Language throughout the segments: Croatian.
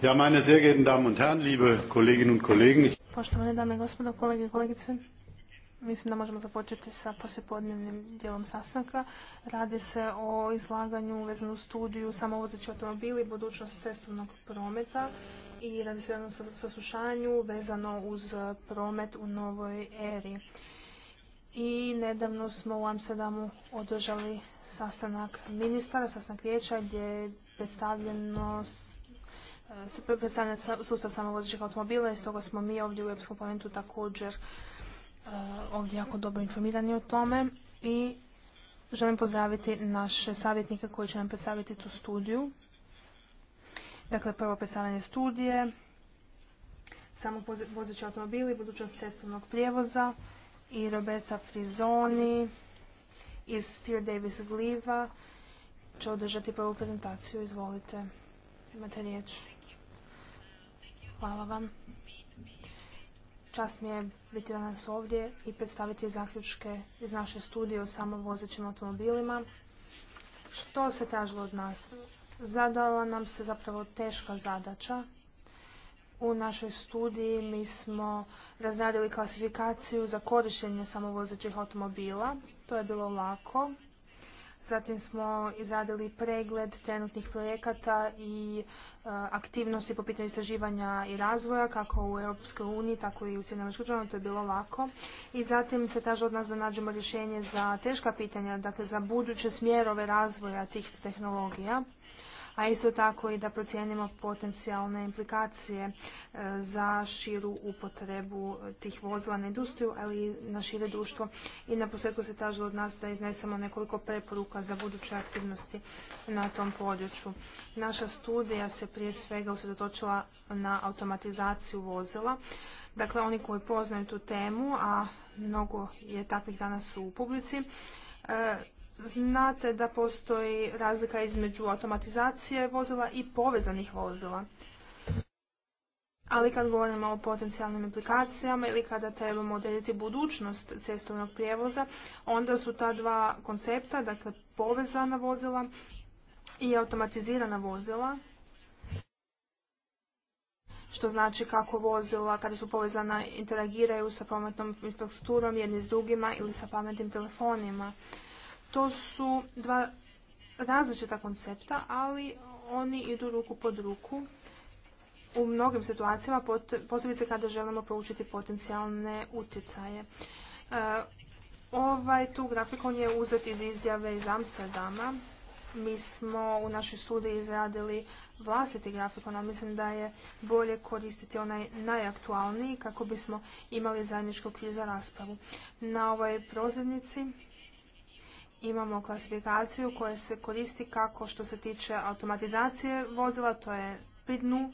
Ja, meine sehr geehrten Damen und Herren, liebe Kolleginnen und Kollegen. Poštovane dame i gospodo, kolege i kolegice, mislim da možemo započeti sa poslijepodnevnim dijelom sastanka. Radi se o izlaganju vezanu studiju samovozeći automobili i budućnost cestovnog prometa i radi se o jednom saslušanju vezano uz promet u novoj eri. I nedavno smo u Amsterdamu održali sastanak ministara, sastanak vijeća gdje je predstavljeno predstavlja sustav samovozećih automobila i stoga smo mi ovdje u Europskom parlamentu također e, ovdje jako dobro informirani o tome i želim pozdraviti naše savjetnike koji će nam predstaviti tu studiju. Dakle, prvo predstavljanje studije, samo vozeći automobili, budućnost cestovnog prijevoza i Roberta Frizoni iz Steer Davis Gliva će održati prvu prezentaciju. Izvolite, imate riječ. Hvala vam. Čast mi je biti danas ovdje i predstaviti zaključke iz naše studije o samovozećim automobilima. Što se tražilo od nas? Zadala nam se zapravo teška zadaća. U našoj studiji mi smo razradili klasifikaciju za korištenje samovozećih automobila. To je bilo lako Zatim smo izradili pregled trenutnih projekata i e, aktivnosti po pitanju istraživanja i razvoja, kako u Europskoj uniji, tako i u Sjednom to je bilo lako. I zatim se traži od nas da nađemo rješenje za teška pitanja, dakle za buduće smjerove razvoja tih tehnologija a isto tako i da procijenimo potencijalne implikacije e, za širu upotrebu e, tih vozila na industriju, ali i na šire društvo. I na posljedku se tražilo od nas da iznesemo nekoliko preporuka za buduće aktivnosti na tom području. Naša studija se prije svega usredotočila na automatizaciju vozila. Dakle, oni koji poznaju tu temu, a mnogo je takvih danas u publici, e, Znate da postoji razlika između automatizacije vozila i povezanih vozila. Ali kad govorimo o potencijalnim implikacijama ili kada trebamo odrediti budućnost cestovnog prijevoza, onda su ta dva koncepta, dakle povezana vozila i automatizirana vozila, što znači kako vozila kada su povezana interagiraju sa pametnom infrastrukturom jedni s drugima ili sa pametnim telefonima. To su dva različita koncepta, ali oni idu ruku pod ruku u mnogim situacijama, posebice kada želimo proučiti potencijalne utjecaje. E, ovaj tu grafikon je uzet iz izjave iz Amsterdama. Mi smo u našoj studiji izradili vlastiti grafikon, a mislim da je bolje koristiti onaj najaktualniji kako bismo imali zajednički okvir za raspravu. Na ovoj prozirnici imamo klasifikaciju koja se koristi kako što se tiče automatizacije vozila, to je pridnu,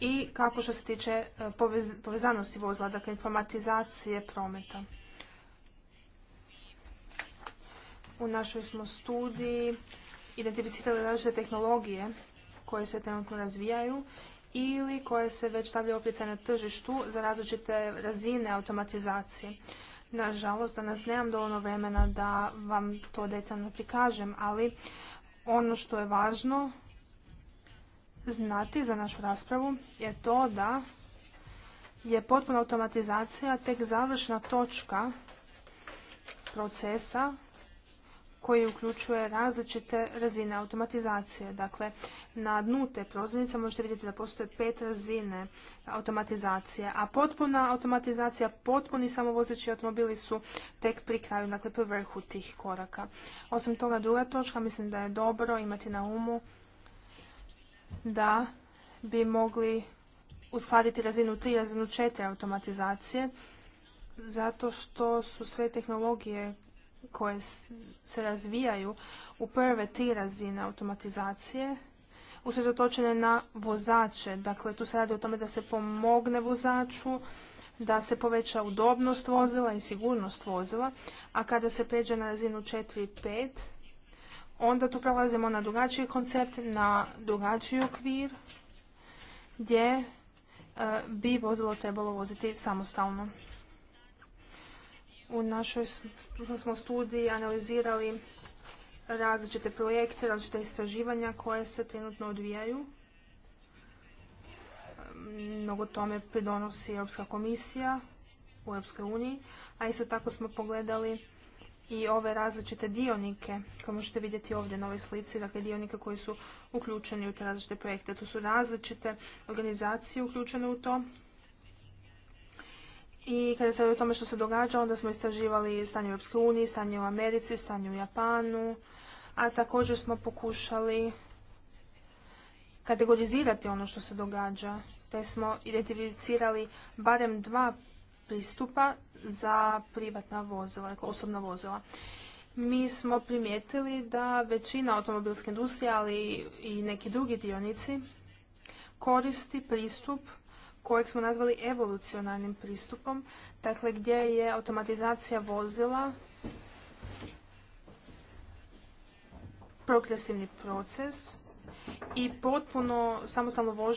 i kako što se tiče e, povezanosti vozila, dakle informatizacije prometa. U našoj smo studiji identificirali različite tehnologije koje se trenutno razvijaju ili koje se već stavljaju opticaj na tržištu za različite razine automatizacije. Nažalost, danas nemam dovoljno vremena da vam to detaljno prikažem, ali ono što je važno znati za našu raspravu je to da je potpuna automatizacija tek završna točka procesa koji uključuje različite razine automatizacije. Dakle, na dnu te prozornice možete vidjeti da postoje pet razine automatizacije, a potpuna automatizacija, potpuni samovozeći automobili su tek pri kraju, dakle pri vrhu tih koraka. Osim toga, druga točka, mislim da je dobro imati na umu da bi mogli uskladiti razinu 3 razinu 4 automatizacije, zato što su sve tehnologije koje se razvijaju u prve tri razine automatizacije usredotočene na vozače. Dakle, tu se radi o tome da se pomogne vozaču, da se poveća udobnost vozila i sigurnost vozila, a kada se pređe na razinu 4 i 5, onda tu prelazimo na drugačiji koncept, na drugačiji okvir, gdje e, bi vozilo trebalo voziti samostalno. U našoj smo studiji analizirali različite projekte, različite istraživanja koje se trenutno odvijaju. Mnogo tome pridonosi Europska komisija u Europskoj uniji, a isto tako smo pogledali i ove različite dionike koje možete vidjeti ovdje na ovoj slici, dakle dionike koji su uključeni u te različite projekte. Tu su različite organizacije uključene u to, i kada se radi o tome što se događa, onda smo istraživali stanje u Europskoj uniji, stanje u Americi, stanje u Japanu, a također smo pokušali kategorizirati ono što se događa, te smo identificirali barem dva pristupa za privatna vozila, dakle osobna vozila. Mi smo primijetili da većina automobilske industrije, ali i neki drugi dionici, koristi pristup kojeg smo nazvali evolucionarnim pristupom, dakle gdje je automatizacija vozila progresivni proces i potpuno samostalno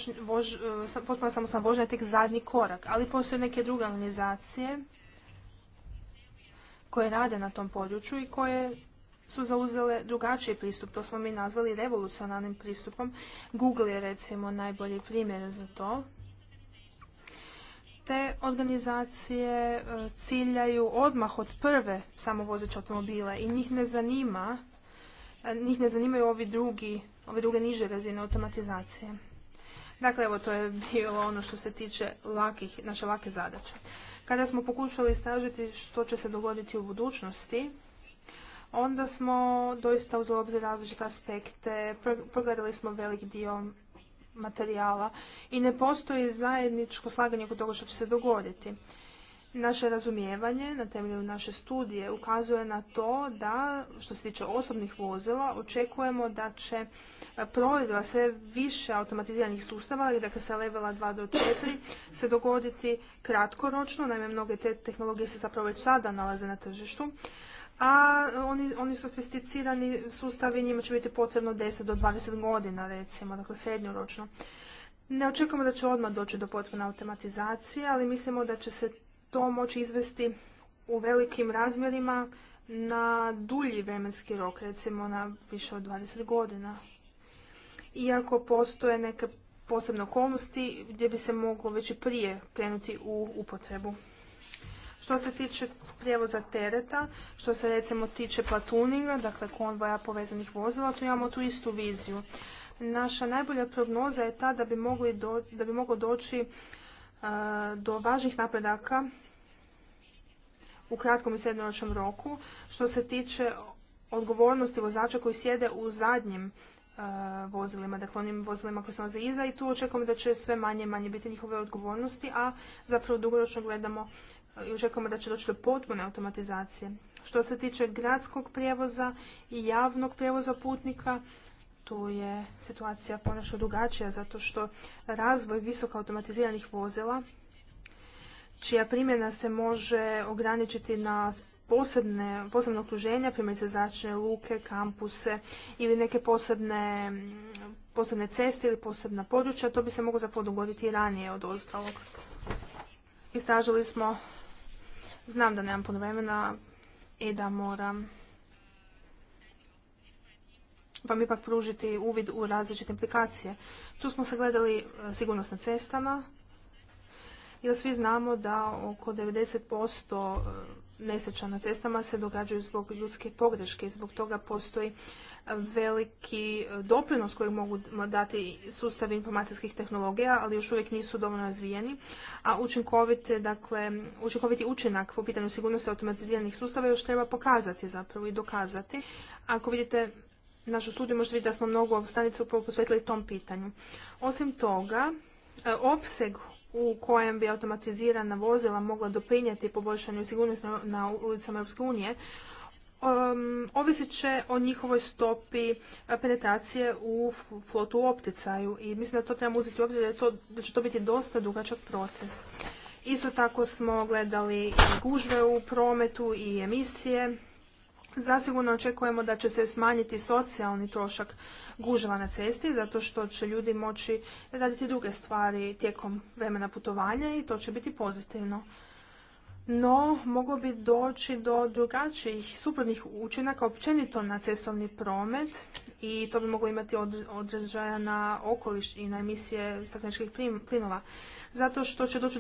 e, potpuno samostalna vožnja tek zadnji korak, ali postoje neke druge organizacije koje rade na tom području i koje su zauzele drugačiji pristup. To smo mi nazvali revolucionarnim pristupom. Google je recimo najbolji primjer za to te organizacije e, ciljaju odmah od prve samovozeće automobile i njih ne zanima e, njih ne zanimaju ovi drugi, ove druge niže razine automatizacije. Dakle, evo to je bilo ono što se tiče lakih, naše lake zadaće. Kada smo pokušali istražiti što će se dogoditi u budućnosti, onda smo doista uzeli obzir različite aspekte, progledali smo velik dio materijala i ne postoji zajedničko slaganje oko toga što će se dogoditi. Naše razumijevanje na temelju naše studije ukazuje na to da, što se tiče osobnih vozila, očekujemo da će provedba sve više automatiziranih sustava, i dakle se levela 2 do 4, se dogoditi kratkoročno. Naime, mnoge te tehnologije se zapravo već sada nalaze na tržištu a oni, oni sofisticirani sustavi njima će biti potrebno 10 do 20 godina recimo, dakle srednjoročno. Ne očekujemo da će odmah doći do potpune automatizacije, ali mislimo da će se to moći izvesti u velikim razmjerima na dulji vremenski rok, recimo na više od 20 godina. Iako postoje neke posebne okolnosti gdje bi se moglo već i prije krenuti u upotrebu. Što se tiče prijevoza tereta, što se recimo tiče platuninga, dakle konvoja povezanih vozila, tu imamo tu istu viziju. Naša najbolja prognoza je ta da bi, moglo doći e, do važnih napredaka u kratkom i srednjoročnom roku. Što se tiče odgovornosti vozača koji sjede u zadnjim e, vozilima, dakle onim vozilima koji se nalaze iza i tu očekujemo da će sve manje i manje biti njihove odgovornosti, a zapravo dugoročno gledamo i očekujemo da će doći do potpune automatizacije. Što se tiče gradskog prijevoza i javnog prijevoza putnika, tu je situacija ponešto drugačija zato što razvoj visoko automatiziranih vozila čija primjena se može ograničiti na posebne, posebno okruženja, primjerice zračne luke, kampuse ili neke posebne, posebne ceste ili posebna područja, to bi se moglo zapravo dogoditi i ranije od ostalog. Istražili smo Znam da nemam puno vremena i da moram vam ipak pružiti uvid u različite implikacije. Tu smo gledali e, sigurnost na cestama, jer svi znamo da oko 90% nesreća na cestama se događaju zbog ljudske pogreške i zbog toga postoji veliki e, doprinos koji mogu dati sustavi informacijskih tehnologija, ali još uvijek nisu dovoljno razvijeni, a dakle, učinkoviti učinak po pitanju sigurnosti automatiziranih sustava još treba pokazati zapravo i dokazati. Ako vidite našu studiju možete vidjeti da smo mnogo stanica posvetili tom pitanju. Osim toga, e, opseg u kojem bi automatizirana vozila mogla doprinijeti poboljšanju sigurnosti na ulicama Europske unije, um, ovisit će o njihovoj stopi penetracije u flotu opticaju i mislim da to trebamo uzeti u obzir da, to, da će to biti dosta dugačak proces. Isto tako smo gledali i gužve u prometu i emisije Zasigurno očekujemo da će se smanjiti socijalni trošak gužva na cesti, zato što će ljudi moći raditi druge stvari tijekom vremena putovanja i to će biti pozitivno. No, moglo bi doći do drugačijih suprotnih učinaka općenito na cestovni promet i to bi moglo imati odrežaja na okoliš i na emisije stakleničkih plinova. Zato što će doći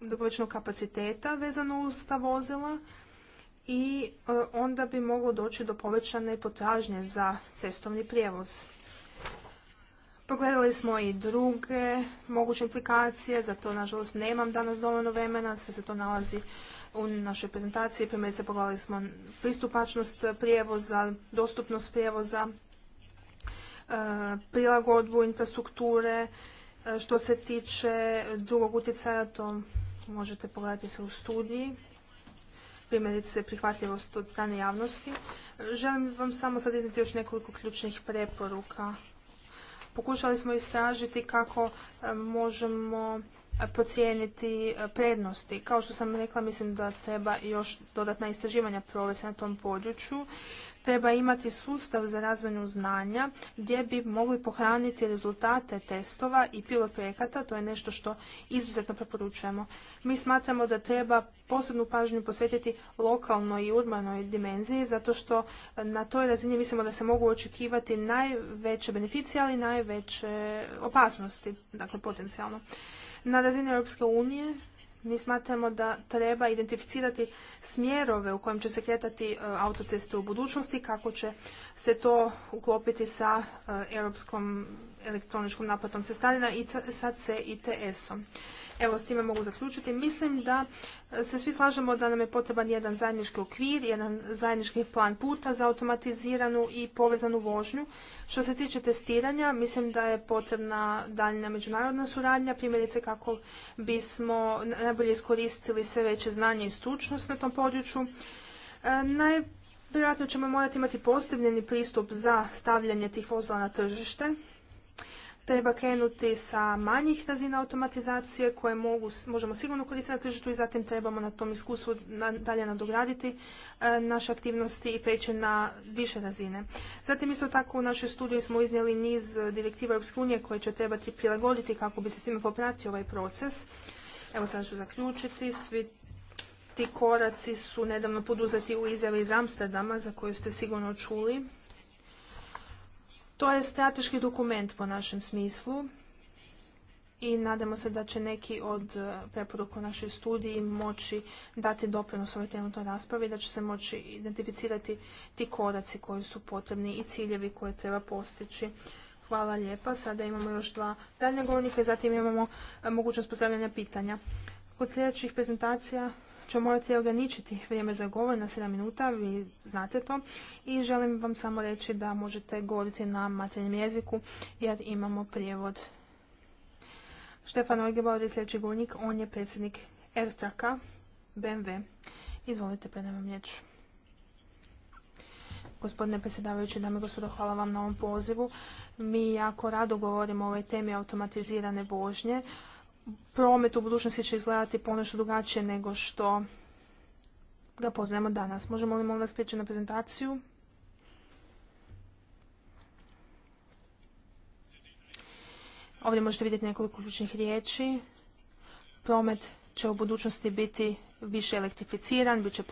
do povećanog kapaciteta vezano uz ta vozila, i e, onda bi moglo doći do povećane potražnje za cestovni prijevoz. Pogledali smo i druge moguće implikacije, za to nažalost nemam danas dovoljno vremena, sve se to nalazi u našoj prezentaciji. Primjerice pogledali smo pristupačnost prijevoza, dostupnost prijevoza, e, prilagodbu infrastrukture, e, što se tiče drugog utjecaja, to možete pogledati sve u studiji primjerice prihvatljivost od strane javnosti. Želim vam samo sad iznijeti još nekoliko ključnih preporuka. Pokušali smo istražiti kako e, možemo procijeniti e, prednosti. Kao što sam rekla, mislim da treba još dodatna istraživanja provesti na tom području. Treba imati sustav za razvojnu znanja gdje bi mogli pohraniti rezultate testova i pilot projekata. To je nešto što izuzetno preporučujemo. Mi smatramo da treba posebnu pažnju posvetiti lokalnoj i urbanoj dimenziji zato što e, na toj razini mislimo da se mogu očekivati najveće beneficije, ali i najveće opasnosti, dakle potencijalno. Na razini Europske unije mi smatramo da treba identificirati smjerove u kojem će se kretati e, autoceste u budućnosti, kako će se to uklopiti sa e, europskom elektroničkom naplatom cestarina i sa CITS-om. Evo, s time mogu zaključiti. Mislim da se svi slažemo da nam je potreban jedan zajednički okvir, jedan zajednički plan puta za automatiziranu i povezanu vožnju. Što se tiče testiranja, mislim da je potrebna daljna međunarodna suradnja, primjerice kako bismo najbolje iskoristili sve veće znanje i stručnost na tom području. E, Najvjerojatno ćemo morati imati postavljeni pristup za stavljanje tih vozila na tržište, treba krenuti sa manjih razina automatizacije koje mogu, možemo sigurno koristiti na tržištu i zatim trebamo na tom iskustvu dalje nadograditi e, naše aktivnosti i preći na više razine. Zatim isto tako u našoj studiji smo iznijeli niz direktiva Europske unije koje će trebati prilagoditi kako bi se s time popratio ovaj proces. Evo sada ću zaključiti. Svi ti koraci su nedavno poduzeti u izjavi iz Amsterdama za koju ste sigurno čuli to je strateški dokument po našem smislu i nadamo se da će neki od e, preporuka u našoj studiji moći dati doprinos ovoj trenutnoj raspravi, da će se moći identificirati ti koraci koji su potrebni i ciljevi koje treba postići. Hvala lijepa. Sada imamo još dva daljnja govornika i zatim imamo e, mogućnost postavljanja pitanja. Kod sljedećih prezentacija ću morati ograničiti vrijeme za govor na 7 minuta, vi znate to, i želim vam samo reći da možete govoriti na maternjem jeziku jer imamo prijevod. Štefan Orgebaud je sljedeći govornik, on je predsjednik Erstraka BMW. Izvolite, predam riječ. Gospodine predsjedavajući, dame i gospodo, hvala vam na ovom pozivu. Mi jako rado govorimo o ovoj temi automatizirane vožnje promet u budućnosti će izgledati ponešto drugačije nego što ga poznajemo danas. Možemo li molim vas prijeći na prezentaciju? Ovdje možete vidjeti nekoliko ključnih riječi. Promet će u budućnosti biti više elektrificiran, bit će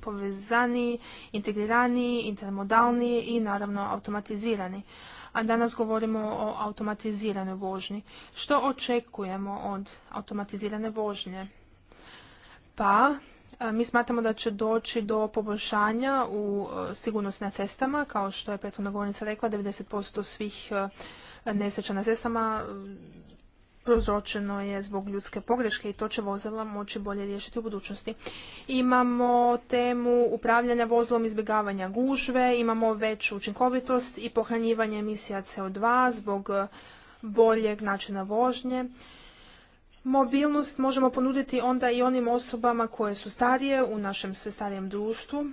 povezaniji, integriraniji, intermodalniji i naravno automatizirani a danas govorimo o automatiziranoj vožnji. Što očekujemo od automatizirane vožnje? Pa, e, mi smatramo da će doći do poboljšanja u e, sigurnosti na cestama, kao što je prethodna govornica rekla, 90% svih e, nesreća na cestama Prozročeno je zbog ljudske pogreške i to će vozila moći bolje riješiti u budućnosti. Imamo temu upravljanja vozilom izbjegavanja gužve, imamo veću učinkovitost i pohranjivanje emisija CO2 zbog boljeg načina vožnje. Mobilnost možemo ponuditi onda i onim osobama koje su starije u našem sve starijem društvu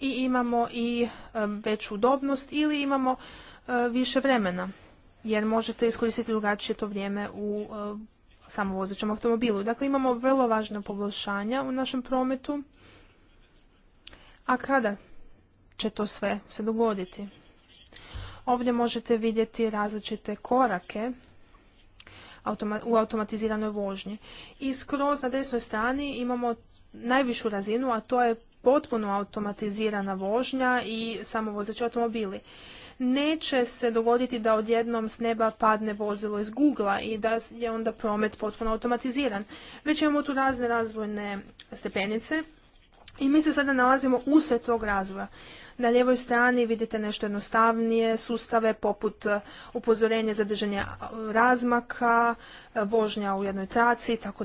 i imamo i e, veću udobnost ili imamo e, više vremena jer možete iskoristiti drugačije to vrijeme u e, samovozećem automobilu. Dakle, imamo vrlo važna poboljšanja u našem prometu. A kada će to sve se dogoditi? Ovdje možete vidjeti različite korake u automatiziranoj vožnji. I skroz na desnoj strani imamo najvišu razinu, a to je potpuno automatizirana vožnja i samovozeći automobili neće se dogoditi da odjednom s neba padne vozilo iz Google-a i da je onda promet potpuno automatiziran. Već imamo tu razne razvojne stepenice i mi se sada nalazimo usred tog razvoja. Na lijevoj strani vidite nešto jednostavnije, sustave poput e, upozorenja za držanje razmaka, e, vožnja u jednoj traci i tako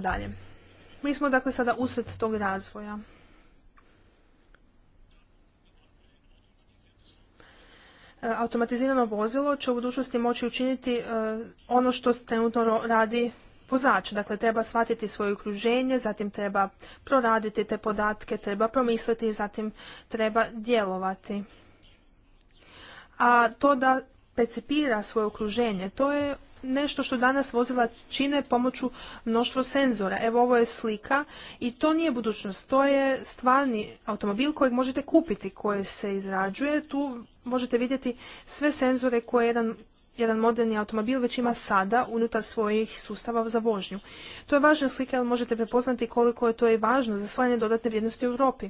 Mi smo dakle sada usred tog razvoja. E, automatizirano vozilo će u budućnosti moći učiniti e, ono što trenutno radi vozač. Dakle, treba shvatiti svoje okruženje, zatim treba proraditi te podatke, treba promisliti i zatim treba djelovati. A to da percipira svoje okruženje, to je nešto što danas vozila čine pomoću mnoštvo senzora. Evo ovo je slika i to nije budućnost, to je stvarni automobil kojeg možete kupiti, koji se izrađuje. Tu možete vidjeti sve senzore koje jedan jedan moderni automobil već ima sada unutar svojih sustava za vožnju. To je važna slika jer možete prepoznati koliko je to i važno za stvaranje dodatne vrijednosti u Europi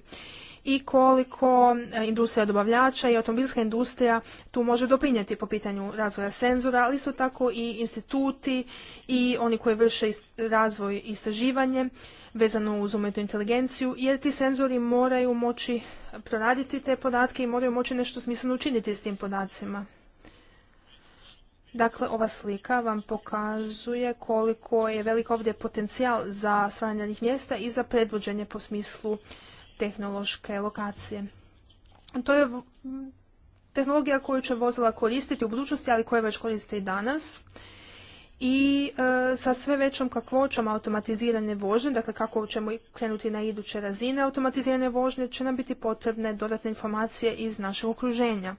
i koliko e, industrija dobavljača i automobilska industrija tu može doprinijeti po pitanju razvoja senzora, ali su tako i instituti i oni koji vrše razvoj i istraživanje vezano uz umjetnu inteligenciju, jer ti senzori moraju moći proraditi te podatke i moraju moći nešto smisleno učiniti s tim podacima. Dakle, ova slika vam pokazuje koliko je velik ovdje potencijal za stvaranje mjesta i za predvođenje po smislu tehnološke lokacije. To je tehnologija koju će vozila koristiti u budućnosti, ali koje već koriste i danas. I e, sa sve većom kakvoćom automatizirane vožnje, dakle kako ćemo krenuti na iduće razine automatizirane vožnje, će nam biti potrebne dodatne informacije iz našeg okruženja.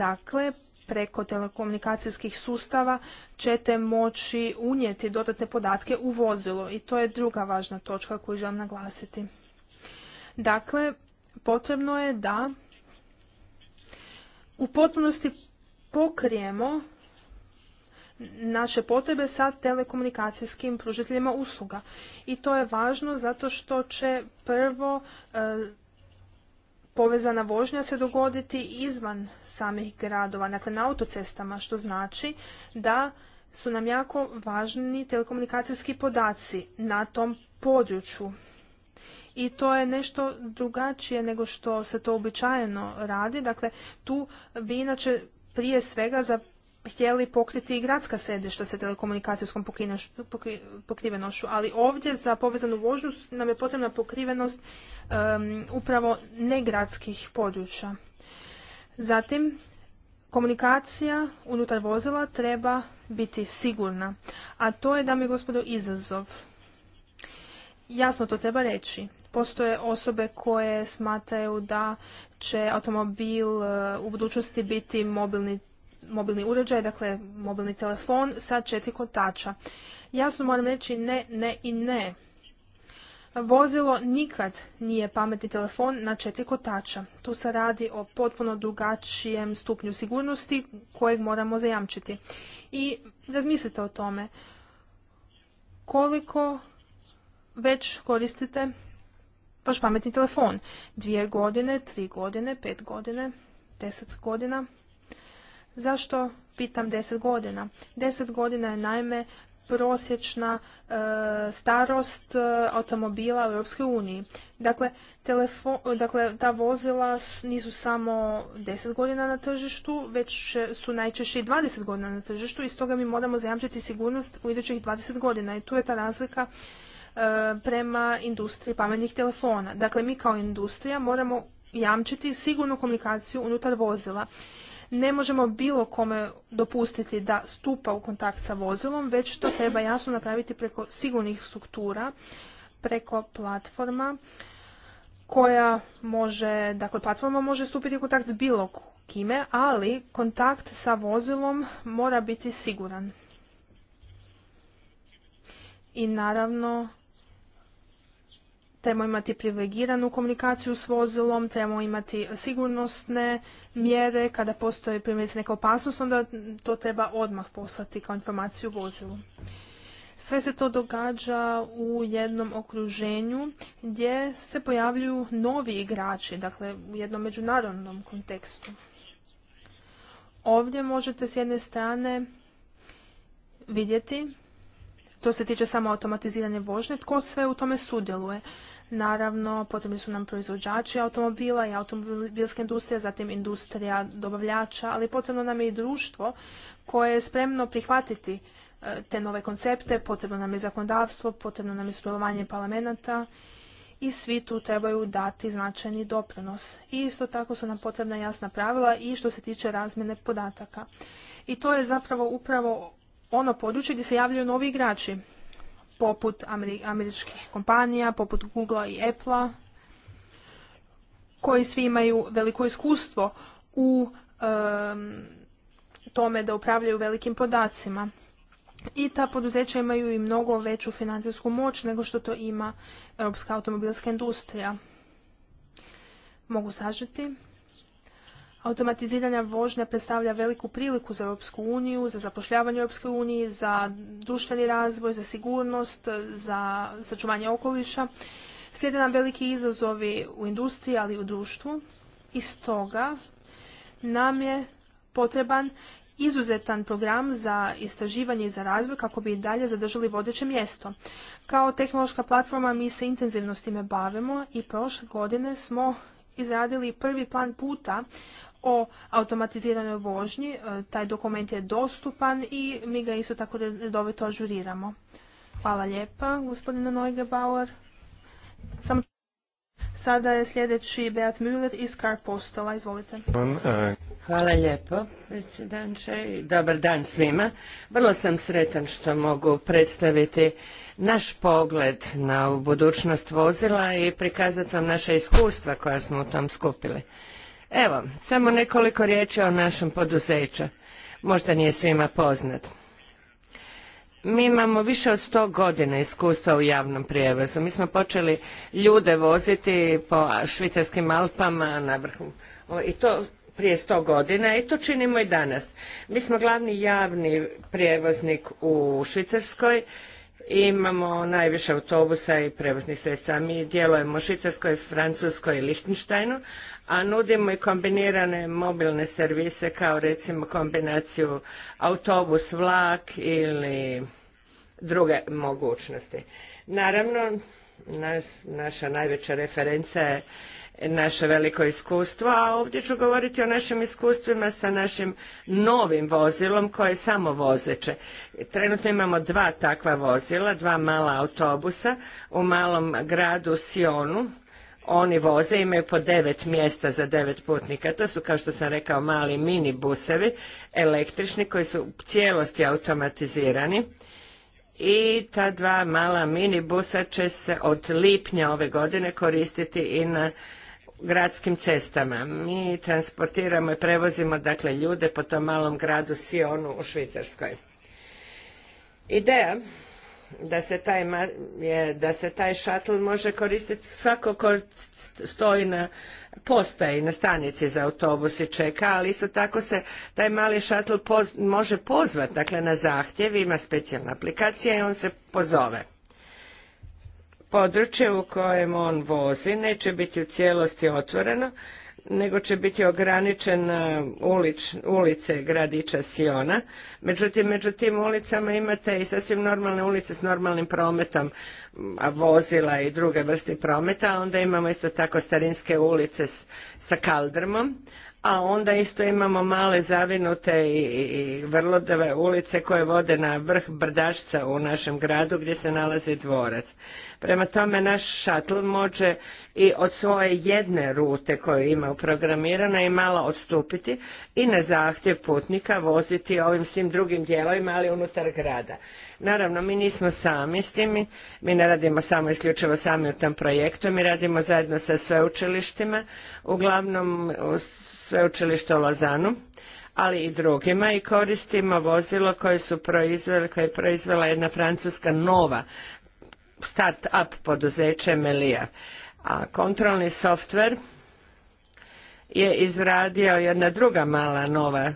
Dakle, preko telekomunikacijskih sustava ćete moći unijeti dodatne podatke u vozilo i to je druga važna točka koju želim naglasiti. Dakle, potrebno je da u potpunosti pokrijemo naše potrebe sa telekomunikacijskim pružiteljima usluga. I to je važno zato što će prvo e, povezana vožnja se dogoditi izvan samih gradova, dakle na autocestama, što znači da su nam jako važni telekomunikacijski podaci na tom području i to je nešto drugačije nego što se to običajeno radi. Dakle, tu bi inače prije svega za htjeli pokriti i gradska središta sa telekomunikacijskom pokrivenošću, ali ovdje za povezanu vožnju nam je potrebna pokrivenost upravo negradskih područja. Zatim, komunikacija unutar vozila treba biti sigurna, a to je, dame i gospodo, izazov jasno to treba reći. Postoje osobe koje smataju da će automobil e, u budućnosti biti mobilni, mobilni uređaj, dakle mobilni telefon sa četiri kotača. Jasno moram reći ne, ne i ne. Vozilo nikad nije pametni telefon na četiri kotača. Tu se radi o potpuno drugačijem stupnju sigurnosti kojeg moramo zajamčiti. I razmislite o tome koliko već koristite vaš pametni telefon. Dvije godine, tri godine, pet godine, deset godina. Zašto pitam deset godina? Deset godina je naime prosječna e, starost e, automobila u Europskoj uniji. Dakle, dakle, ta vozila nisu samo 10 godina na tržištu, već su najčešće i 20 godina na tržištu i stoga mi moramo zajamčiti sigurnost u idućih 20 godina. I tu je ta razlika E, prema industriji pametnih telefona. Dakle, mi kao industrija moramo jamčiti sigurnu komunikaciju unutar vozila. Ne možemo bilo kome dopustiti da stupa u kontakt sa vozilom, već to treba jasno napraviti preko sigurnih struktura, preko platforma koja može, dakle platforma može stupiti u kontakt s bilo kime, ali kontakt sa vozilom mora biti siguran. I naravno trebamo imati privilegiranu komunikaciju s vozilom, trebamo imati sigurnosne mjere, kada postoji primjerice neka opasnost, onda to treba odmah poslati kao informaciju vozilu. Sve se to događa u jednom okruženju gdje se pojavljuju novi igrači, dakle u jednom međunarodnom kontekstu. Ovdje možete s jedne strane vidjeti to se tiče samo automatizirane vožnje, tko sve u tome sudjeluje. Naravno, potrebni su nam proizvođači automobila i automobilska industrija, zatim industrija dobavljača, ali potrebno nam je i društvo koje je spremno prihvatiti e, te nove koncepte, potrebno nam je zakonodavstvo, potrebno nam je sudjelovanje parlamenta i svi tu trebaju dati značajni doprinos. I isto tako su nam potrebna jasna pravila i što se tiče razmjene podataka. I to je zapravo upravo ono područje gdje se javljaju novi igrači, poput američkih kompanija, poput Googlea i Applea, koji svi imaju veliko iskustvo u tome da upravljaju velikim podacima. I ta poduzeća imaju i mnogo veću financijsku moć nego što to ima europska automobilska industrija. Mogu sažeti Automatizirana vožnja predstavlja veliku priliku za Europsku uniju, za zapošljavanje Europske unije, za društveni razvoj, za sigurnost, za sačuvanje okoliša. Slijede nam veliki izazovi u industriji, ali i u društvu. I stoga nam je potreban izuzetan program za istraživanje i za razvoj kako bi i dalje zadržali vodeće mjesto. Kao tehnološka platforma mi se intenzivno s time bavimo i prošle godine smo izradili prvi plan puta o automatiziranoj vožnji. E, Taj dokument je dostupan i mi ga isto tako redovito ažuriramo. Hvala lijepa, gospodine Neugebauer. Samo Sada je sljedeći Beat Müller iz Carpostola. Izvolite. Hvala lijepo, predsjedanče. Dobar dan svima. Vrlo sam sretan što mogu predstaviti naš pogled na budućnost vozila i prikazati vam naše iskustva koja smo u tom skupili. Evo, samo nekoliko riječi o našem poduzeću. Možda nije svima poznat. Mi imamo više od sto godina iskustva u javnom prijevozu. Mi smo počeli ljude voziti po švicarskim Alpama na vrhu. I to prije sto godina i to činimo i danas. Mi smo glavni javni prijevoznik u Švicarskoj imamo najviše autobusa i prevoznih sredstva. Mi djelujemo u Švicarskoj, Francuskoj i Lichtensteinu, a nudimo i kombinirane mobilne servise kao recimo kombinaciju autobus, vlak ili druge mogućnosti. Naravno, naša najveća referenca je naše veliko iskustvo, a ovdje ću govoriti o našim iskustvima sa našim novim vozilom koje je samo vozeće. Trenutno imamo dva takva vozila, dva mala autobusa u malom gradu Sionu oni voze, imaju po devet mjesta za devet putnika. To su, kao što sam rekao, mali mini busevi, električni, koji su u cijelosti automatizirani. I ta dva mala minibusa će se od lipnja ove godine koristiti i na gradskim cestama. Mi transportiramo i prevozimo dakle ljude po tom malom gradu Sionu u Švicarskoj. Ideja da se taj, da se taj šatl može koristiti svako ko stoji na postaji na stanici za autobus i čeka, ali isto tako se taj mali šatl može pozvati, dakle na zahtjev, ima specijalna aplikacija i on se pozove. Područje u kojem on vozi neće biti u cijelosti otvoreno, nego će biti ograničen e, ulič, ulice gradića Siona. Međutim, među tim ulicama imate i sasvim normalne ulice s normalnim prometom a vozila i druge vrste prometa, onda imamo isto tako starinske ulice s, sa kaldrmom, a onda isto imamo male zavinute i, i vrlodave ulice koje vode na vrh Brdašca u našem gradu gdje se nalazi dvorac. Prema tome, naš šatl može i od svoje jedne rute koju ima uprogramirana i malo odstupiti i na zahtjev putnika voziti ovim svim drugim dijelovima, ali unutar grada. Naravno, mi nismo sami s tim, mi ne radimo samo isključivo sami u tom projektu, mi radimo zajedno sa sveučilištima, uglavnom sveučilište u Lazanu, ali i drugima i koristimo vozilo koje su koje je proizvela jedna francuska nova start-up poduzeće Melija. A kontrolni softver je izradio jedna druga mala nova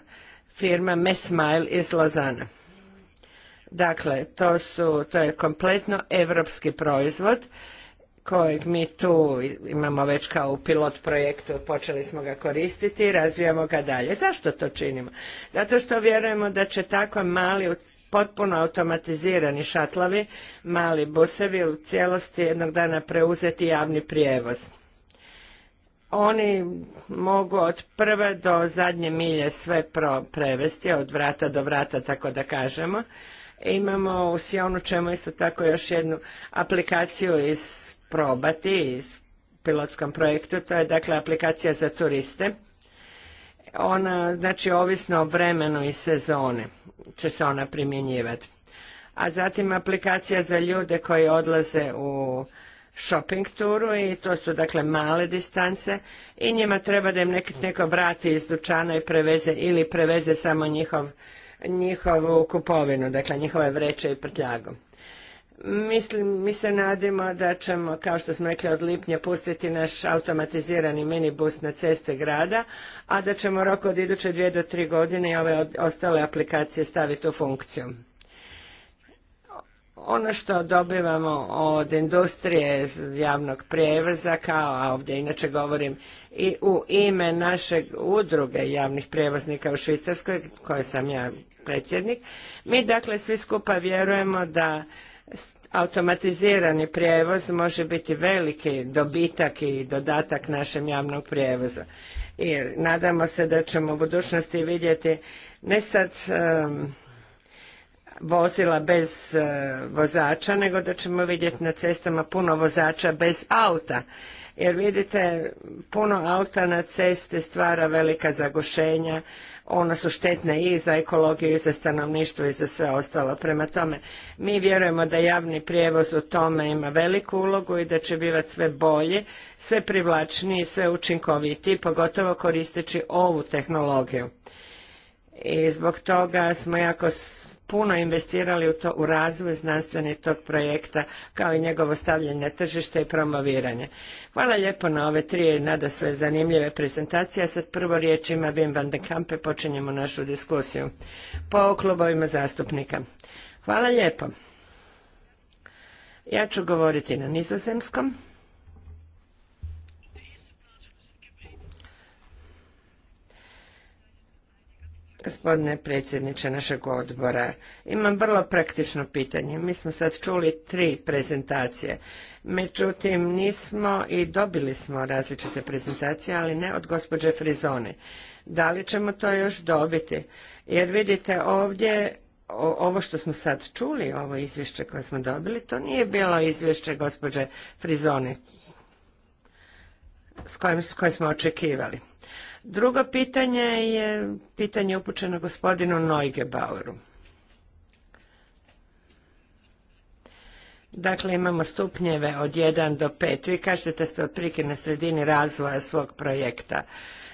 firma Mesmile iz Lozana. Dakle, to, su, to je kompletno evropski proizvod kojeg mi tu imamo već kao u pilot projektu, počeli smo ga koristiti i razvijamo ga dalje. Zašto to činimo? Zato što vjerujemo da će tako mali potpuno automatizirani šatlovi, mali busevi u cijelosti jednog dana preuzeti javni prijevoz. Oni mogu od prve do zadnje milje sve prevesti, od vrata do vrata, tako da kažemo. Imamo u Sionu čemu isto tako još jednu aplikaciju isprobati, iz pilotskom projektu, to je dakle aplikacija za turiste ona, znači ovisno o vremenu i sezone će se ona primjenjivati. A zatim aplikacija za ljude koji odlaze u shopping turu i to su dakle male distance i njima treba da im neki neko vrati iz dučana i preveze ili preveze samo njihov, njihovu kupovinu, dakle njihove vreće i prtljagu. Mislim, mi se nadimo da ćemo, kao što smo rekli od lipnja, pustiti naš automatizirani minibus na ceste grada, a da ćemo rok od iduće dvije do tri godine i ove ostale aplikacije staviti u funkciju. Ono što dobivamo od industrije javnog prijevoza, kao a ovdje inače govorim i u ime našeg udruge javnih prijevoznika u Švicarskoj, koje sam ja predsjednik, mi dakle svi skupa vjerujemo da automatizirani prijevoz može biti veliki dobitak i dodatak našem javnom prijevozu. I nadamo se da ćemo u budućnosti vidjeti ne sad vozila bez e, vozača, nego da ćemo vidjeti na cestama puno vozača bez auta. Jer vidite, puno auta na cesti stvara velika zagušenja, ona su štetne i za ekologiju i za stanovništvo i za sve ostalo. Prema tome, mi vjerujemo da javni prijevoz u tome ima veliku ulogu i da će bivati sve bolje, sve privlačniji, sve učinkovitiji, pogotovo koristeći ovu tehnologiju. I zbog toga smo jako puno investirali u, to, u razvoj znanstveni tog projekta kao i njegovo stavljanje tržište i promoviranje. Hvala lijepo na ove tri nada sve zanimljive prezentacije. sad prvo riječ ima Wim van de Kampe, počinjemo našu diskusiju po klubovima zastupnika. Hvala lijepo. Ja ću govoriti na nizozemskom. Gospodine predsjedniče našeg odbora, imam vrlo praktično pitanje. Mi smo sad čuli tri prezentacije. Međutim, nismo i dobili smo različite prezentacije, ali ne od gospođe Frizone. Da li ćemo to još dobiti? Jer vidite ovdje ovo što smo sad čuli, ovo izvješće koje smo dobili, to nije bilo izvješće gospođe Frizone s kojim, koje smo očekivali. Drugo pitanje je pitanje upućeno gospodinu Neugebaueru. Dakle, imamo stupnjeve od 1 do 5. Vi kažete ste otprilike na sredini razvoja svog projekta.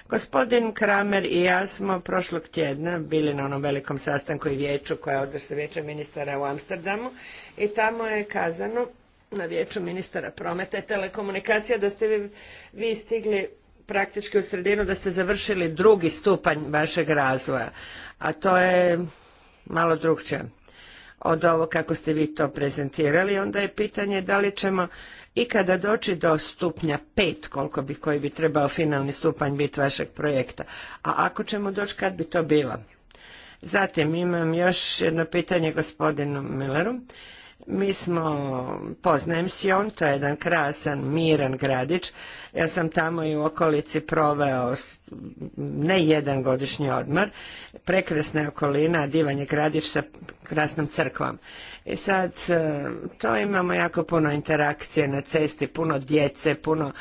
Gospodin Kramer i ja smo prošlog tjedna bili na onom velikom sastanku i vijeću koja je održala vijeća ministara u Amsterdamu i tamo je kazano na vijeću ministara prometa i telekomunikacija da ste vi stigli praktički u sredinu da ste završili drugi stupanj vašeg razvoja, a to je malo drugčije od ovo kako ste vi to prezentirali. Onda je pitanje da li ćemo ikada doći do stupnja pet, koliko bi, koji bi trebao finalni stupanj biti vašeg projekta. A ako ćemo doći, kad bi to bilo? Zatim imam još jedno pitanje gospodinu Milleru. Mi smo, poznajem Sion, to je jedan krasan, miran gradić. Ja sam tamo i u okolici proveo ne jedan godišnji odmor. Prekrasna je okolina, divan je gradić sa krasnom crkvom. I sad, e, to imamo jako puno interakcije na cesti, puno djece, puno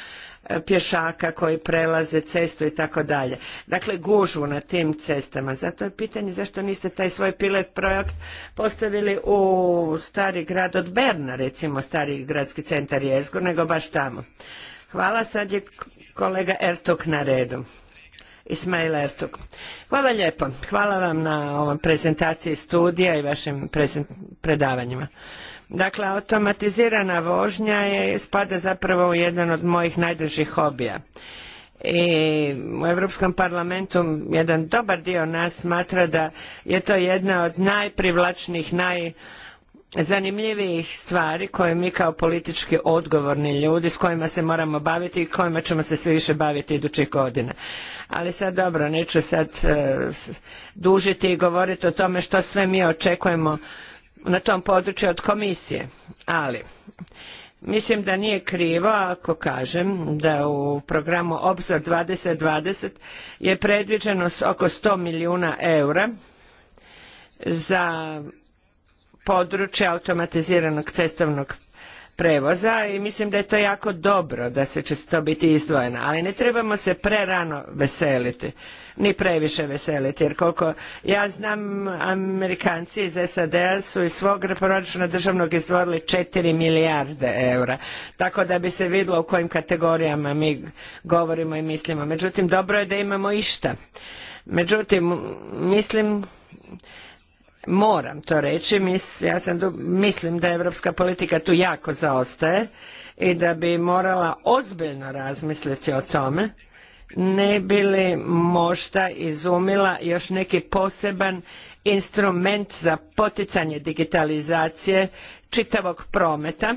pješaka koji prelaze cestu i tako dalje. Dakle, gužvu na tim cestama. Zato je pitanje zašto niste taj svoj pilot projekt postavili u stari grad od Berna, recimo stari gradski centar Jezgo, nego baš tamo. Hvala, sad je kolega Ertuk na redu. Ismail Ertug. Hvala lijepo. Hvala vam na ovom prezentaciji studija i vašim predavanjima. Dakle, automatizirana vožnja je, spada zapravo u jedan od mojih najdržih hobija. I u Europskom parlamentu jedan dobar dio nas smatra da je to jedna od najprivlačnijih, najzanimljivijih stvari koje mi kao politički odgovorni ljudi s kojima se moramo baviti i kojima ćemo se sve više baviti idućih godina. Ali sad dobro, neću sad eh, dužiti i govoriti o tome što sve mi očekujemo na tom području od komisije. Ali, mislim da nije krivo ako kažem da u programu Obzor 2020 je predviđeno oko 100 milijuna eura za područje automatiziranog cestovnog prevoza i mislim da je to jako dobro da se će to biti izdvojeno, ali ne trebamo se prerano veseliti ni previše veseliti, jer koliko ja znam, Amerikanci iz SAD-a su iz svog proračuna državnog izdvojili 4 milijarde eura, tako da bi se vidlo u kojim kategorijama mi govorimo i mislimo. Međutim, dobro je da imamo išta. Međutim, mislim moram to reći, ja sam mislim da europska politika tu jako zaostaje i da bi morala ozbiljno razmisliti o tome ne bi li možda izumila još neki poseban instrument za poticanje digitalizacije čitavog prometa,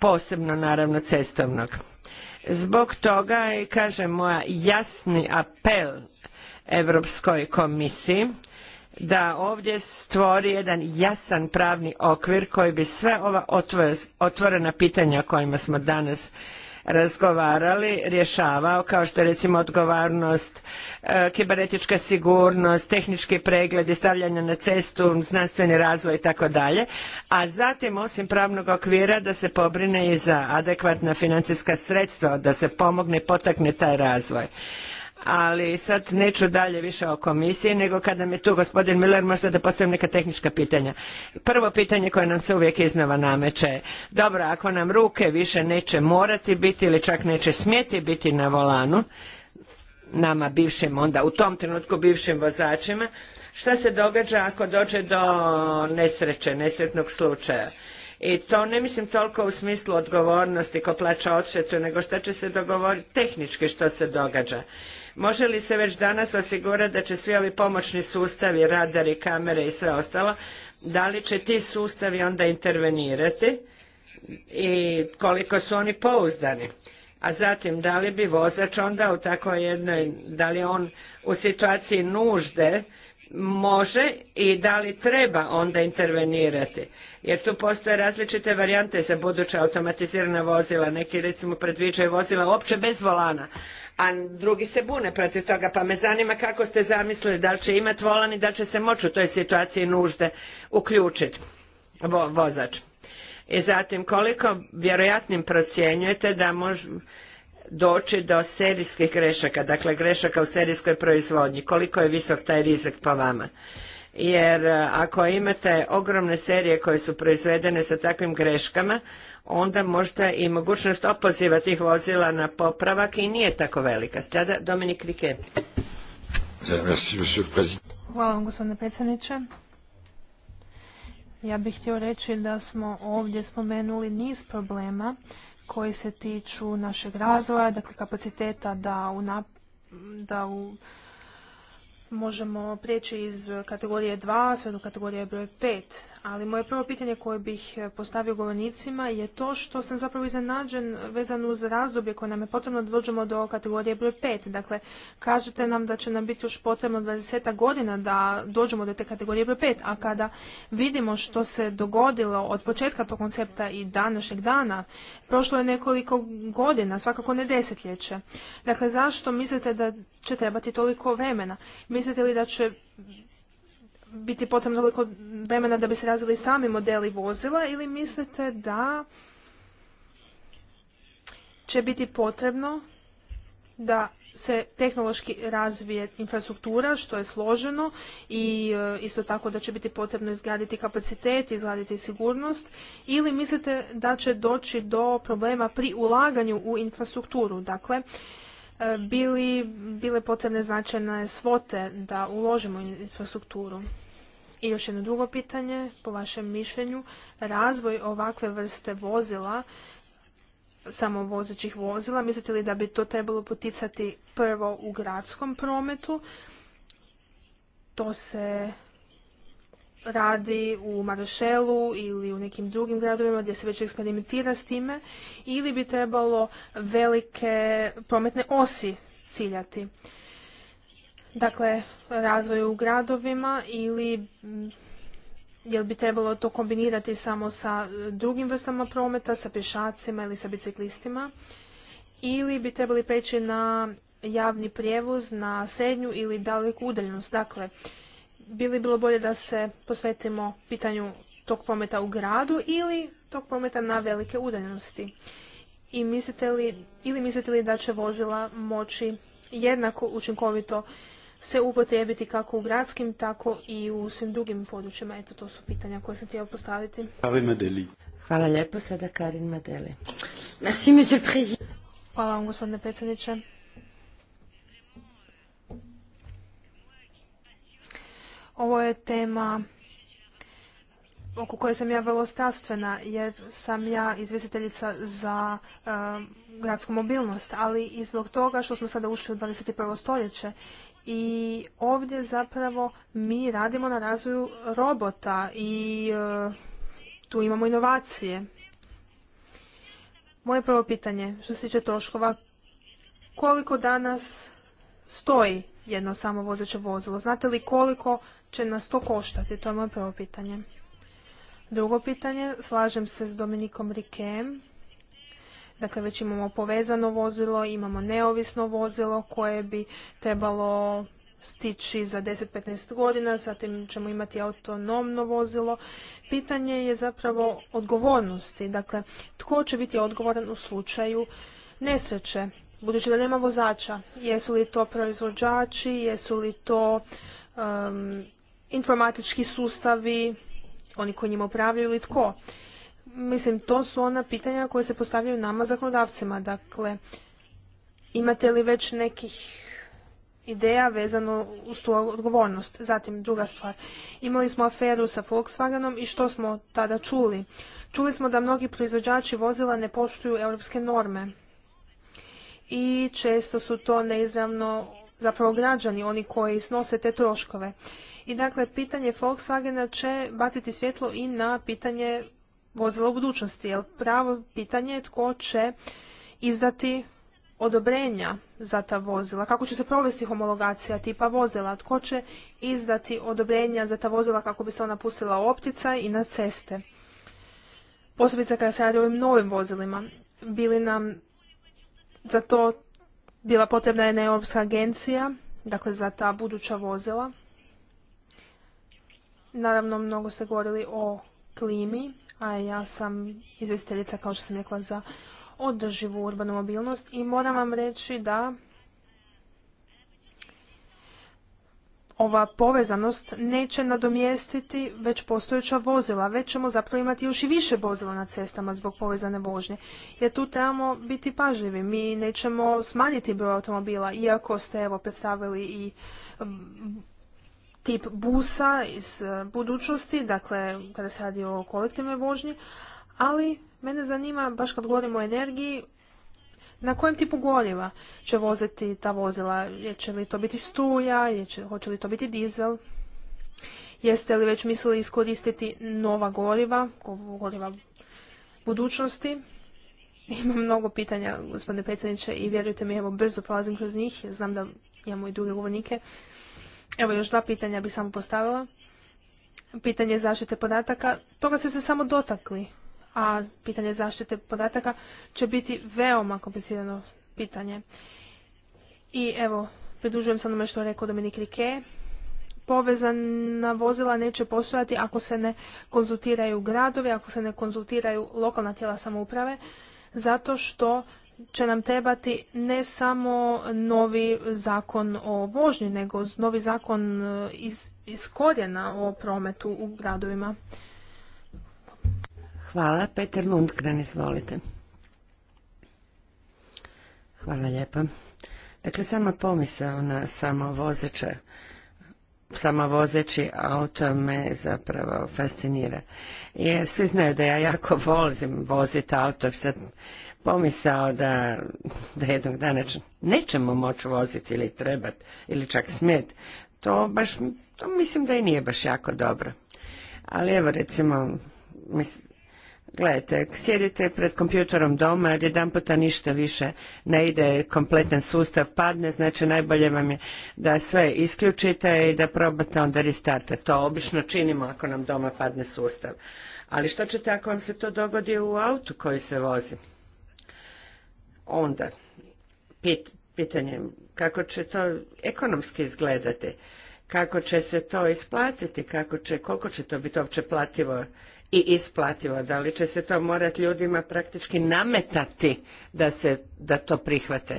posebno naravno cestovnog. Zbog toga je, kažem, moja jasni apel Europskoj komisiji da ovdje stvori jedan jasan pravni okvir koji bi sve ova otvorena pitanja o kojima smo danas razgovarali, rješavao, kao što je recimo odgovornost, e, kibernetička sigurnost, tehnički pregled i stavljanje na cestu, znanstveni razvoj i tako dalje, a zatim osim pravnog okvira da se pobrine i za adekvatna financijska sredstva, da se pomogne i potakne taj razvoj ali sad neću dalje više o komisiji, nego kada mi tu gospodin Miller možda da postavim neka tehnička pitanja. Prvo pitanje koje nam se uvijek iznova nameće dobro, ako nam ruke više neće morati biti ili čak neće smjeti biti na volanu, nama bivšim onda u tom trenutku bivšim vozačima, šta se događa ako dođe do nesreće, nesretnog slučaja? i to ne mislim toliko u smislu odgovornosti ko plaća odštetu, nego šta će se dogovoriti tehnički što se događa. Može li se već danas osigurati da će svi ovi pomoćni sustavi, radari, kamere i sve ostalo, da li će ti sustavi onda intervenirati i koliko su oni pouzdani? A zatim, da li bi vozač onda u takvoj jednoj, da li on u situaciji nužde može i da li treba onda intervenirati? jer tu postoje različite varijante za buduća automatizirana vozila. Neki recimo predviđaju vozila uopće bez volana, a drugi se bune protiv toga. Pa me zanima kako ste zamislili da li će imati volan i da li će se moći u toj situaciji nužde uključiti vozač. I zatim koliko vjerojatnim procjenjujete da može doći do serijskih grešaka, dakle grešaka u serijskoj proizvodnji, koliko je visok taj rizik po vama? jer e, ako imate ogromne serije koje su proizvedene sa takvim greškama, onda možda i mogućnost opoziva tih vozila na popravak i nije tako velika. Sada Dominik Rike. Hvala vam gospodine predsjedniče. Ja bih htio reći da smo ovdje spomenuli niz problema koji se tiču našeg razvoja, dakle kapaciteta da, u, da u možemo prijeći iz kategorije 2 sve do kategorije broj 5 ali moje prvo pitanje koje bih e, postavio govornicima je to što sam zapravo iznenađen vezano uz razdoblje koje nam je potrebno da dođemo do kategorije broj 5. Dakle, kažete nam da će nam biti još potrebno 20 godina da dođemo do te kategorije broj 5, a kada vidimo što se dogodilo od početka tog koncepta i današnjeg dana, prošlo je nekoliko godina, svakako ne desetljeće. Dakle, zašto mislite da će trebati toliko vremena? Mislite li da će biti potrebno toliko vremena da bi se razvili sami modeli vozila ili mislite da će biti potrebno da se tehnološki razvije infrastruktura što je složeno i e, isto tako da će biti potrebno izgraditi kapacitet, izgraditi sigurnost ili mislite da će doći do problema pri ulaganju u infrastrukturu. Dakle, e, bile potrebne značajne svote da uložimo u infrastrukturu. I još jedno drugo pitanje, po vašem mišljenju, razvoj ovakve vrste vozila, vozećih vozila, mislite li da bi to trebalo poticati prvo u gradskom prometu? To se radi u Maršelu ili u nekim drugim gradovima gdje se već eksperimentira s time ili bi trebalo velike prometne osi ciljati dakle, razvoju u gradovima ili mm, jel bi trebalo to kombinirati samo sa drugim vrstama prometa, sa pješacima ili sa biciklistima ili bi trebali peći na javni prijevoz na srednju ili daleku udaljenost. Dakle, bili bilo bolje da se posvetimo pitanju tog prometa u gradu ili tog prometa na velike udaljenosti. I mislite li, ili mislite li da će vozila moći jednako učinkovito se upotrijebiti kako u gradskim, tako i u svim drugim područjima. Eto, to su pitanja koje sam htjela postaviti. Hvala lijepo, sada Karin Madeli. Hvala vam, gospodine predsjedniče. Ovo je tema oko koje sam ja vrlo strastvena jer sam ja izvjestiteljica za eh, gradsku mobilnost, ali i zbog toga što smo sada ušli u 21. stoljeće i ovdje zapravo mi radimo na razvoju robota i e, tu imamo inovacije. Moje prvo pitanje što se tiče troškova, koliko danas stoji jedno samo vozilo? Znate li koliko će nas to koštati? To je moje prvo pitanje. Drugo pitanje, slažem se s Dominikom Rikem Dakle, već imamo povezano vozilo, imamo neovisno vozilo koje bi trebalo stići za 10-15 godina, zatim ćemo imati autonomno vozilo. Pitanje je zapravo odgovornosti. Dakle, tko će biti odgovoran u slučaju nesreće? Budući da nema vozača, jesu li to proizvođači, jesu li to um, informatički sustavi, oni koji njima upravljaju ili tko? Mislim, to su ona pitanja koje se postavljaju nama zakonodavcima. Dakle, imate li već nekih ideja vezano uz tu odgovornost? Zatim, druga stvar. Imali smo aferu sa Volkswagenom i što smo tada čuli? Čuli smo da mnogi proizvođači vozila ne poštuju europske norme. I često su to neizravno zapravo građani, oni koji snose te troškove. I dakle, pitanje Volkswagena će baciti svjetlo i na pitanje vozila u budućnosti. Jer pravo pitanje je tko će izdati odobrenja za ta vozila, kako će se provesti homologacija tipa vozila, tko će izdati odobrenja za ta vozila kako bi se ona pustila u optica i na ceste. Posebice kada se radi o ovim novim vozilima, bili nam za to bila potrebna jedna europska agencija, dakle za ta buduća vozila. Naravno, mnogo ste govorili o klimi a ja sam izvjestiteljica, kao što sam rekla, za održivu urbanu mobilnost i moram vam reći da ova povezanost neće nadomjestiti već postojeća vozila, već ćemo zapravo imati još i više vozila na cestama zbog povezane vožnje. Jer tu trebamo biti pažljivi, mi nećemo smanjiti broj automobila, iako ste evo predstavili i tip busa iz e, budućnosti, dakle kada se radi o kolektivnoj vožnji, ali mene zanima, baš kad govorimo o energiji, na kojem tipu goriva će voziti ta vozila? Će li to biti struja, hoće li to biti dizel? Jeste li već mislili iskoristiti nova goriva, goriva budućnosti? Imam mnogo pitanja, gospodine predsjedniče, i vjerujte mi, evo, brzo prolazim kroz njih. Znam da imamo i druge govornike Evo još dva pitanja bih samo postavila. Pitanje zaštite podataka, toga ste se samo dotakli, a pitanje zaštite podataka će biti veoma komplicirano pitanje. I evo, pridružujem se onome što je rekao Dominik Rike, povezana vozila neće postojati ako se ne konzultiraju gradovi, ako se ne konzultiraju lokalna tijela samouprave, zato što će nam trebati ne samo novi zakon o vožnji, nego novi zakon e, iz, iz o prometu u gradovima. Hvala. Peter Lundgren, izvolite. Hvala lijepa. Dakle, sama pomisao na samovozeće, samovozeći auto me zapravo fascinira. Jer svi znaju da ja jako volim voziti auto, sad pomisao da, da jednog dana nećemo moći voziti ili trebati ili čak smet to baš, to mislim da i nije baš jako dobro. Ali evo recimo, mis, gledajte, sjedite pred kompjutorom doma, jer jedan puta ništa više ne ide, kompletan sustav padne, znači najbolje vam je da sve isključite i da probate onda restarte. To obično činimo ako nam doma padne sustav. Ali što ćete ako vam se to dogodi u autu koji se vozi? onda pit, pitanje kako će to ekonomski izgledati, kako će se to isplatiti, kako će, koliko će to biti uopće plativo i isplativo, da li će se to morati ljudima praktički nametati da, se, da to prihvate,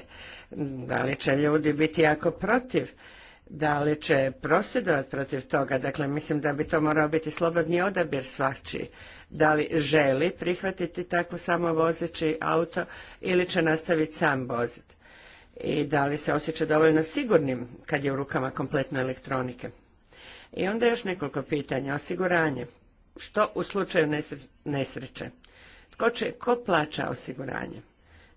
da li će ljudi biti jako protiv da li će prosvjedovati protiv toga, dakle mislim da bi to morao biti slobodni odabir svakčiji, da li želi prihvatiti takvu samo auto ili će nastaviti sam voziti i da li se osjeća dovoljno sigurnim kad je u rukama kompletno elektronike. I onda još nekoliko pitanja. Osiguranje. Što u slučaju nesreće? Tko, plaća osiguranje?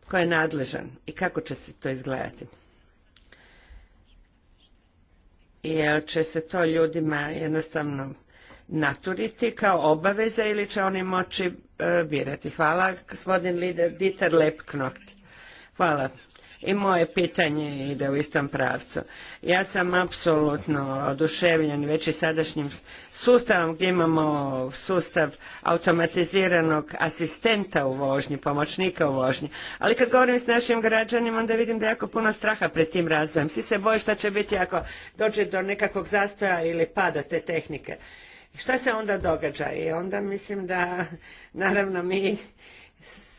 Tko je nadležan i kako će se to izgledati? jel će se to ljudima jednostavno naturiti kao obaveza ili će oni moći e, birati. Hvala gospodin lider Dieter Lepknot. Hvala i moje pitanje ide u istom pravcu. Ja sam apsolutno oduševljen već i sadašnjim sustavom gdje imamo sustav automatiziranog asistenta u vožnji, pomoćnika u vožnji. Ali kad govorim s našim građanima onda vidim da je jako puno straha pred tim razvojem. Svi se boje šta će biti ako dođe do nekakvog zastoja ili pada te tehnike. Šta se onda događa? I onda mislim da naravno mi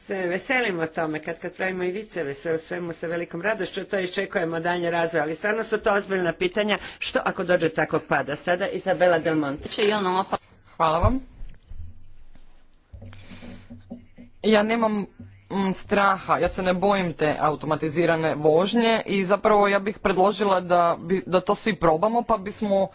se veselimo tome, kad kad pravimo i viceve, sve u svemu sa velikom radošću, to iščekujemo danje razvoj, ali stvarno su to ozbiljna pitanja, što ako dođe tako pada? Sada Izabela Del Monte. Hvala vam. Ja nemam mm, straha, ja se ne bojim te automatizirane vožnje i zapravo ja bih predložila da, da to svi probamo pa bismo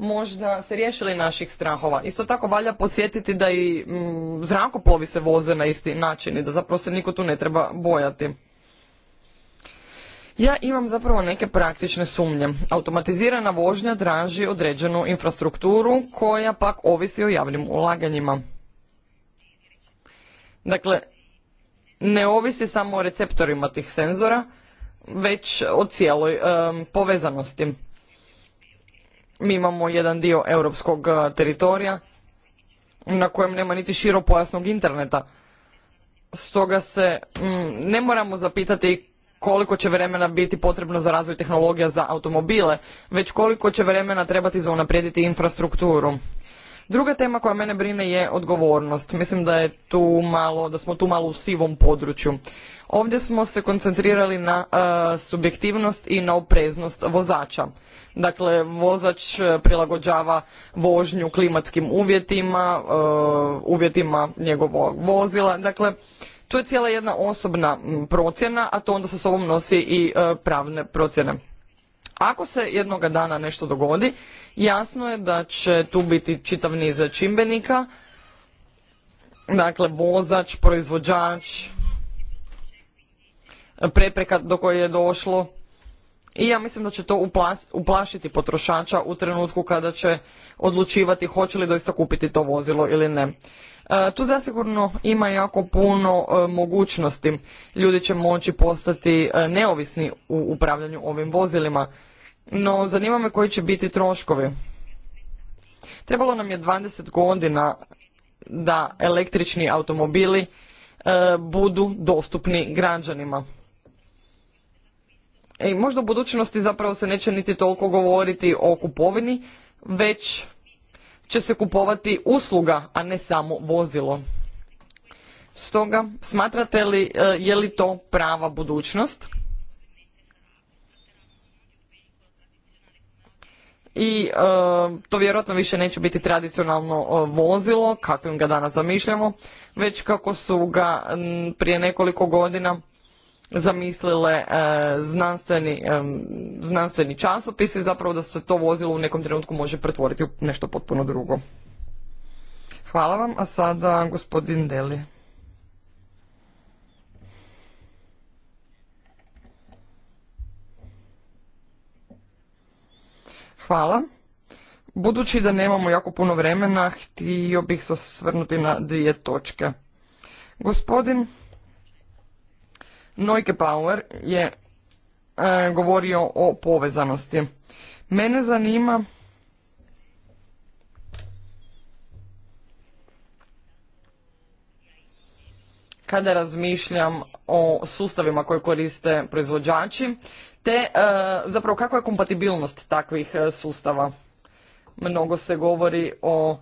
možda se riješili naših strahova. Isto tako valja podsjetiti da i mm, zrakoplovi se voze na isti način i da zapravo se niko tu ne treba bojati. Ja imam zapravo neke praktične sumnje. Automatizirana vožnja traži određenu infrastrukturu koja pak ovisi o javnim ulaganjima. Dakle, ne ovisi samo o receptorima tih senzora, već o cijeloj povezanosti. Mi imamo jedan dio europskog teritorija na kojem nema niti pojasnog interneta. Stoga se mm, ne moramo zapitati koliko će vremena biti potrebno za razvoj tehnologija za automobile, već koliko će vremena trebati za unaprijediti infrastrukturu. Druga tema koja mene brine je odgovornost. Mislim da je tu malo, da smo tu malo u sivom području. Ovdje smo se koncentrirali na e, subjektivnost i na opreznost vozača. Dakle, vozač e, prilagođava vožnju klimatskim uvjetima, e, uvjetima njegovog vozila. Dakle, tu je cijela jedna osobna procjena, a to onda sa sobom nosi i pravne procjene. Ako se jednoga dana nešto dogodi, jasno je da će tu biti čitav niz čimbenika, dakle vozač, proizvođač, prepreka do koje je došlo i ja mislim da će to uplašiti potrošača u trenutku kada će odlučivati hoće li doista kupiti to vozilo ili ne. E, tu zasigurno ima jako puno e, mogućnosti. Ljudi će moći postati e, neovisni u upravljanju ovim vozilima. No, zanima me koji će biti troškovi. Trebalo nam je 20 godina da električni automobili budu dostupni građanima i e, možda u budućnosti zapravo se neće niti toliko govoriti o kupovini, već će se kupovati usluga, a ne samo vozilo. Stoga, smatrate li, e, je li to prava budućnost? I e, to vjerojatno više neće biti tradicionalno vozilo, kakvim ga danas zamišljamo, već kako su ga prije nekoliko godina zamislile e, znanstveni, e, znanstveni časopisi zapravo da se to vozilo u nekom trenutku može pretvoriti u nešto potpuno drugo. Hvala vam, a sada gospodin Deli. Hvala. Budući da nemamo jako puno vremena, htio bih se osvrnuti na dvije točke. Gospodin Noike Power je e, govorio o povezanosti. Mene zanima kada razmišljam o sustavima koje koriste proizvođači, te e, zapravo kakva je kompatibilnost takvih e, sustava. Mnogo se govori o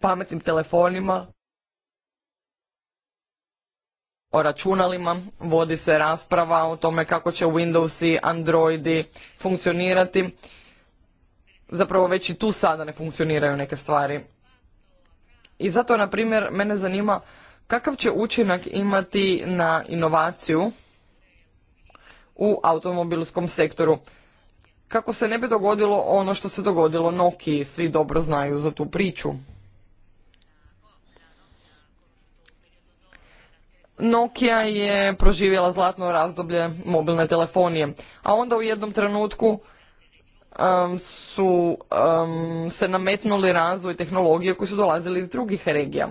pametnim telefonima, o računalima, vodi se rasprava o tome kako će Windows i Androidi funkcionirati. Zapravo već i tu sada ne funkcioniraju neke stvari. I zato, na primjer, mene zanima kakav će učinak imati na inovaciju u automobilskom sektoru. Kako se ne bi dogodilo ono što se dogodilo Nokia, svi dobro znaju za tu priču. Nokia je proživjela zlatno razdoblje mobilne telefonije, a onda u jednom trenutku su se nametnuli razvoj tehnologije koji su dolazili iz drugih regija.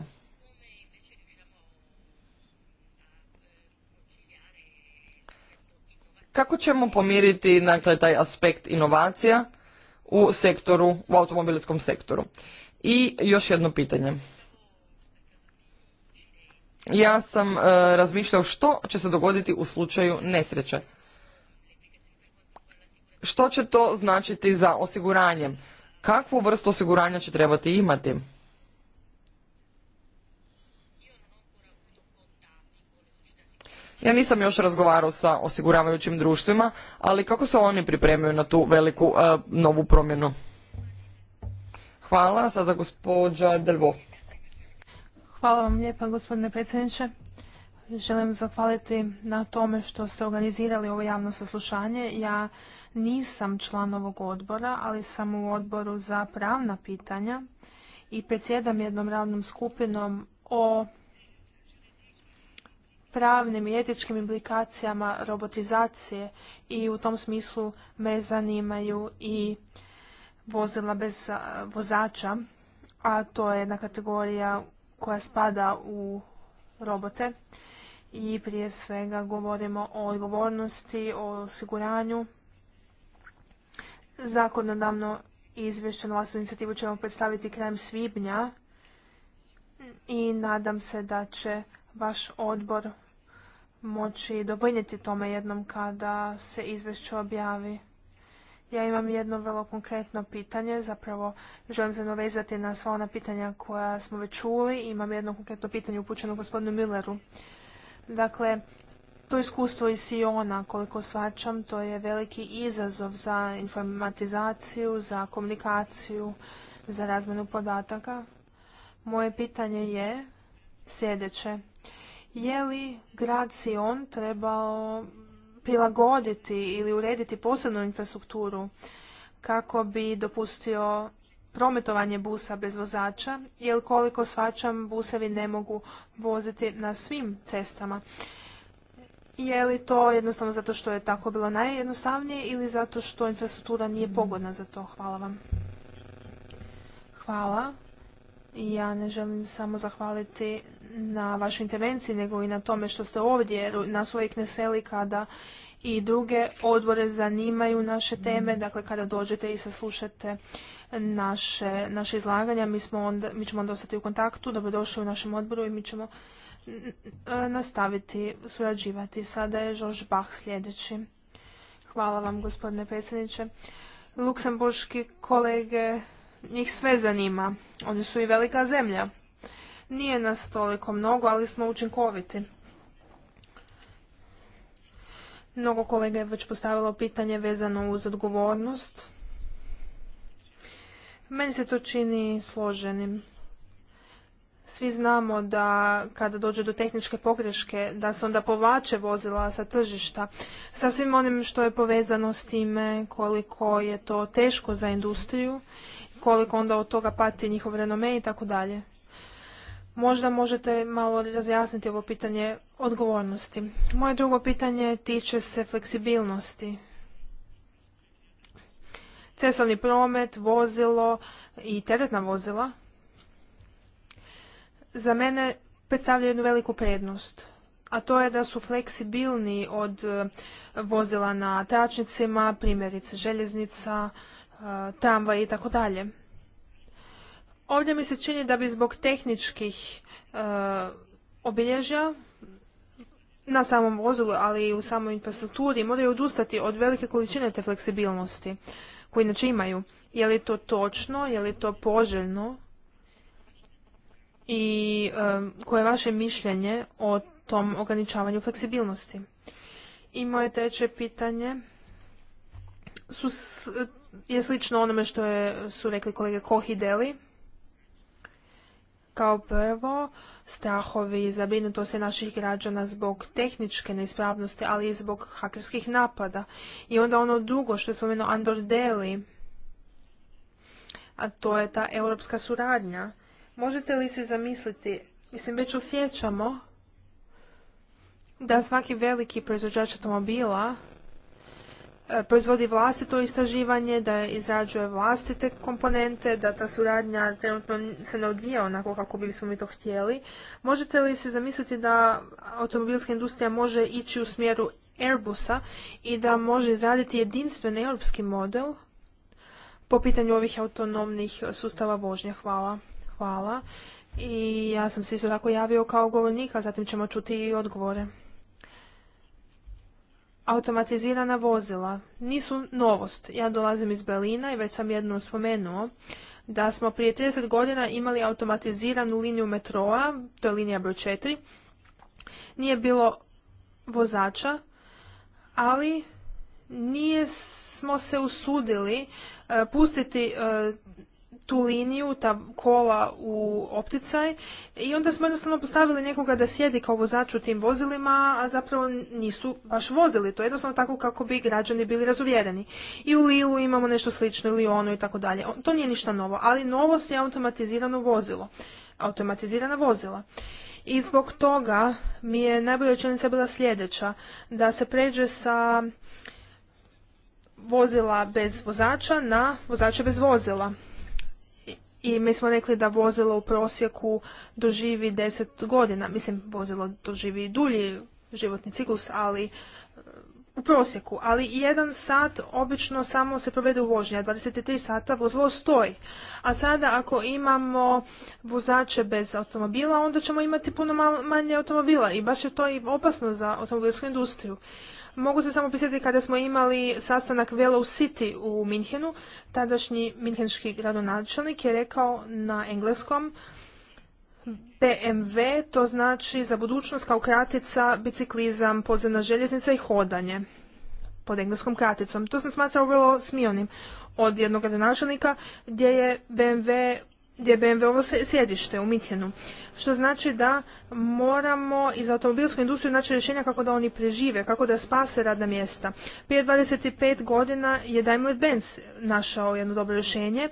Kako ćemo pomiriti dakle, taj aspekt inovacija u sektoru, u automobilskom sektoru? I još jedno pitanje ja sam e, razmišljao što će se dogoditi u slučaju nesreće. Što će to značiti za osiguranje? Kakvu vrstu osiguranja će trebati imati? Ja nisam još razgovarao sa osiguravajućim društvima, ali kako se oni pripremaju na tu veliku e, novu promjenu? Hvala, sada gospođa Delvo. Hvala vam lijepa gospodine predsjedniče. Želim zahvaliti na tome što ste organizirali ovo javno saslušanje. Ja nisam član ovog odbora, ali sam u odboru za pravna pitanja i predsjedam jednom ravnom skupinom o pravnim i etičkim implikacijama robotizacije i u tom smislu me zanimaju i vozila bez vozača, a to je jedna kategorija koja spada u robote i prije svega govorimo o odgovornosti, o osiguranju. Zakonodavno izvješće na vlastnu inicijativu ćemo predstaviti krajem svibnja i nadam se da će vaš odbor moći doprinijeti tome jednom kada se izvješće objavi. Ja imam jedno vrlo konkretno pitanje, zapravo želim se novezati na sva ona pitanja koja smo već čuli. Imam jedno konkretno pitanje upućeno gospodinu Milleru. Dakle, to iskustvo iz Siona, koliko svačam, to je veliki izazov za informatizaciju, za komunikaciju, za razmenu podataka. Moje pitanje je sljedeće. Je li grad Sion trebao prilagoditi ili urediti posebnu infrastrukturu kako bi dopustio prometovanje busa bez vozača, jer koliko svačam busevi ne mogu voziti na svim cestama. Je li to jednostavno zato što je tako bilo najjednostavnije ili zato što infrastruktura nije pogodna za to? Hvala vam. Hvala. Ja ne želim samo zahvaliti na vašoj intervenciji, nego i na tome što ste ovdje, jer nas uvijek neseli kada i druge odbore zanimaju naše teme, mm. dakle kada dođete i saslušate naše, izlaganja, mi, ćemo onda ostati u kontaktu, dobrodošli u našem odboru i mi ćemo nastaviti surađivati. Sada je Žož Bach sljedeći. Hvala vam gospodine predsjedniče. Luksemburški kolege, njih sve zanima. Oni su i velika zemlja. Nije nas toliko mnogo, ali smo učinkoviti. Mnogo kolega je već postavilo pitanje vezano uz odgovornost. Meni se to čini složenim. Svi znamo da kada dođe do tehničke pogreške, da se onda povlače vozila sa tržišta. Sa svim onim što je povezano s time, koliko je to teško za industriju, koliko onda od toga pati njihov renome i tako dalje. Možda možete malo razjasniti ovo pitanje odgovornosti. Moje drugo pitanje tiče se fleksibilnosti. Cestovni promet, vozilo i teretna vozila za mene predstavljaju jednu veliku prednost a to je da su fleksibilni od e, vozila na tračnicima, primjerice željeznica, e, tramvaj i tako dalje. Ovdje mi se čini da bi zbog tehničkih e, obilježja na samom vozilu, ali i u samoj infrastrukturi moraju odustati od velike količine te fleksibilnosti koje inače imaju. Je li to točno, je li to poželjno i e, koje je vaše mišljenje o tom ograničavanju fleksibilnosti? I moje treće pitanje je slično onome što je, su rekli kolege Kohideli. Deli kao prvo, strahovi i zabrinutosti naših građana zbog tehničke neispravnosti, ali i zbog hakerskih napada. I onda ono drugo što je spomenuo Andor Deli, a to je ta europska suradnja. Možete li se zamisliti, mislim već osjećamo da svaki veliki proizvođač automobila E, proizvodi vlastito istraživanje, da izrađuje vlastite komponente, da ta suradnja trenutno se ne odvija onako kako bismo mi to htjeli. Možete li se zamisliti da automobilska industrija može ići u smjeru Airbusa i da može izraditi jedinstven europski model po pitanju ovih autonomnih sustava vožnje? Hvala. Hvala. I ja sam se isto tako javio kao a zatim ćemo čuti i odgovore automatizirana vozila nisu novost. Ja dolazim iz Berlina i već sam jednom spomenuo da smo prije 30 godina imali automatiziranu liniju metroa, to je linija broj 4. Nije bilo vozača, ali nije smo se usudili e, pustiti e, tu liniju, ta kola u opticaj i onda smo jednostavno postavili nekoga da sjedi kao vozač u tim vozilima, a zapravo nisu baš vozili. To je jednostavno tako kako bi građani bili razuvjereni. I u Lilu imamo nešto slično, ili ono i tako dalje. To nije ništa novo, ali novost je automatizirano vozilo. Automatizirana vozila. I zbog toga mi je najbolja rečenica bila sljedeća, da se pređe sa vozila bez vozača na vozače bez vozila i mi smo rekli da vozilo u prosjeku doživi 10 godina. Mislim, vozilo doživi dulji životni ciklus, ali e, u prosjeku, ali jedan sat obično samo se provede u vožnji, a 23 sata vozilo stoji. A sada ako imamo vozače bez automobila, onda ćemo imati puno manje automobila i baš je to i opasno za automobilsku industriju. Mogu se samo pisati kada smo imali sastanak Velo City u Minhenu, tadašnji minhenški gradonačelnik je rekao na engleskom BMW to znači za budućnost kao kratica biciklizam, podzemna željeznica i hodanje pod engleskom kraticom. To sam smatrao vrlo smijonim od jednog gradonačelnika gdje je BMW gdje je BMW sjedište u Mitjenu. Što znači da moramo iz automobilsku industriju naći rješenja kako da oni prežive, kako da spase radna mjesta. Prije 25 godina je Daimler-Benz našao jedno dobro rješenje.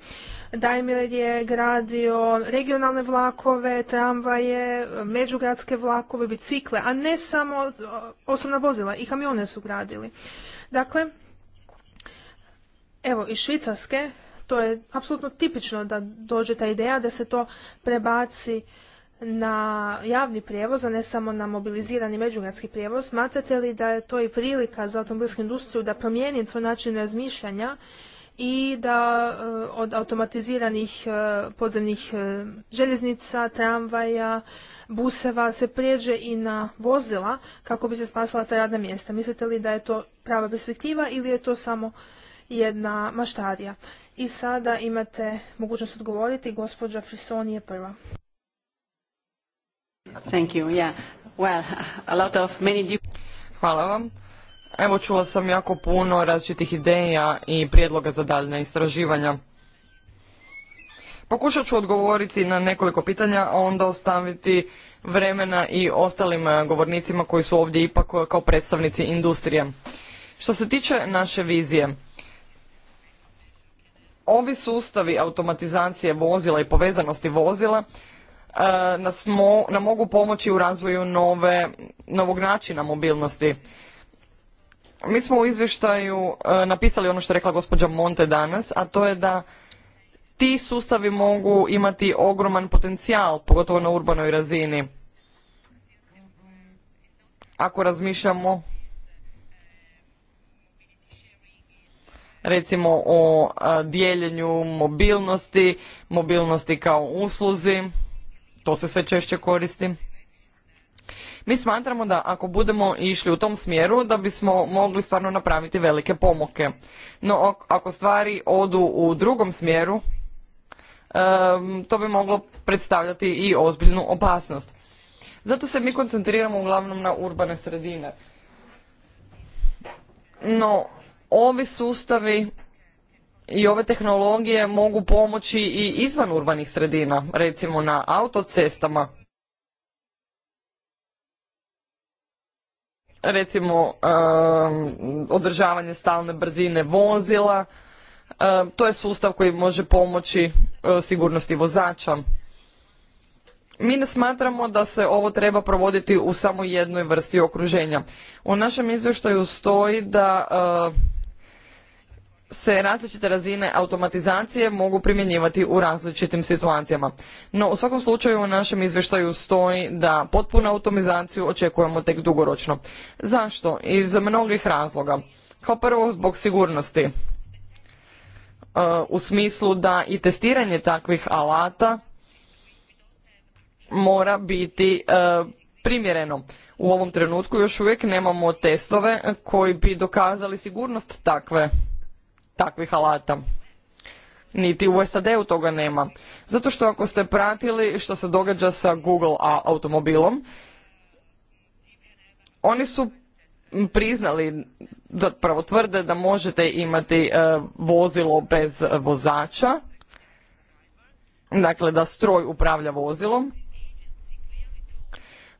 Daimler je gradio regionalne vlakove, tramvaje, međugradske vlakove, bicikle, a ne samo osobna vozila i kamione su gradili. Dakle, evo iz Švicarske to je apsolutno tipično da dođe ta ideja da se to prebaci na javni prijevoz, a ne samo na mobilizirani međugradski prijevoz. Smatrate li da je to i prilika za automobilsku industriju da promijeni svoj način razmišljanja i da e, od automatiziranih e, podzemnih e, željeznica, tramvaja, buseva se prijeđe i na vozila kako bi se spasila ta radna mjesta. Mislite li da je to prava perspektiva ili je to samo jedna maštarija? I sada imate mogućnost odgovoriti. Gospođa Frison je prva. Hvala vam. Evo čula sam jako puno različitih ideja i prijedloga za daljne istraživanja. Pokušat ću odgovoriti na nekoliko pitanja, a onda ostaviti vremena i ostalim eh, govornicima koji su ovdje ipak eh, kao predstavnici industrije. Što se tiče naše vizije, ovi sustavi automatizacije vozila i povezanosti vozila e, nam mogu pomoći u razvoju nove, novog načina mobilnosti. Mi smo u izvještaju e, napisali ono što je rekla gospođa Monte danas, a to je da ti sustavi mogu imati ogroman potencijal, pogotovo na urbanoj razini. Ako razmišljamo recimo o dijeljenju mobilnosti, mobilnosti kao usluzi, to se sve češće koristi. Mi smatramo da ako budemo išli u tom smjeru da bismo mogli stvarno napraviti velike pomoke. No ako stvari odu u drugom smjeru, to bi moglo predstavljati i ozbiljnu opasnost. Zato se mi koncentriramo uglavnom na urbane sredine. No, ovi sustavi i ove tehnologije mogu pomoći i izvan urbanih sredina, recimo na autocestama. Recimo održavanje stalne brzine vozila, to je sustav koji može pomoći e, sigurnosti vozača. Mi ne smatramo da se ovo treba provoditi u samo jednoj vrsti okruženja. U našem izvještaju stoji da se različite razine automatizacije mogu primjenjivati u različitim situacijama. No, u svakom slučaju u našem izvještaju stoji da potpunu automatizaciju očekujemo tek dugoročno. Zašto? Iz mnogih razloga. Kao prvo zbog sigurnosti. E, u smislu da i testiranje takvih alata mora biti e, primjereno. U ovom trenutku još uvijek nemamo testove koji bi dokazali sigurnost takve takvih alata. Niti u SAD-u toga nema. Zato što ako ste pratili što se događa sa Google automobilom, oni su priznali, zapravo tvrde da možete imati e, vozilo bez vozača, dakle da stroj upravlja vozilom,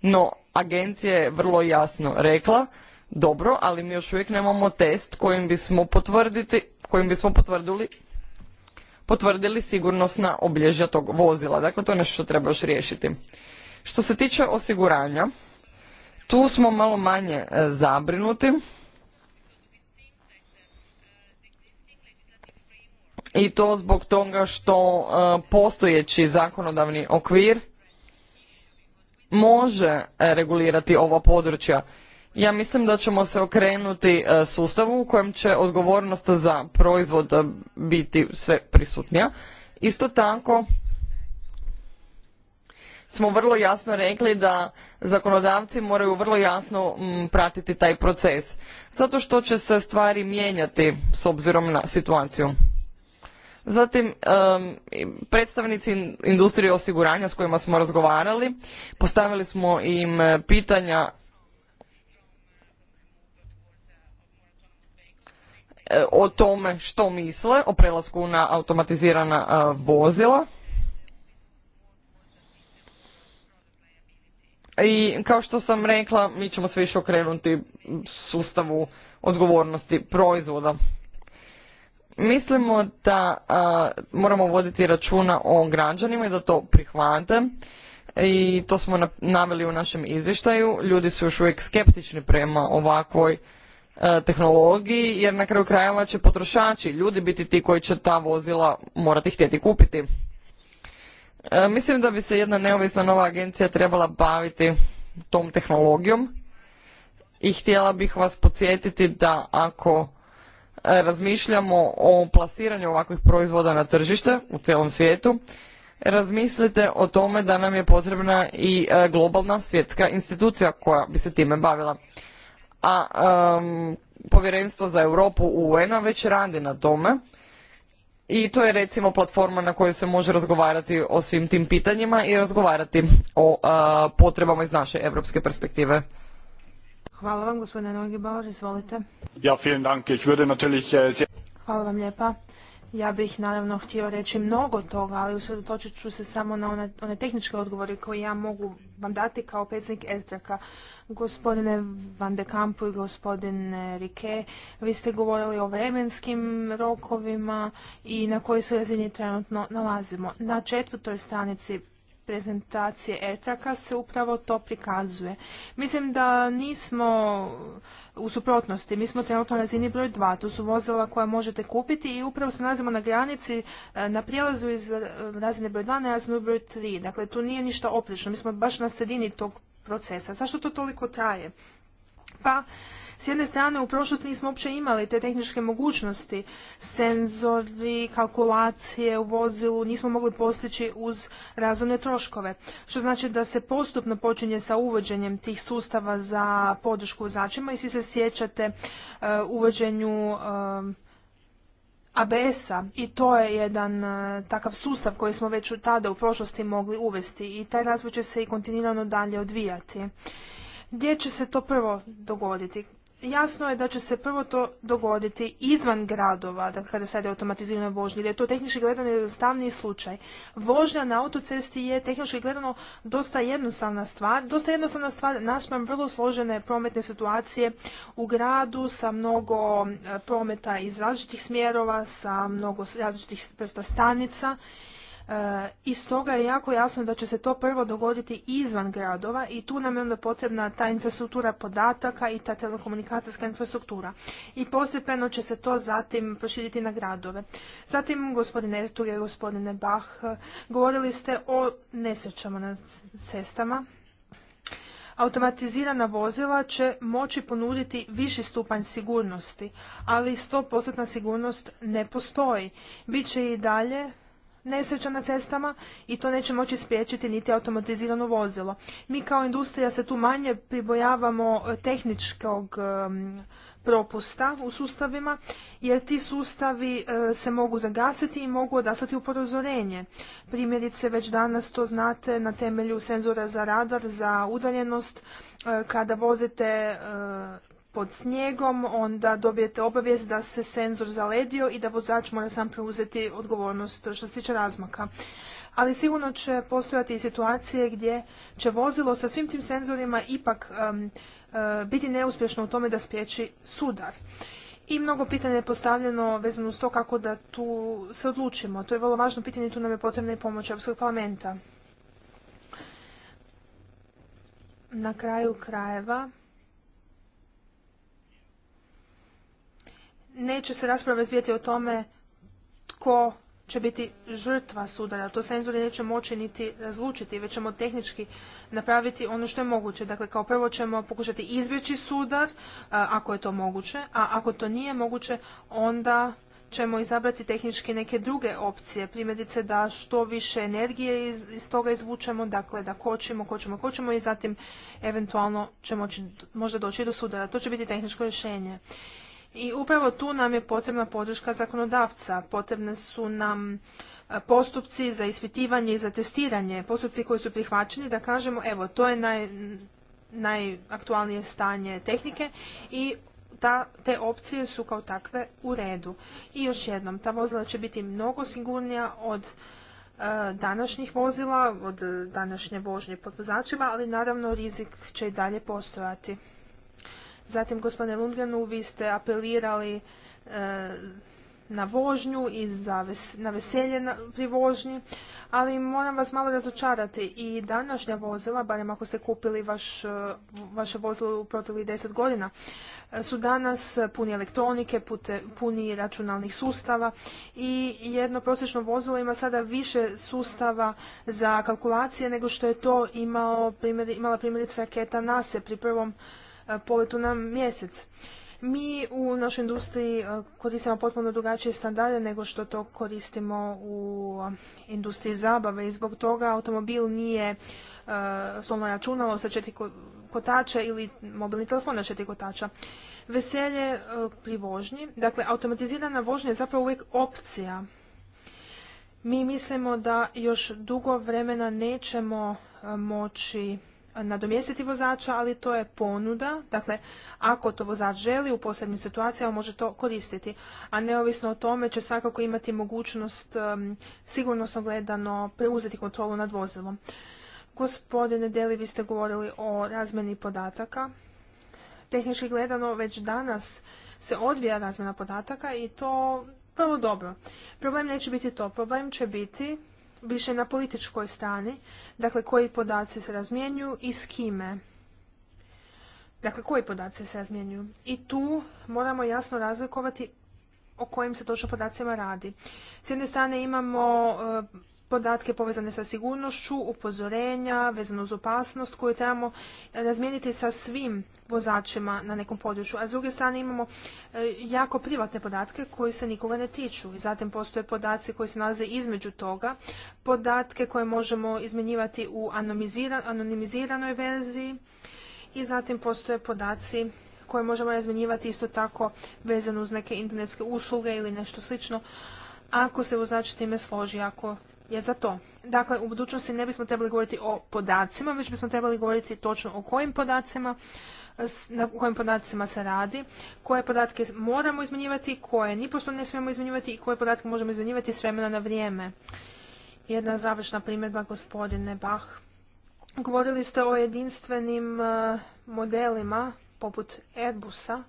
no agencija je vrlo jasno rekla dobro, ali mi još uvijek nemamo test kojim bismo potvrditi, kojim bismo potvrdili, potvrdili sigurnosna obilježja tog vozila. Dakle, to je nešto što treba još riješiti. Što se tiče osiguranja, tu smo malo manje e, zabrinuti. I to zbog toga što e, postojeći zakonodavni okvir može regulirati ova područja ja mislim da ćemo se okrenuti e, sustavu u kojem će odgovornost za proizvod e, biti sve prisutnija. Isto tako smo vrlo jasno rekli da zakonodavci moraju vrlo jasno pratiti taj proces zato što će se stvari mijenjati s obzirom na situaciju. Zatim, predstavnici industrije osiguranja s kojima smo razgovarali, postavili smo im e, pitanja E, o tome što misle o prelasku na automatizirana e, vozila. I kao što sam rekla, mi ćemo sve više okrenuti sustavu odgovornosti proizvoda. Mislimo da e, moramo voditi računa o građanima i da to prihvate i to smo naveli u našem izvještaju. Ljudi su još uvijek skeptični prema ovakvoj E, tehnologiji jer na kraju krajeva će potrošači, ljudi biti ti koji će ta vozila morati htjeti kupiti. E, mislim da bi se jedna neovisna nova agencija trebala baviti tom tehnologijom i htjela bih vas podsjetiti da ako e, razmišljamo o plasiranju ovakvih proizvoda na tržište u cijelom svijetu, razmislite o tome da nam je potrebna i globalna svjetska institucija koja bi se time bavila a povjerenstvo za Europu UN-a već radi na tome i to je recimo platforma na kojoj se može razgovarati o svim tim pitanjima i razgovarati o eh, potrebama iz naše europske perspektive. Hvala vam gospodine izvolite. Ja, vielen Dank. Ich würde natürlich... Eh, Hvala vam lijepa. Ja bih naravno htio reći mnogo toga, ali usredotočit ću se samo na one, one tehničke odgovore koje ja mogu vam dati kao predsjednik Estraka, Gospodine Van de Kampu i gospodine Rike, vi ste govorili o vremenskim rokovima i na kojoj se razini trenutno nalazimo. Na četvrtoj stranici prezentacije ETRAKA se upravo to prikazuje. Mislim da nismo u suprotnosti, mi smo trenutno na razini broj 2, to su vozila koja možete kupiti i upravo se nalazimo na granici, e, na prijelazu iz razine broj 2 na razinu broj 3, dakle tu nije ništa oprično, mi smo baš na sredini tog procesa. Zašto to toliko traje? Pa s jedne strane, u prošlosti nismo uopće imali te tehničke mogućnosti, senzori, kalkulacije u vozilu, nismo mogli postići uz razumne troškove. Što znači da se postupno počinje sa uvođenjem tih sustava za podršku vozačima i svi se sjećate e, uvođenju e, ABS-a i to je jedan e, takav sustav koji smo već tada u prošlosti mogli uvesti i taj razvoj će se i kontinuirano dalje odvijati. Gdje će se to prvo dogoditi? jasno je da će se prvo to dogoditi izvan gradova, dakle kada se radi o automatiziranoj vožnji, da je to tehnički gledano jednostavniji slučaj. Vožnja na autocesti je tehnički gledano dosta jednostavna stvar, dosta jednostavna stvar naspram vrlo složene prometne situacije u gradu sa mnogo e, prometa iz različitih smjerova, sa mnogo različitih prsta stanica E, i stoga je jako jasno da će se to prvo dogoditi izvan gradova i tu nam je onda potrebna ta infrastruktura podataka i ta telekomunikacijska infrastruktura. I postepeno će se to zatim proširiti na gradove. Zatim, gospodine i gospodine Bach, govorili ste o nesrećama na cestama. Automatizirana vozila će moći ponuditi viši stupanj sigurnosti, ali 100% sigurnost ne postoji. Biće i dalje nesreća na cestama i to neće moći spriječiti niti automatizirano vozilo. Mi kao industrija se tu manje pribojavamo e, tehničkog propusta u sustavima, jer ti sustavi e, se mogu zagasiti i mogu odasati u porozorenje. Primjerice, već danas to znate na temelju senzora za radar, za udaljenost, e, kada vozite pod snijegom, onda dobijete obavijest da se senzor zaledio i da vozač mora sam preuzeti odgovornost što se tiče razmaka. Ali sigurno će postojati i situacije gdje će vozilo sa svim tim senzorima ipak e, biti neuspješno u tome da spriječi sudar. I mnogo pitanja je postavljeno vezano uz to kako da tu se odlučimo. To je vrlo važno pitanje i tu nam je potrebna i pomoć Europskog parlamenta. Na kraju krajeva neće se rasprava razvijati o tome tko će biti žrtva sudara. To senzori neće moći niti razlučiti, već ćemo tehnički napraviti ono što je moguće. Dakle, kao prvo ćemo pokušati izbjeći sudar, ako je to moguće, a ako to nije moguće, onda ćemo izabrati tehnički neke druge opcije, primjerice da što više energije iz, toga izvučemo, dakle da kočimo, kočimo, kočimo i zatim eventualno ćemo možda doći do sudara. To će biti tehničko rješenje. I upravo tu nam je potrebna podrška zakonodavca, potrebne su nam e, postupci za ispitivanje i za testiranje, postupci koji su prihvaćeni da kažemo evo to je najaktualnije stanje tehnike i te opcije su kao takve u redu. I još jednom, ta vozila će biti mnogo sigurnija od e, današnjih vozila, od današnje vožnje pod vozačima, ali naravno rizik će i dalje postojati. Zatim, gospodine Lundgrenu, vi ste apelirali e, na vožnju i na veselje pri vožnji, ali moram vas malo razočarati. I današnja vozila, barem ako ste kupili e, vaše vozilo u proteklih 10 godina, e, su danas puni elektronike, puni računalnih sustava i jedno prosječno vozilo ima sada više sustava za kalkulacije nego što je to imala primjerice raketa NASE pri prvom E, poletu na mjesec. Mi u našoj industriji e, koristimo potpuno drugačije standarde nego što to koristimo u e, industriji zabave i zbog toga automobil nije slovno računalo sa četiri kotača ili mobilni telefon na četiri kotača. Veselje pri vožnji. Dakle, automatizirana vožnja je zapravo uvijek opcija. Mi mislimo da još dugo vremena nećemo moći nadomjestiti vozača, ali to je ponuda. Dakle, ako to vozač želi u posebnim situacijama može to koristiti. A neovisno o tome će svakako imati mogućnost um, sigurnosno gledano preuzeti kontrolu nad vozilom. Gospodine Deli, vi ste govorili o razmeni podataka. Tehnički gledano već danas se odvija razmjena podataka i to vrlo dobro. Problem neće biti to. Problem će biti više na političkoj strani, dakle koji podaci se razmjenjuju i s kime. Dakle, koji podaci se razmjenjuju. I tu moramo jasno razlikovati o kojim se točno podacima radi. S jedne strane imamo e, podatke povezane sa sigurnošću, upozorenja, vezano uz opasnost koju trebamo razmijeniti sa svim vozačima na nekom području. A s druge strane imamo e, jako privatne podatke koji se nikoga ne tiču. I zatim postoje podaci koji se nalaze između toga, podatke koje možemo izmenjivati u anonimiziranoj verziji i zatim postoje podaci koje možemo razmjenjivati isto tako vezano uz neke internetske usluge ili nešto slično ako se vozač time složi, ako je za to. Dakle, u budućnosti ne bismo trebali govoriti o podacima, već bismo trebali govoriti točno o kojim podacima na kojim podacima se radi, koje podatke moramo izmjenjivati, koje nipošto ne smijemo izmjenjivati i koje podatke možemo izmjenjivati s vremena na vrijeme. Jedna završna primjedba, gospodine Bach. Govorili ste o jedinstvenim e, modelima poput Airbusa.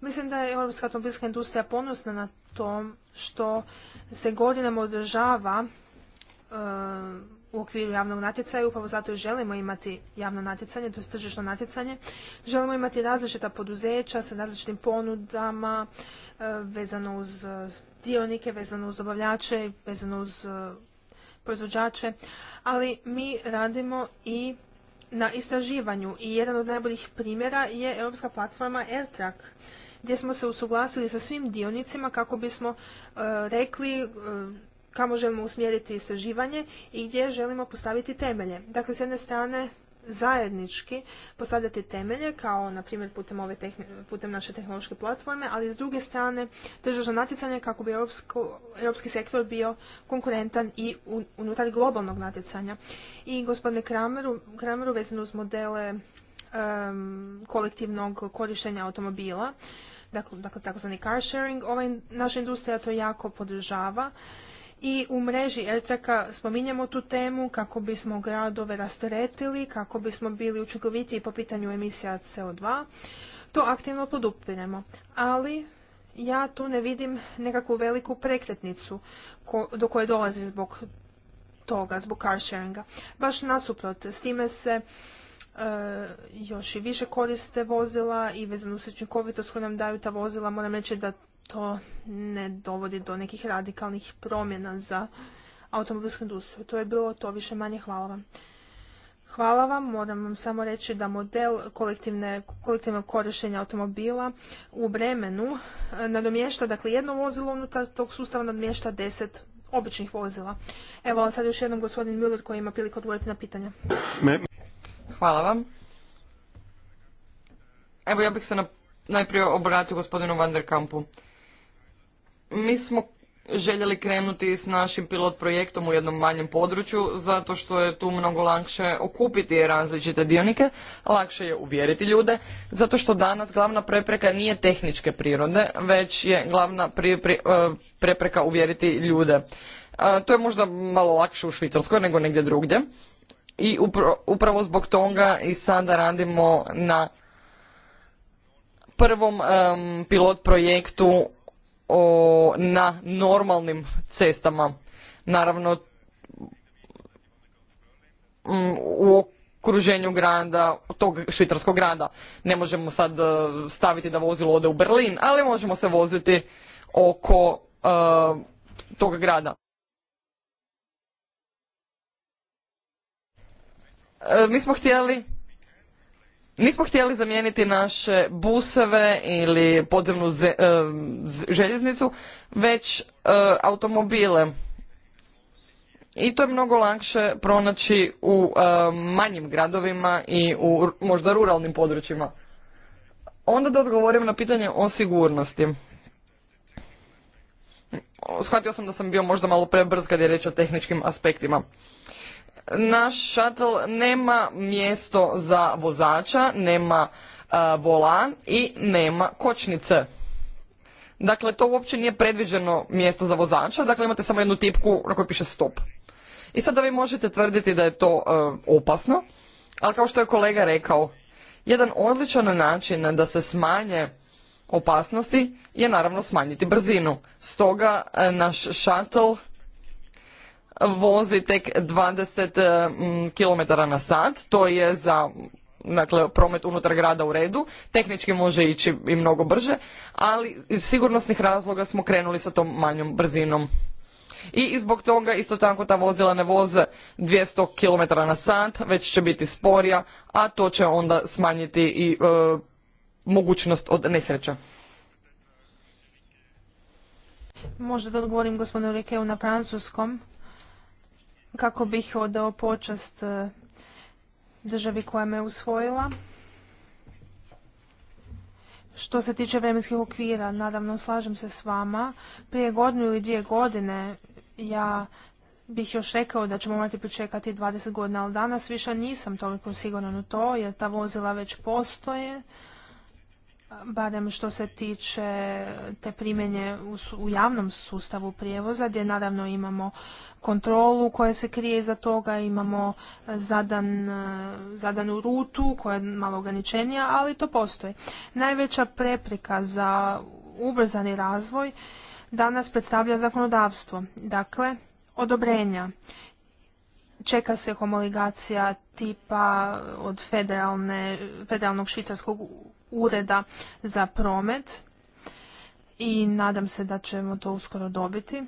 Mislim da je europska automobilska industrija ponosna na to što se godinama održava u okviru javnog natjecaja upravo zato i želimo imati javno natjecanje, to je tržišno natjecanje. Želimo imati različita poduzeća sa različitim ponudama e, vezano uz e, dionike, vezano uz dobavljače, vezano uz e, proizvođače, ali mi radimo i na istraživanju i jedan od najboljih primjera je europska platforma AirTrack gdje smo se usuglasili sa svim dionicima kako bismo rekli kamo želimo usmjeriti istraživanje i gdje želimo postaviti temelje. Dakle, s jedne strane zajednički postavljati temelje kao na primjer putem, ove putem naše tehnološke platforme, ali s druge strane tržišno natjecanje kako bi europski sektor bio konkurentan i unutar globalnog natjecanja. I gospodine Krameru, Krameru vezano uz modele kolektivnog korištenja automobila, dakle, dakle takozvani car sharing, ova naša industrija to jako podržava i u mreži Ertraka spominjemo tu temu kako bismo gradove rasteretili, kako bismo bili učinkovitiji po pitanju emisija CO2. To aktivno podupiremo, ali ja tu ne vidim nekakvu veliku prekretnicu do koje dolazi zbog toga, zbog sharinga. Baš nasuprot, s time se e, još i više koriste vozila i vezano uz učinkovitost koju nam daju ta vozila. Moram reći da to ne dovodi do nekih radikalnih promjena za automobilsku industriju. To je bilo to više manje. Hvala vam. Hvala vam. Moram vam samo reći da model kolektivnog korištenja automobila u vremenu e, nadomješta, dakle jedno vozilo unutar tog sustava nadomješta deset običnih vozila. Evo sad još jednom gospodin Müller koji ima priliku odgovoriti na pitanje. Hvala vam. Evo ja bih se najprije obratio gospodinu Van der Kampu. Mi smo željeli krenuti s našim pilot projektom u jednom manjem području zato što je tu mnogo lakše okupiti različite dionike, lakše je uvjeriti ljude, zato što danas glavna prepreka nije tehničke prirode, već je glavna e, prepreka uvjeriti ljude. E, to je možda malo lakše u Švicarskoj nego negdje drugdje i upravo zbog toga i sada radimo na prvom pilot projektu o, na normalnim cestama. Naravno, mm, u okruženju grada, tog švicarskog grada. Ne možemo sad e, staviti da vozilo ode u Berlin, ali možemo se voziti oko e, tog grada. E, mi smo htjeli Nismo htjeli zamijeniti naše buseve ili podzemnu e, željeznicu, već e, automobile. I to je mnogo lakše pronaći u e, manjim gradovima i u možda ruralnim područjima. Onda da odgovorim na pitanje o sigurnosti. Shvatio sam da sam bio možda malo prebrz kad je reč o tehničkim aspektima naš šatl nema mjesto za vozača, nema e, volan i nema kočnice. Dakle, to uopće nije predviđeno mjesto za vozača, dakle imate samo jednu tipku na kojoj piše stop. I sada vi možete tvrditi da je to e, opasno, ali kao što je kolega rekao, jedan odličan način da se smanje opasnosti je naravno smanjiti brzinu. Stoga e, naš šatl vozi tek 20 e, km na sat, to je za dakle, promet unutar grada u redu, tehnički može ići i mnogo brže, ali iz sigurnosnih razloga smo krenuli sa tom manjom brzinom. I zbog toga isto tako ta vozila ne voze 200 km na sat, već će biti sporija, a to će onda smanjiti i e, mogućnost od nesreća. Možda da odgovorim gospodinu Rikeu na francuskom kako bih odao počast e, državi koja me usvojila. Što se tiče vremenskih okvira, naravno slažem se s vama. Prije godinu ili dvije godine ja bih još rekao da ćemo morati pričekati 20 godina, ali danas više nisam toliko siguran u to, jer ta vozila već postoje barem što se tiče te primjenje u javnom sustavu prijevoza, gdje naravno imamo kontrolu koja se krije iza toga, imamo zadan, zadanu rutu koja je malo ograničenija, ali to postoji. Najveća preprika za ubrzani razvoj danas predstavlja zakonodavstvo, dakle odobrenja. Čeka se homologacija tipa od federalnog švicarskog ureda za promet i nadam se da ćemo to uskoro dobiti.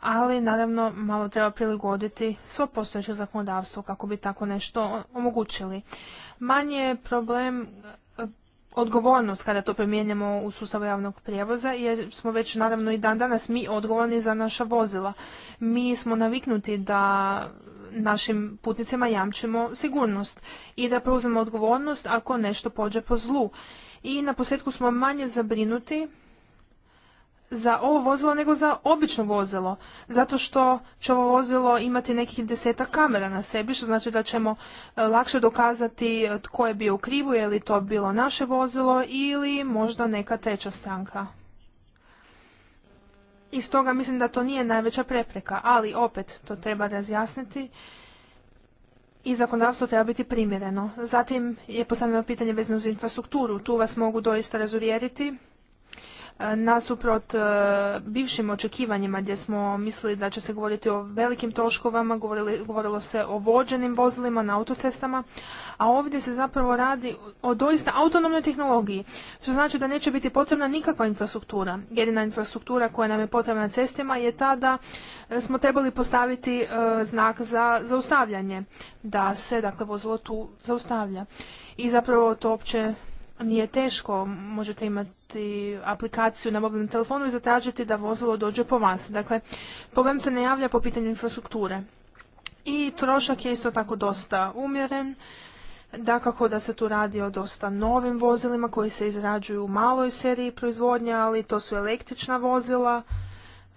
Ali naravno malo treba prilagoditi svo postojeće zakonodavstvo kako bi tako nešto omogućili. Manje je problem e, odgovornost kada to promijenjemo u sustavu javnog prijevoza jer smo već naravno i dan danas mi odgovorni za naša vozila. Mi smo naviknuti da našim putnicima jamčimo sigurnost i da preuzmemo odgovornost ako nešto pođe po zlu. I na posljedku smo manje zabrinuti za ovo vozilo nego za obično vozilo, zato što će ovo vozilo imati nekih deseta kamera na sebi, što znači da ćemo e, lakše dokazati e, tko je bio u krivu, je li to bilo naše vozilo ili možda neka treća stranka i stoga mislim da to nije najveća prepreka, ali opet to treba razjasniti i zakonodavstvo treba biti primjereno. Zatim je postavljeno pitanje vezano za infrastrukturu. Tu vas mogu doista razuvjeriti nasuprot e, bivšim očekivanjima gdje smo mislili da će se govoriti o velikim troškovama, govorilo se o vođenim vozilima na autocestama, a ovdje se zapravo radi o doista autonomnoj tehnologiji, što znači da neće biti potrebna nikakva infrastruktura. Jedina infrastruktura koja nam je potrebna na cestima je ta da e, smo trebali postaviti e, znak za zaustavljanje, da se dakle vozilo tu zaustavlja. I zapravo to uopće nije teško. Možete imati aplikaciju na mobilnom telefonu i zatražiti da vozilo dođe po vas. Dakle, problem se ne javlja po pitanju infrastrukture. I trošak je isto tako dosta umjeren. Dakako da se tu radi o dosta novim vozilima koji se izrađuju u maloj seriji proizvodnja, ali to su električna vozila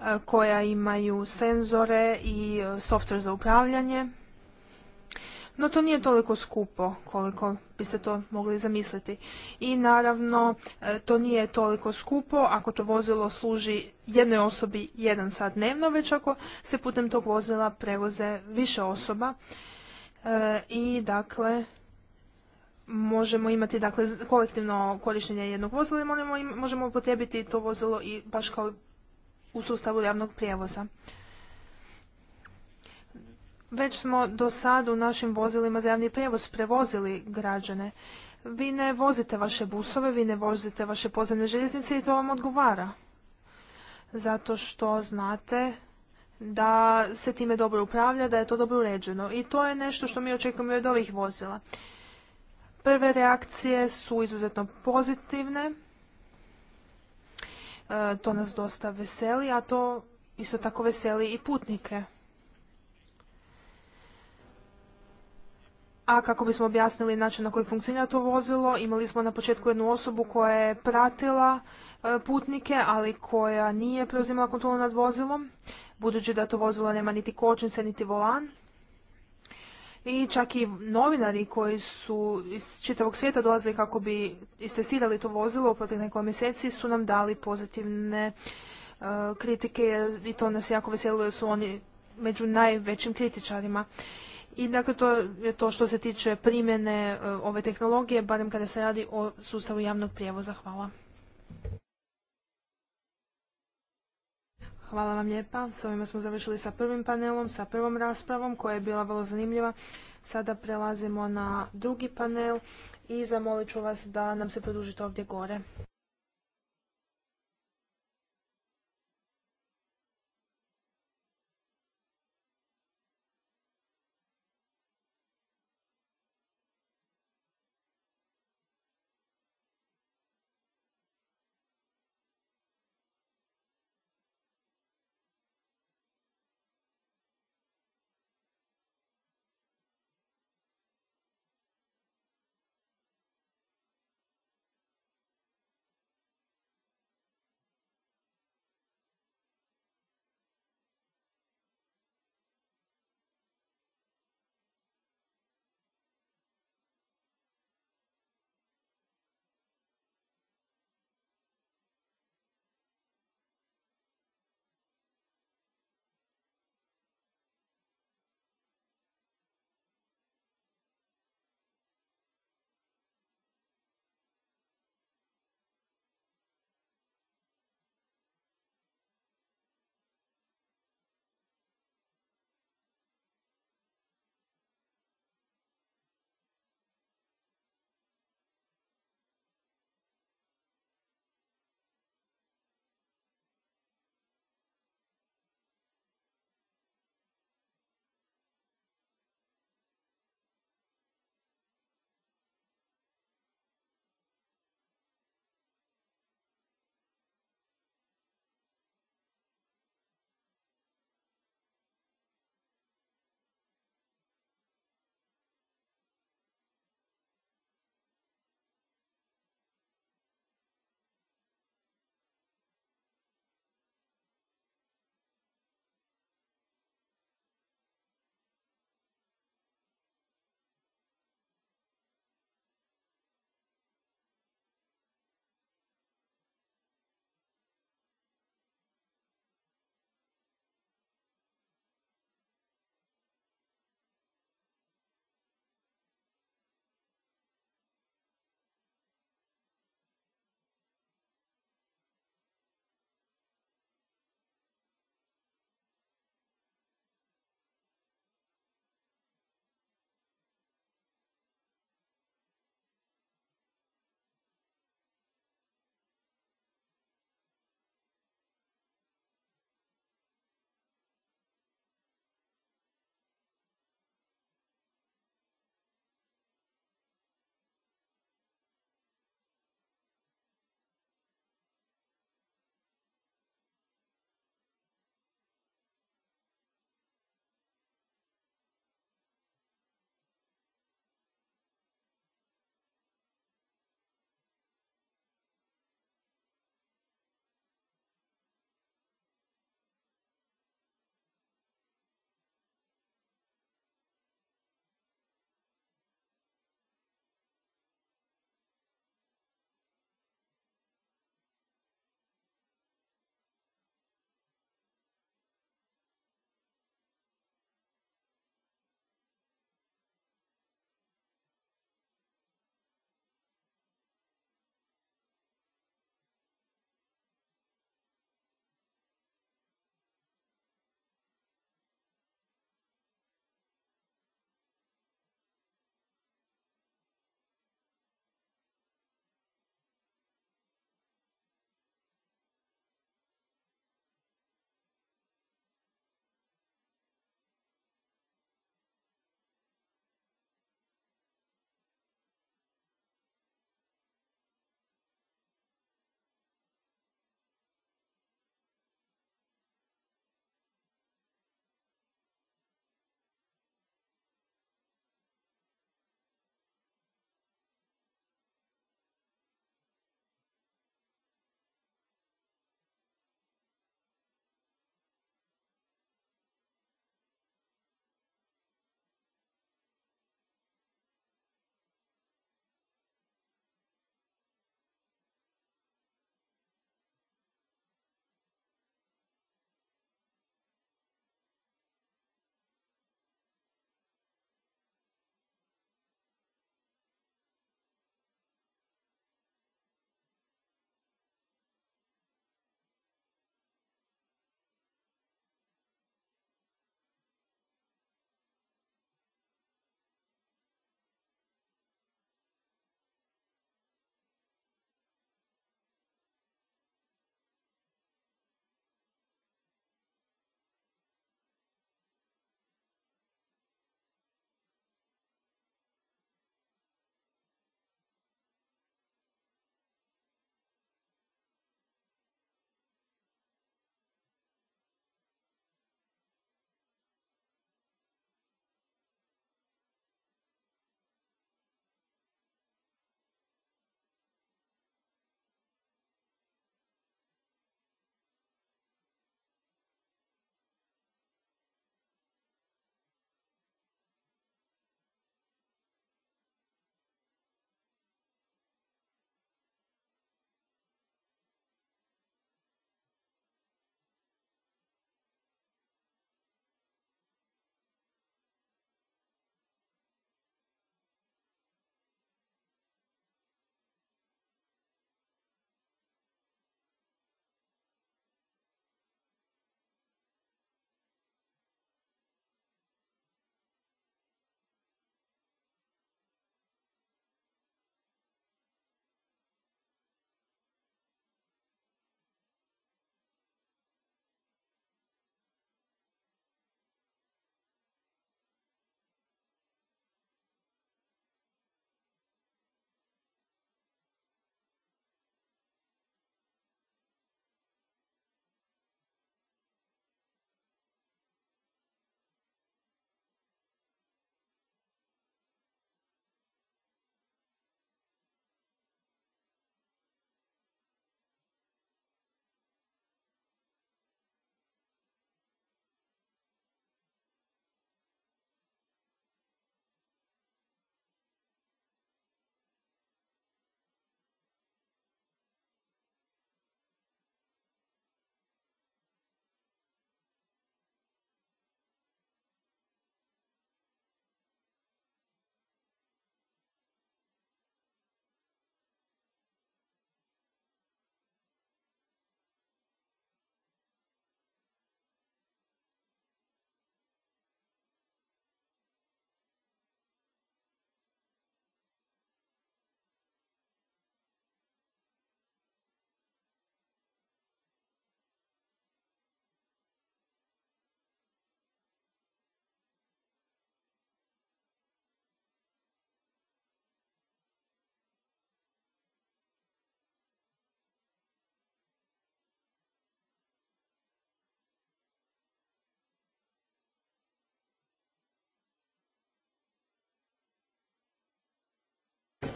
e, koja imaju senzore i e, softver za upravljanje. No to nije toliko skupo koliko biste to mogli zamisliti. I naravno e, to nije toliko skupo ako to vozilo služi jednoj osobi jedan sat dnevno, već ako se putem tog vozila prevoze više osoba. E, I dakle, možemo imati dakle kolektivno korištenje jednog vozila i možemo upotrijebiti to vozilo i baš kao u sustavu javnog prijevoza. Već smo do sad u našim vozilima za javni prijevoz prevozili građane. Vi ne vozite vaše busove, vi ne vozite vaše pozemne željeznice i to vam odgovara. Zato što znate da se time dobro upravlja, da je to dobro uređeno. I to je nešto što mi očekujemo od ovih vozila. Prve reakcije su izuzetno pozitivne. E, to nas dosta veseli, a to isto tako veseli i putnike. a kako bismo objasnili način na koji funkcionira to vozilo, imali smo na početku jednu osobu koja je pratila e, putnike, ali koja nije preuzimala kontrolu nad vozilom, budući da to vozilo nema niti kočnice, niti volan. I čak i novinari koji su iz čitavog svijeta dolazili kako bi istestirali to vozilo u proteklih nekoliko mjeseci su nam dali pozitivne e, kritike i to nas jako veselilo jer su oni među najvećim kritičarima. I dakle to je to što se tiče primjene e, ove tehnologije, barem kada se radi o sustavu javnog prijevoza. Hvala. Hvala vam lijepa. S ovima smo završili sa prvim panelom, sa prvom raspravom koja je bila vrlo zanimljiva. Sada prelazimo na drugi panel i zamolit ću vas da nam se produžite ovdje gore.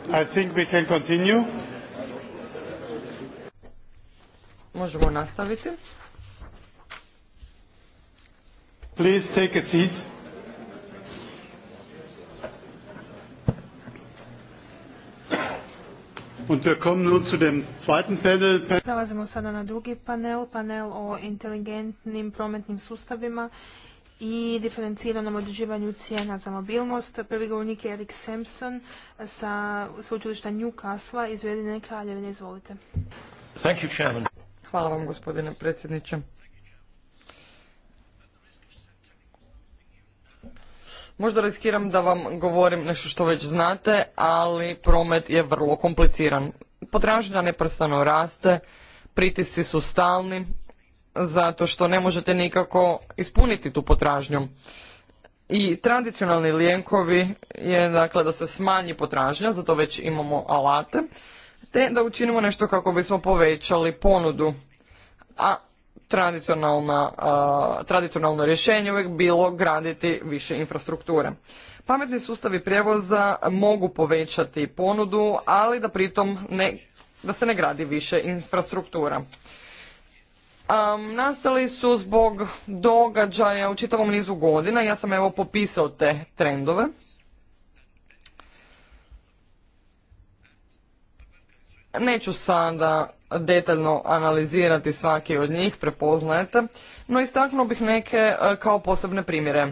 I think we can continue. Možemo nastaviti. Please take a seat. Und wir kommen nun zu dem zweiten panel. Prelazimo sada na drugi panel, panel o inteligentnim prometnim sustavima i diferenciranom određivanju cijena za mobilnost. Prvi govornik je Erik Sampson sa sveučilišta Newcastle iz Ujedinjene kraljevine. Izvolite. Hvala vam gospodine predsjedniče. Možda riskiram da vam govorim nešto što već znate, ali promet je vrlo kompliciran. Potražnja neprstano raste, pritisci su stalni zato što ne možete nikako ispuniti tu potražnju. I tradicionalni lijenkovi je dakle da se smanji potražnja, zato već imamo alate, te da učinimo nešto kako bismo povećali ponudu. A tradicionalna, tradicionalno rješenje uvijek bilo graditi više infrastrukture. Pametni sustavi prijevoza mogu povećati ponudu, ali da pritom ne, da se ne gradi više infrastruktura. Um, nastali su zbog događaja u čitavom nizu godina. Ja sam evo popisao te trendove. Neću sada detaljno analizirati svaki od njih, prepoznajete, no istaknuo bih neke e, kao posebne primjere.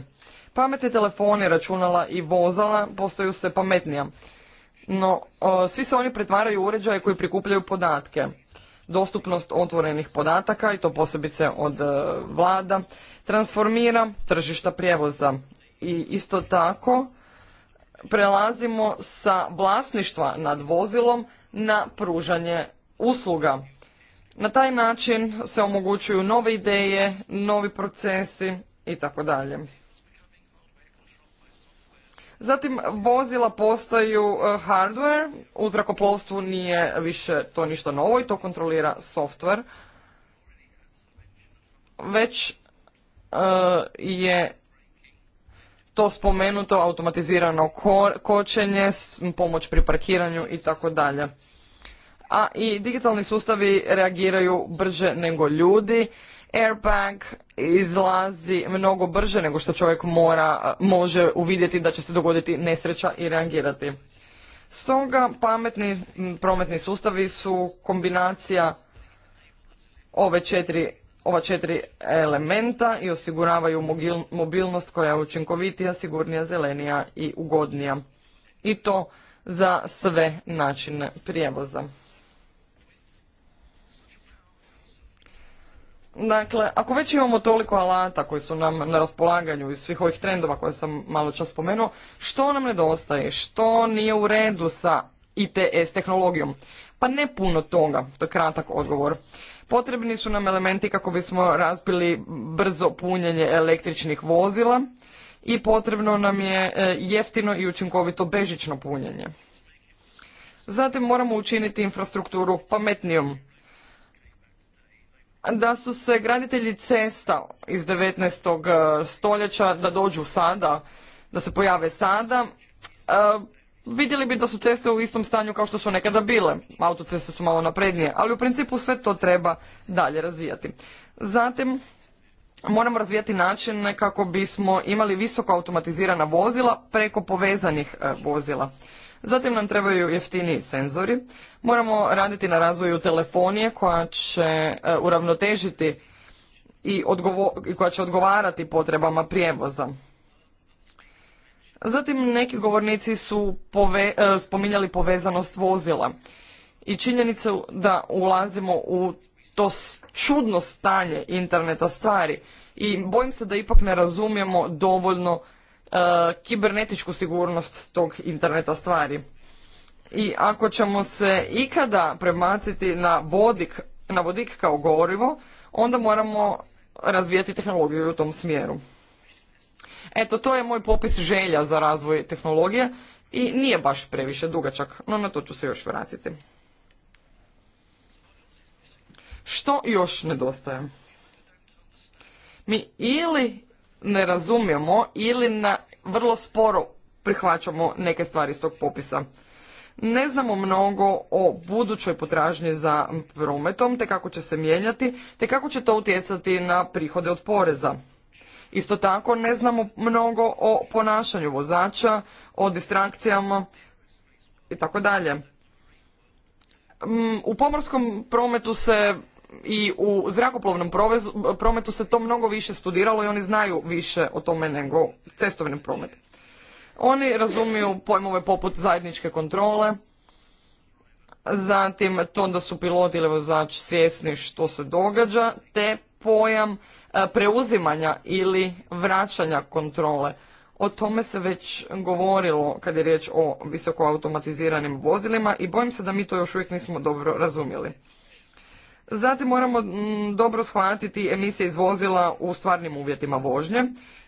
Pametni telefoni, računala i vozala postaju se pametnija, no e, svi se oni pretvaraju u uređaje koji prikupljaju podatke dostupnost otvorenih podataka i to posebice od e, vlada, transformira tržišta prijevoza i isto tako prelazimo sa vlasništva nad vozilom na pružanje usluga. Na taj način se omogućuju nove ideje, novi procesi i tako Zatim vozila postaju e, hardware, u zrakoplovstvu nije više to ništa novo i to kontrolira software. Već e, je to spomenuto, automatizirano kočenje, pomoć pri parkiranju i tako dalje. A i digitalni sustavi reagiraju brže nego ljudi airbag izlazi mnogo brže nego što čovjek mora, može uvidjeti da će se dogoditi nesreća i reagirati. Stoga pametni prometni sustavi su kombinacija ove ova četiri elementa i osiguravaju mobilnost koja je učinkovitija, sigurnija, zelenija i ugodnija. I to za sve načine prijevoza. Dakle, ako već imamo toliko alata koji su nam na raspolaganju iz svih ovih trendova koje sam malo čas spomenuo, što nam nedostaje? Što nije u redu sa ITS tehnologijom? Pa ne puno toga, to je kratak odgovor. Potrebni su nam elementi kako bismo razbili brzo punjenje električnih vozila i potrebno nam je e, jeftino i učinkovito bežično punjenje. Zatim moramo učiniti infrastrukturu pametnijom da su se graditelji cesta iz 19. E, stoljeća da dođu sada, da se pojave sada, e, vidjeli bi da su ceste u istom stanju kao što su nekada bile. Autoceste su malo naprednije, ali u principu sve to treba dalje razvijati. Zatim, moramo razvijati način kako bismo imali visoko automatizirana vozila preko povezanih e, vozila. Zatim nam trebaju jeftiniji senzori. Moramo raditi na razvoju telefonije koja će e, uravnotežiti i, koja će odgovarati potrebama prijevoza. Zatim neki govornici su e, spominjali povezanost vozila i činjenicu da ulazimo u to čudno stanje interneta stvari i bojim se da ipak ne razumijemo dovoljno E, kibernetičku sigurnost tog interneta stvari. I ako ćemo se ikada prebaciti na vodik, na vodik kao gorivo, onda moramo razvijati tehnologiju u tom smjeru. Eto, to je moj popis želja za razvoj tehnologije i nije baš previše dugačak, no na to ću se još vratiti. Što još nedostaje? Mi ili ne razumijemo ili na vrlo sporo prihvaćamo neke stvari iz tog popisa. Ne znamo mnogo o budućoj potražnji za prometom, te kako će se mijenjati, te kako će to utjecati na prihode od poreza. Isto tako ne znamo mnogo o ponašanju vozača, o distrakcijama i tako dalje. Mm, u pomorskom prometu se i u zrakoplovnom prometu se to mnogo više studiralo i oni znaju više o tome nego cestovni promet. Oni razumiju pojmove poput zajedničke kontrole, zatim to da su pilot ili vozač svjesni što se događa, te pojam e, preuzimanja ili vraćanja kontrole. O tome se već govorilo kad je riječ o visoko automatiziranim vozilima i bojim se da mi to još uvijek nismo dobro razumjeli. Zatim moramo mm, dobro shvatiti emisije iz vozila u stvarnim uvjetima vožnje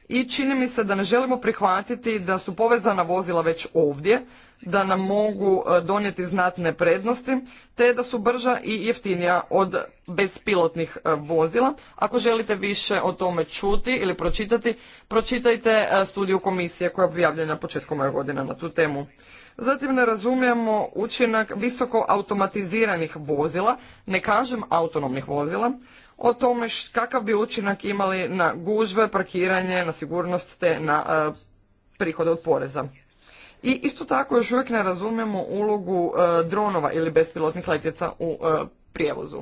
i čini mi se da ne želimo prihvatiti da su povezana vozila već ovdje, da nam mogu e, donijeti znatne prednosti, te da su brža i jeftinija od bespilotnih e, vozila. Ako želite više o tome čuti ili pročitati, pročitajte e, studiju komisije koja je objavljena početkom ove godine na tu temu. Zatim ne razumijemo učinak visoko automatiziranih vozila, ne kažem autonomnih vozila, o tome kakav bi učinak imali na gužve, parkiranje, na sigurnost te na e, prihode od poreza. I isto tako još uvijek ne razumijemo ulogu e, dronova ili bespilotnih letjeca u e, prijevozu.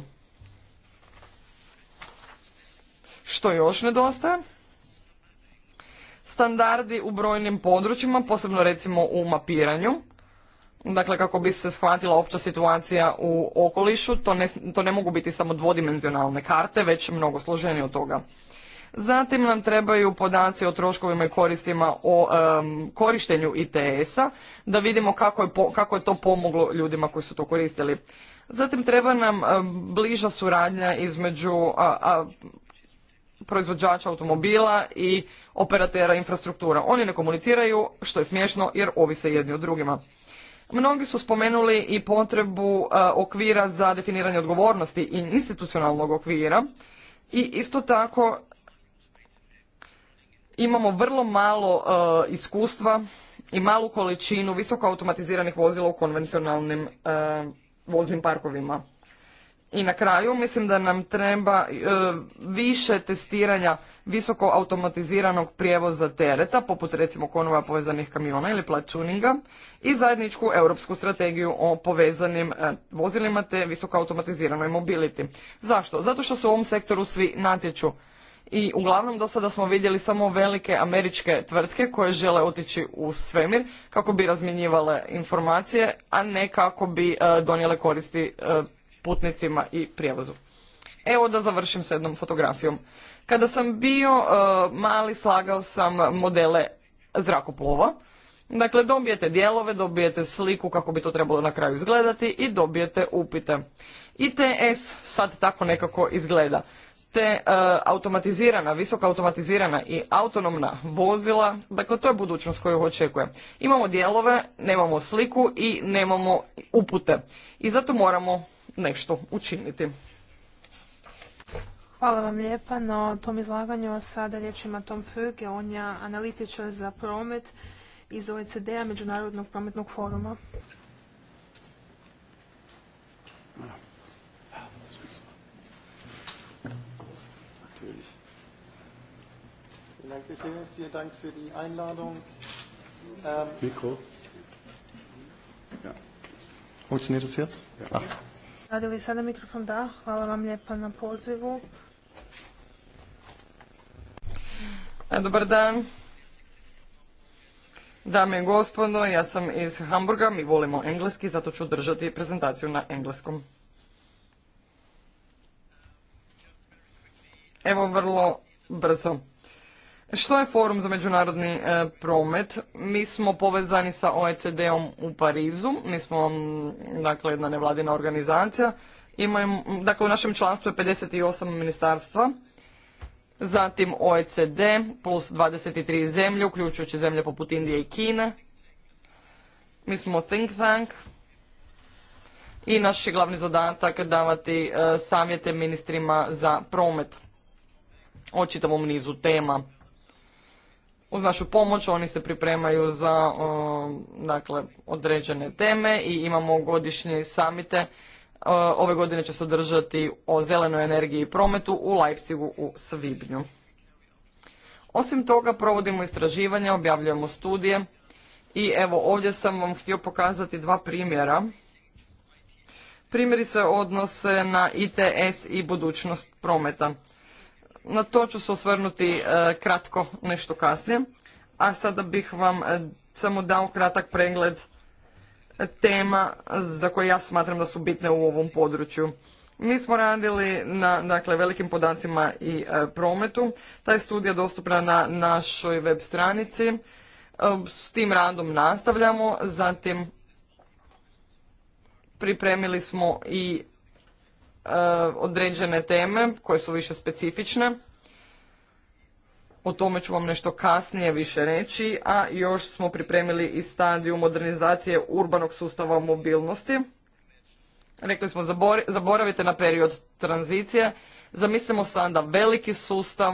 Što još nedostaje? standardi u brojnim područjima, posebno recimo u mapiranju. Dakle, kako bi se shvatila opća situacija u okolišu, to ne, to ne mogu biti samo dvodimenzionalne karte, već mnogo složenije od toga. Zatim nam trebaju podaci o troškovima i koristima o korištenju ITS-a, da vidimo kako je, kako je to pomoglo ljudima koji su to koristili. Zatim treba nam bliža suradnja između a, proizvođača automobila i operatera infrastruktura. Oni ne komuniciraju, što je smiješno jer ovise jedni od drugima. Mnogi su spomenuli i potrebu e, okvira za definiranje odgovornosti i institucionalnog okvira i isto tako imamo vrlo malo e, iskustva i malu količinu visoko automatiziranih vozila u konvencionalnim e, voznim parkovima. I na kraju mislim da nam treba e, više testiranja visoko automatiziranog prijevoza tereta, poput recimo konova povezanih kamiona ili plaćuninga i zajedničku europsku strategiju o povezanim e, vozilima te visoko automatiziranoj mobiliti. Zašto? Zato što se u ovom sektoru svi natječu. I uglavnom do sada smo vidjeli samo velike američke tvrtke koje žele otići u svemir kako bi razmjenjivale informacije, a ne kako bi e, donijele koristi putnicima i prijevozu. Evo da završim s jednom fotografijom. Kada sam bio e, mali slagao sam modele zrakoplova. Dakle, dobijete dijelove, dobijete sliku kako bi to trebalo na kraju izgledati i dobijete upite. ITS sad tako nekako izgleda. Te e, automatizirana, visoko automatizirana i autonomna vozila, dakle to je budućnost koju očekujem. Imamo dijelove, nemamo sliku i nemamo upute. I zato moramo nešto učiniti. Hvala vam lijepa na tom izlaganju. sada riječ ima Tom Föge, on je analitičar za promet iz OECD-a, Međunarodnog prometnog foruma. Vielen Dank für die Einladung. Mikro. Ja. Funktioniert das jetzt? Ja. Ah. Radili sada mikrofon, da. Hvala vam lijepa na pozivu. E, dobar dan. Dame i gospodo, ja sam iz Hamburga, mi volimo engleski, zato ću držati prezentaciju na engleskom. Evo vrlo brzo. Što je forum za međunarodni e, promet? Mi smo povezani sa OECD-om u Parizu, mi smo dakle jedna nevladina organizacija. Imamo, dakle u našem članstvu je 58 ministarstva, zatim OECD plus 23 zemlje, uključujući zemlje poput Indije i Kine. Mi smo think tank i naš je glavni zadatak davati e, savjete ministrima za promet o nizu tema uz našu pomoć oni se pripremaju za dakle, određene teme i imamo godišnje samite. Ove godine će se održati o zelenoj energiji i prometu u Leipzigu u Svibnju. Osim toga provodimo istraživanja, objavljujemo studije i evo ovdje sam vam htio pokazati dva primjera. Primjeri se odnose na ITS i budućnost prometa. Na to ću se osvrnuti e, kratko nešto kasnije. A sada bih vam e, samo dao kratak pregled tema za koje ja smatram da su bitne u ovom području. Mi smo radili na dakle, velikim podacima i e, prometu. Ta je studija dostupna na našoj web stranici. S tim radom nastavljamo. Zatim pripremili smo i Eh, određene teme koje su više specifične. O tome ću vam nešto kasnije više reći, a još smo pripremili i stadiju modernizacije urbanog sustava mobilnosti. Rekli smo, zaboravite na period tranzicije, zamislimo sada veliki sustav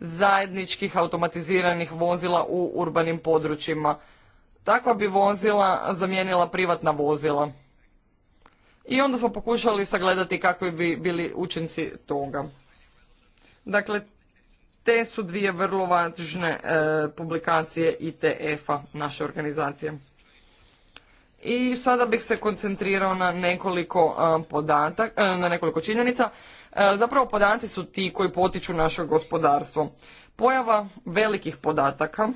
zajedničkih automatiziranih vozila u urbanim područjima. Takva bi vozila zamijenila privatna vozila i onda smo pokušali sagledati kakvi bi bili učinci toga. Dakle, te su dvije vrlo važne e, publikacije ITF-a naše organizacije. I sada bih se koncentrirao na nekoliko e, e, na nekoliko činjenica. Zapravo podaci su ti koji potiču naše gospodarstvo. Pojava velikih podataka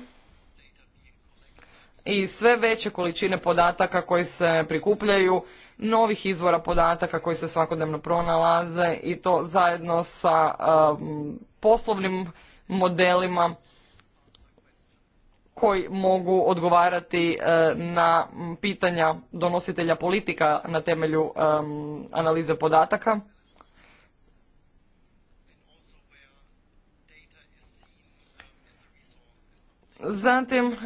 i sve veće količine podataka koji se prikupljaju, novih izvora podataka koji se svakodnevno pronalaze i to zajedno sa um, poslovnim modelima koji mogu odgovarati uh, na pitanja donositelja politika na temelju um, analize podataka. Zatim, e,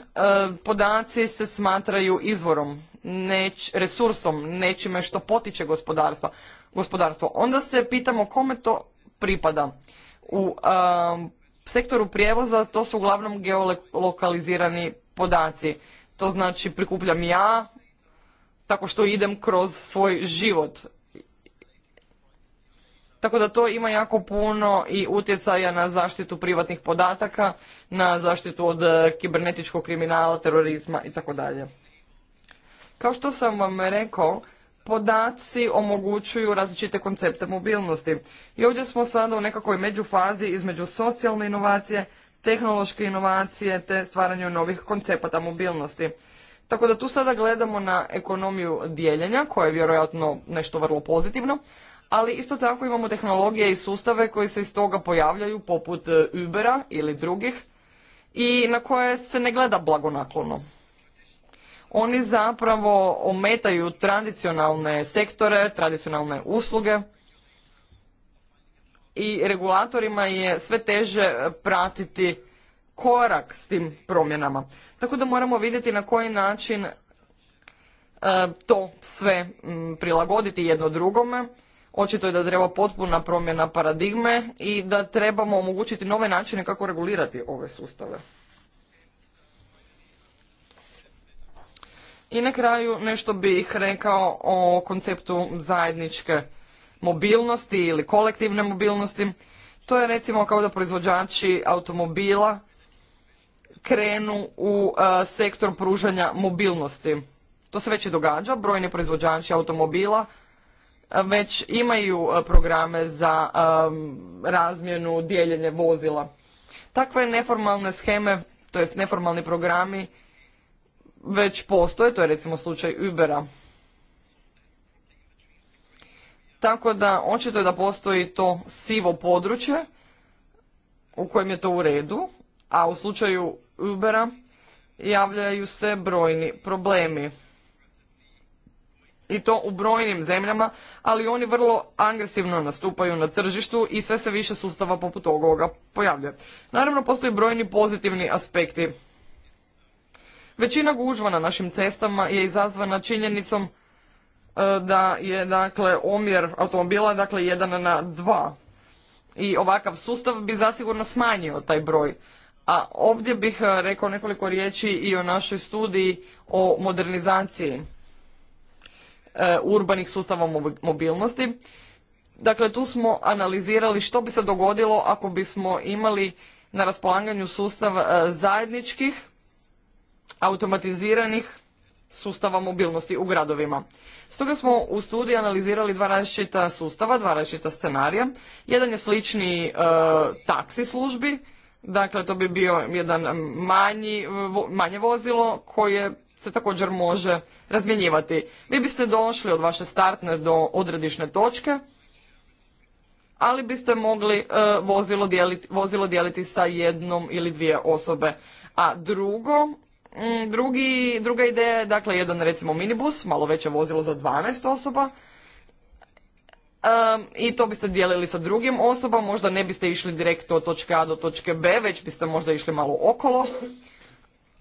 podaci se smatraju izvorom, neć, resursom, nečime što potiče gospodarstvo. gospodarstvo. Onda se pitamo kome to pripada. U e, sektoru prijevoza to su uglavnom geolokalizirani podaci. To znači prikupljam ja tako što idem kroz svoj život. Tako da to ima jako puno i utjecaja na zaštitu privatnih podataka, na zaštitu od e, kibernetičkog kriminala, terorizma i tako dalje. Kao što sam vam rekao, podaci omogućuju različite koncepte mobilnosti. I ovdje smo sada u nekakvoj međufazi između socijalne inovacije, tehnološke inovacije te stvaranju novih koncepata mobilnosti. Tako da tu sada gledamo na ekonomiju dijeljenja, koja je vjerojatno nešto vrlo pozitivno, ali isto tako imamo tehnologije i sustave koji se iz toga pojavljaju poput e, Ubera ili drugih i na koje se ne gleda blagonaklono. Oni zapravo ometaju tradicionalne sektore, tradicionalne usluge i regulatorima je sve teže pratiti korak s tim promjenama. Tako da moramo vidjeti na koji način e, to sve prilagoditi jedno drugome Očito je da treba potpuna promjena paradigme i da trebamo omogućiti nove načine kako regulirati ove sustave. I na kraju nešto bih rekao o konceptu zajedničke mobilnosti ili kolektivne mobilnosti. To je recimo kao da proizvođači automobila krenu u e, sektor pružanja mobilnosti. To se već i događa, brojni proizvođači automobila već imaju e, programe za e, razmjenu, dijeljenje vozila. Takve neformalne scheme, to jest neformalni programi, već postoje, to je recimo slučaj Ubera. Tako da očito je da postoji to sivo područje u kojem je to u redu, a u slučaju Ubera javljaju se brojni problemi i to u brojnim zemljama, ali oni vrlo agresivno nastupaju na tržištu i sve se više sustava poput ovoga pojavljuje. Naravno, postoje brojni pozitivni aspekti. Većina gužva na našim cestama je izazvana činjenicom e, da je dakle omjer automobila dakle jedan na dva. I ovakav sustav bi zasigurno smanjio taj broj. A ovdje bih e, rekao nekoliko riječi i o našoj studiji o modernizaciji E, urbanih sustava mobilnosti. Dakle, tu smo analizirali što bi se dogodilo ako bismo imali na raspolaganju sustav e, zajedničkih automatiziranih sustava mobilnosti u gradovima. Stoga smo u studiji analizirali dva različita sustava, dva različita scenarija. Jedan je slični e, taksi službi, dakle to bi bio jedan manji, manje vozilo koje se također može razmjenjivati. Vi biste došli od vaše startne do odredišne točke, ali biste mogli e, vozilo, dijeliti, vozilo dijeliti sa jednom ili dvije osobe. A drugo, drugi, druga ideja je dakle jedan recimo minibus, malo veće vozilo za 12 osoba, i to biste dijelili sa drugim osobama, možda ne biste išli direktno od točke A do točke B, već biste možda išli malo okolo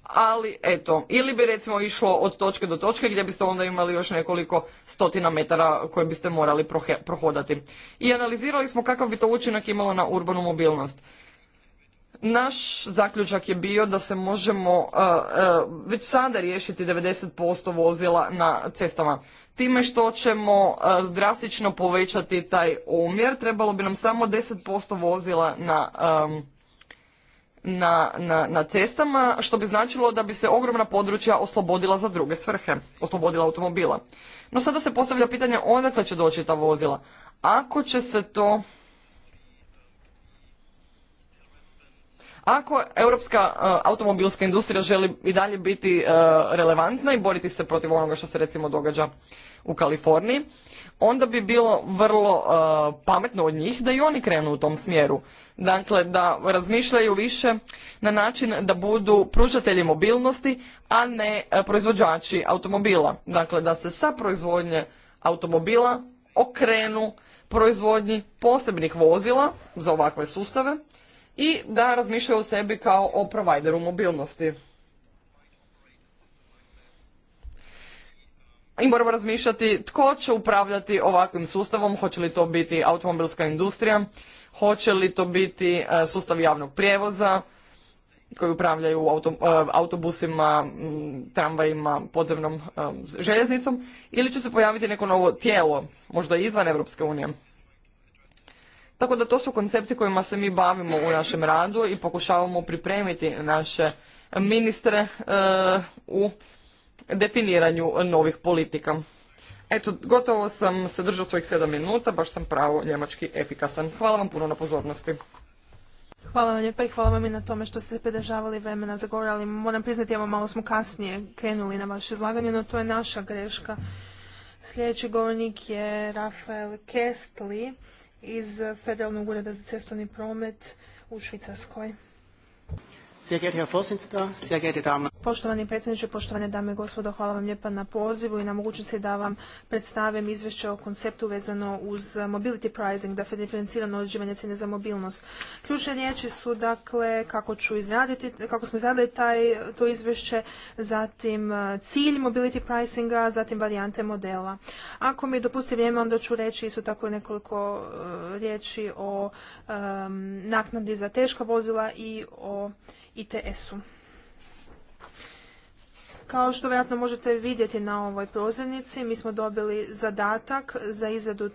ali eto, ili bi recimo išlo od točke do točke gdje biste onda imali još nekoliko stotina metara koje biste morali prohodati. I analizirali smo kakav bi to učinak imalo na urbanu mobilnost. Naš zaključak je bio da se možemo uh, uh, već sada riješiti 90% vozila na cestama. Time što ćemo uh, drastično povećati taj omjer, trebalo bi nam samo 10% vozila na um, na, cestama, što bi značilo da bi se ogromna područja oslobodila za druge svrhe, oslobodila automobila. No sada se postavlja pitanje odakle će doći ta vozila. Ako će se to... Ako europska eh, automobilska industrija želi i dalje biti eh, relevantna i boriti se protiv onoga što se recimo događa u Kaliforniji, onda bi bilo vrlo e, pametno od njih da i oni krenu u tom smjeru. Dakle, da razmišljaju više na način da budu pružatelji mobilnosti, a ne e, proizvođači automobila. Dakle, da se sa proizvodnje automobila okrenu proizvodnji posebnih vozila za ovakve sustave i da razmišljaju o sebi kao o provideru mobilnosti. i moramo razmišljati tko će upravljati ovakvim sustavom, hoće li to biti automobilska industrija, hoće li to biti e, sustav javnog prijevoza koji upravljaju e, autobusima, tramvajima, podzemnom e, željeznicom ili će se pojaviti neko novo tijelo, možda izvan Europske unije. Tako da to su koncepti kojima se mi bavimo u našem radu i pokušavamo pripremiti naše ministre u definiranju novih politika. Eto, gotovo sam se držao svojih sedam minuta, baš sam pravo njemački efikasan. Hvala vam puno na pozornosti. Hvala vam lijepa i hvala vam i na tome što ste se pridržavali vremena za govor, ali moram priznati, evo malo smo kasnije krenuli na vaše izlaganje, no to je naša greška. Sljedeći govornik je Rafael Kestli iz Federalnog ureda za cestovni promet u Švicarskoj. Poštovani predsjedniče, poštovane dame i gospodo, hvala vam lijepa na pozivu i na mogućnosti da vam predstavim izvješće o konceptu vezano uz mobility pricing, da se diferencirano određivanje cijene za mobilnost. Ključne riječi su dakle kako ću izraditi, kako smo izradili taj, to izvješće, zatim e, cilj mobility pricinga, zatim varijante modela. Ako mi dopusti vrijeme, onda ću reći isto tako nekoliko e, riječi o e, naknadi za teška vozila i o ITS-u. Kao što vjerojatno možete vidjeti na ovoj prozirnici, mi smo dobili zadatak za izradu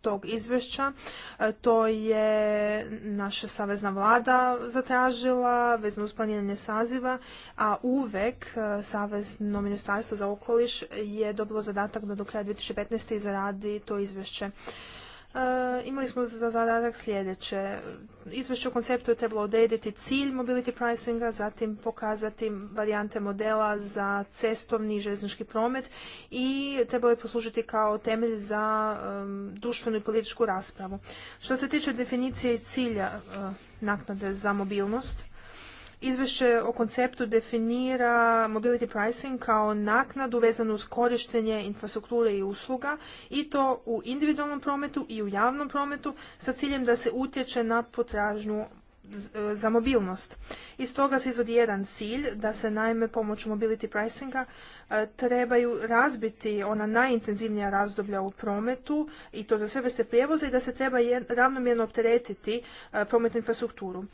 tog izvješća. E, to je naša savezna vlada zatražila vezno uz planiranje saziva, a uvek e, Savezno ministarstvo za okoliš je dobilo zadatak da do kraja 2015. izradi to izvješće. Eh, imali smo za zadatak sljedeće. Izvješće o konceptu je trebalo odrediti cilj mobility pricinga, zatim pokazati varijante modela za cestovni i željeznički promet i trebalo je poslužiti kao temelj za um, društvenu i političku raspravu. Što se tiče definicije i cilja eh, naknade za mobilnost, Izvješće o konceptu definira mobility pricing kao naknadu vezanu uz korištenje infrastrukture i usluga i to u individualnom prometu i u javnom prometu sa ciljem da se utječe na potražnju e, za mobilnost. Iz toga se izvodi jedan cilj da se naime pomoću mobility pricinga e, trebaju razbiti ona najintenzivnija razdoblja u prometu i to za sve vrste prijevoza i da se treba ravnomjerno opteretiti e, prometnu infrastrukturu.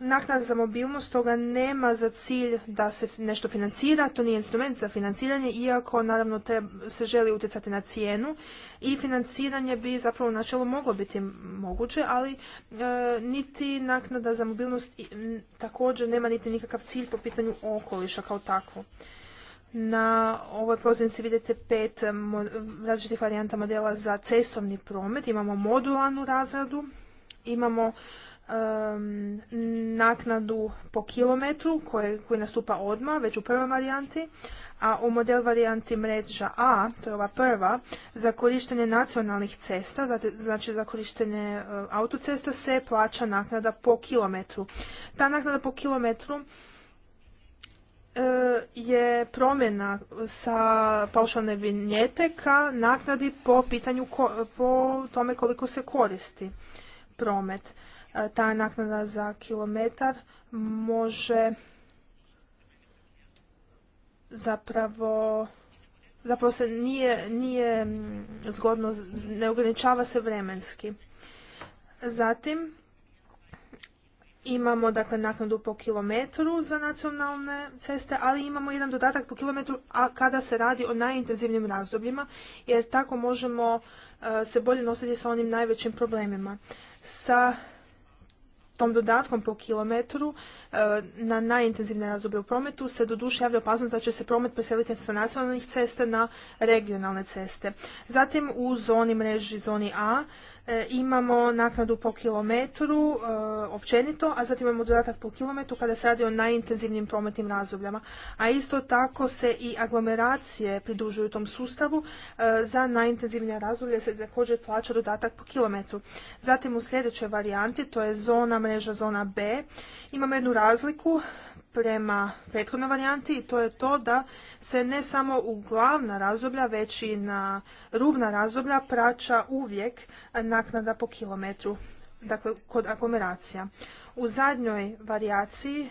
Naknada za mobilnost toga nema za cilj da se nešto financira, to nije instrument za financiranje, iako naravno se želi utjecati na cijenu i financiranje bi zapravo u načelu moglo biti moguće, ali e, niti naknada za mobilnost također nema niti nikakav cilj po pitanju okoliša kao takvo. Na ovoj prozirnici vidite pet e, različitih varijanta modela za cestovni promet. Imamo modularnu razradu, imamo naknadu po kilometru koje, koji nastupa odmah, već u prvoj varijanti, a u model varijanti mreža A, to je ova prva, za korištenje nacionalnih cesta, znači za korištenje e, autocesta se plaća naknada po kilometru. Ta naknada po kilometru e, je promjena sa paušalne vinjete ka naknadi po pitanju po tome koliko se koristi promet. E, ta naknada za kilometar može zapravo zapravo se nije, nije zgodno, ne ograničava se vremenski. Zatim imamo dakle naknadu po kilometru za nacionalne ceste, ali imamo jedan dodatak po kilometru a kada se radi o najintenzivnijim razdobljima, jer tako možemo e, se bolje nositi sa onim najvećim problemima. Sa tom dodatkom po kilometru e, na najintenzivne razdoblje u prometu se doduše javlja opasnost da će se promet preseliti sa nacionalnih cesta na regionalne ceste. Zatim u zoni mreži zoni A E, imamo naknadu po kilometru e, općenito, a zatim imamo dodatak po kilometru kada se radi o najintenzivnijim prometnim razdobljama. A isto tako se i aglomeracije pridružuju tom sustavu. E, za najintenzivnija razdoblje se također plaća dodatak po kilometru. Zatim u sljedećoj varijanti, to je zona mreža zona B, imamo jednu razliku prema prethodnoj varijanti i to je to da se ne samo u glavna razdoblja, već i na rubna razdoblja praća uvijek naknada po kilometru, dakle kod aglomeracija. U zadnjoj varijaciji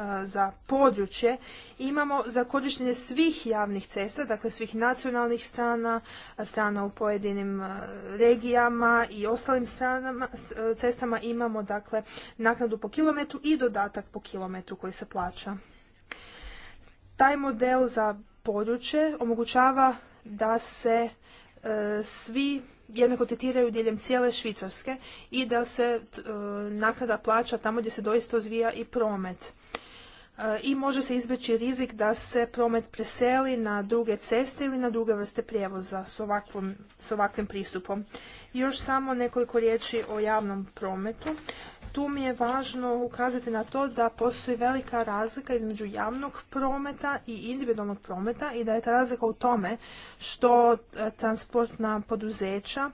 E, za područje imamo za korištenje svih javnih cesta, dakle svih nacionalnih strana, strana u pojedinim e, regijama i ostalim stranama, e, cestama imamo dakle naknadu po kilometru i dodatak po kilometru koji se plaća. Taj model za područje omogućava da se svi jednako tetiraju diljem cijele Švicarske i da se e, naknada plaća tamo gdje se doista ozvija i promet i može se izbjeći rizik da se promet preseli na druge ceste ili na druge vrste prijevoza s s ovakvim pristupom. Još samo nekoliko riječi o javnom prometu. Tu mi je važno ukazati na to da postoji velika razlika između javnog prometa i individualnog prometa i da je ta razlika u tome što e, transportna poduzeća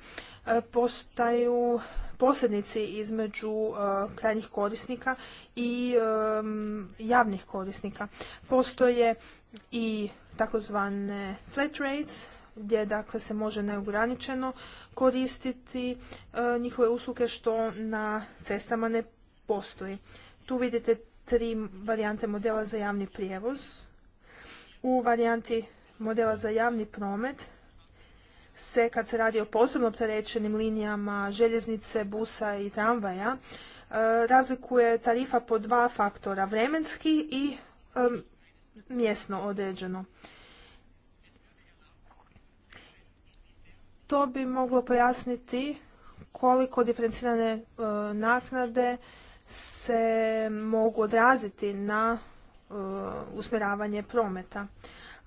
e, postaju posrednici između uh, krajnjih korisnika i um, javnih korisnika. Postoje i takozvane flat rates, gdje dakle se može neograničeno koristiti uh, njihove usluge što na cestama ne postoji. Tu vidite tri varijante modela za javni prijevoz. U varijanti modela za javni promet se kad se radi o posebno opterećenim linijama željeznice, busa i tramvaja e, razlikuje tarifa po dva faktora, vremenski i mjesno određeno. To bi moglo pojasniti koliko diferencirane e, naknade se mogu odraziti na e, usmjeravanje prometa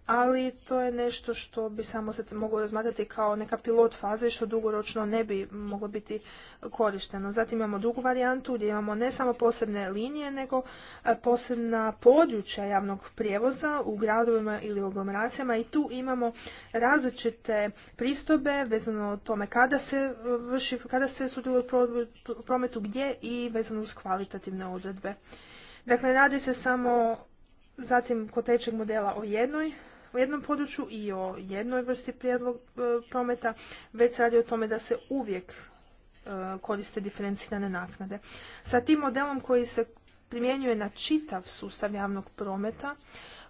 ali to je nešto što bi samo se moglo razmatrati kao neka pilot faza i što dugoročno ne bi moglo biti korišteno. Zatim imamo drugu varijantu gdje imamo ne samo posebne linije, nego e, posebna područja javnog prijevoza u gradovima ili u aglomeracijama i tu imamo različite pristobe vezano o tome kada se e, vrši, kada se sudjeluje u prometu gdje i vezano uz kvalitativne odredbe. Dakle, radi se samo zatim kod trećeg modela o jednoj u jednom području i o jednoj vrsti prijedlog e, prometa, već se radi o tome da se uvijek e, koriste diferencirane naknade. Sa tim modelom koji se primjenjuje na čitav sustav javnog prometa,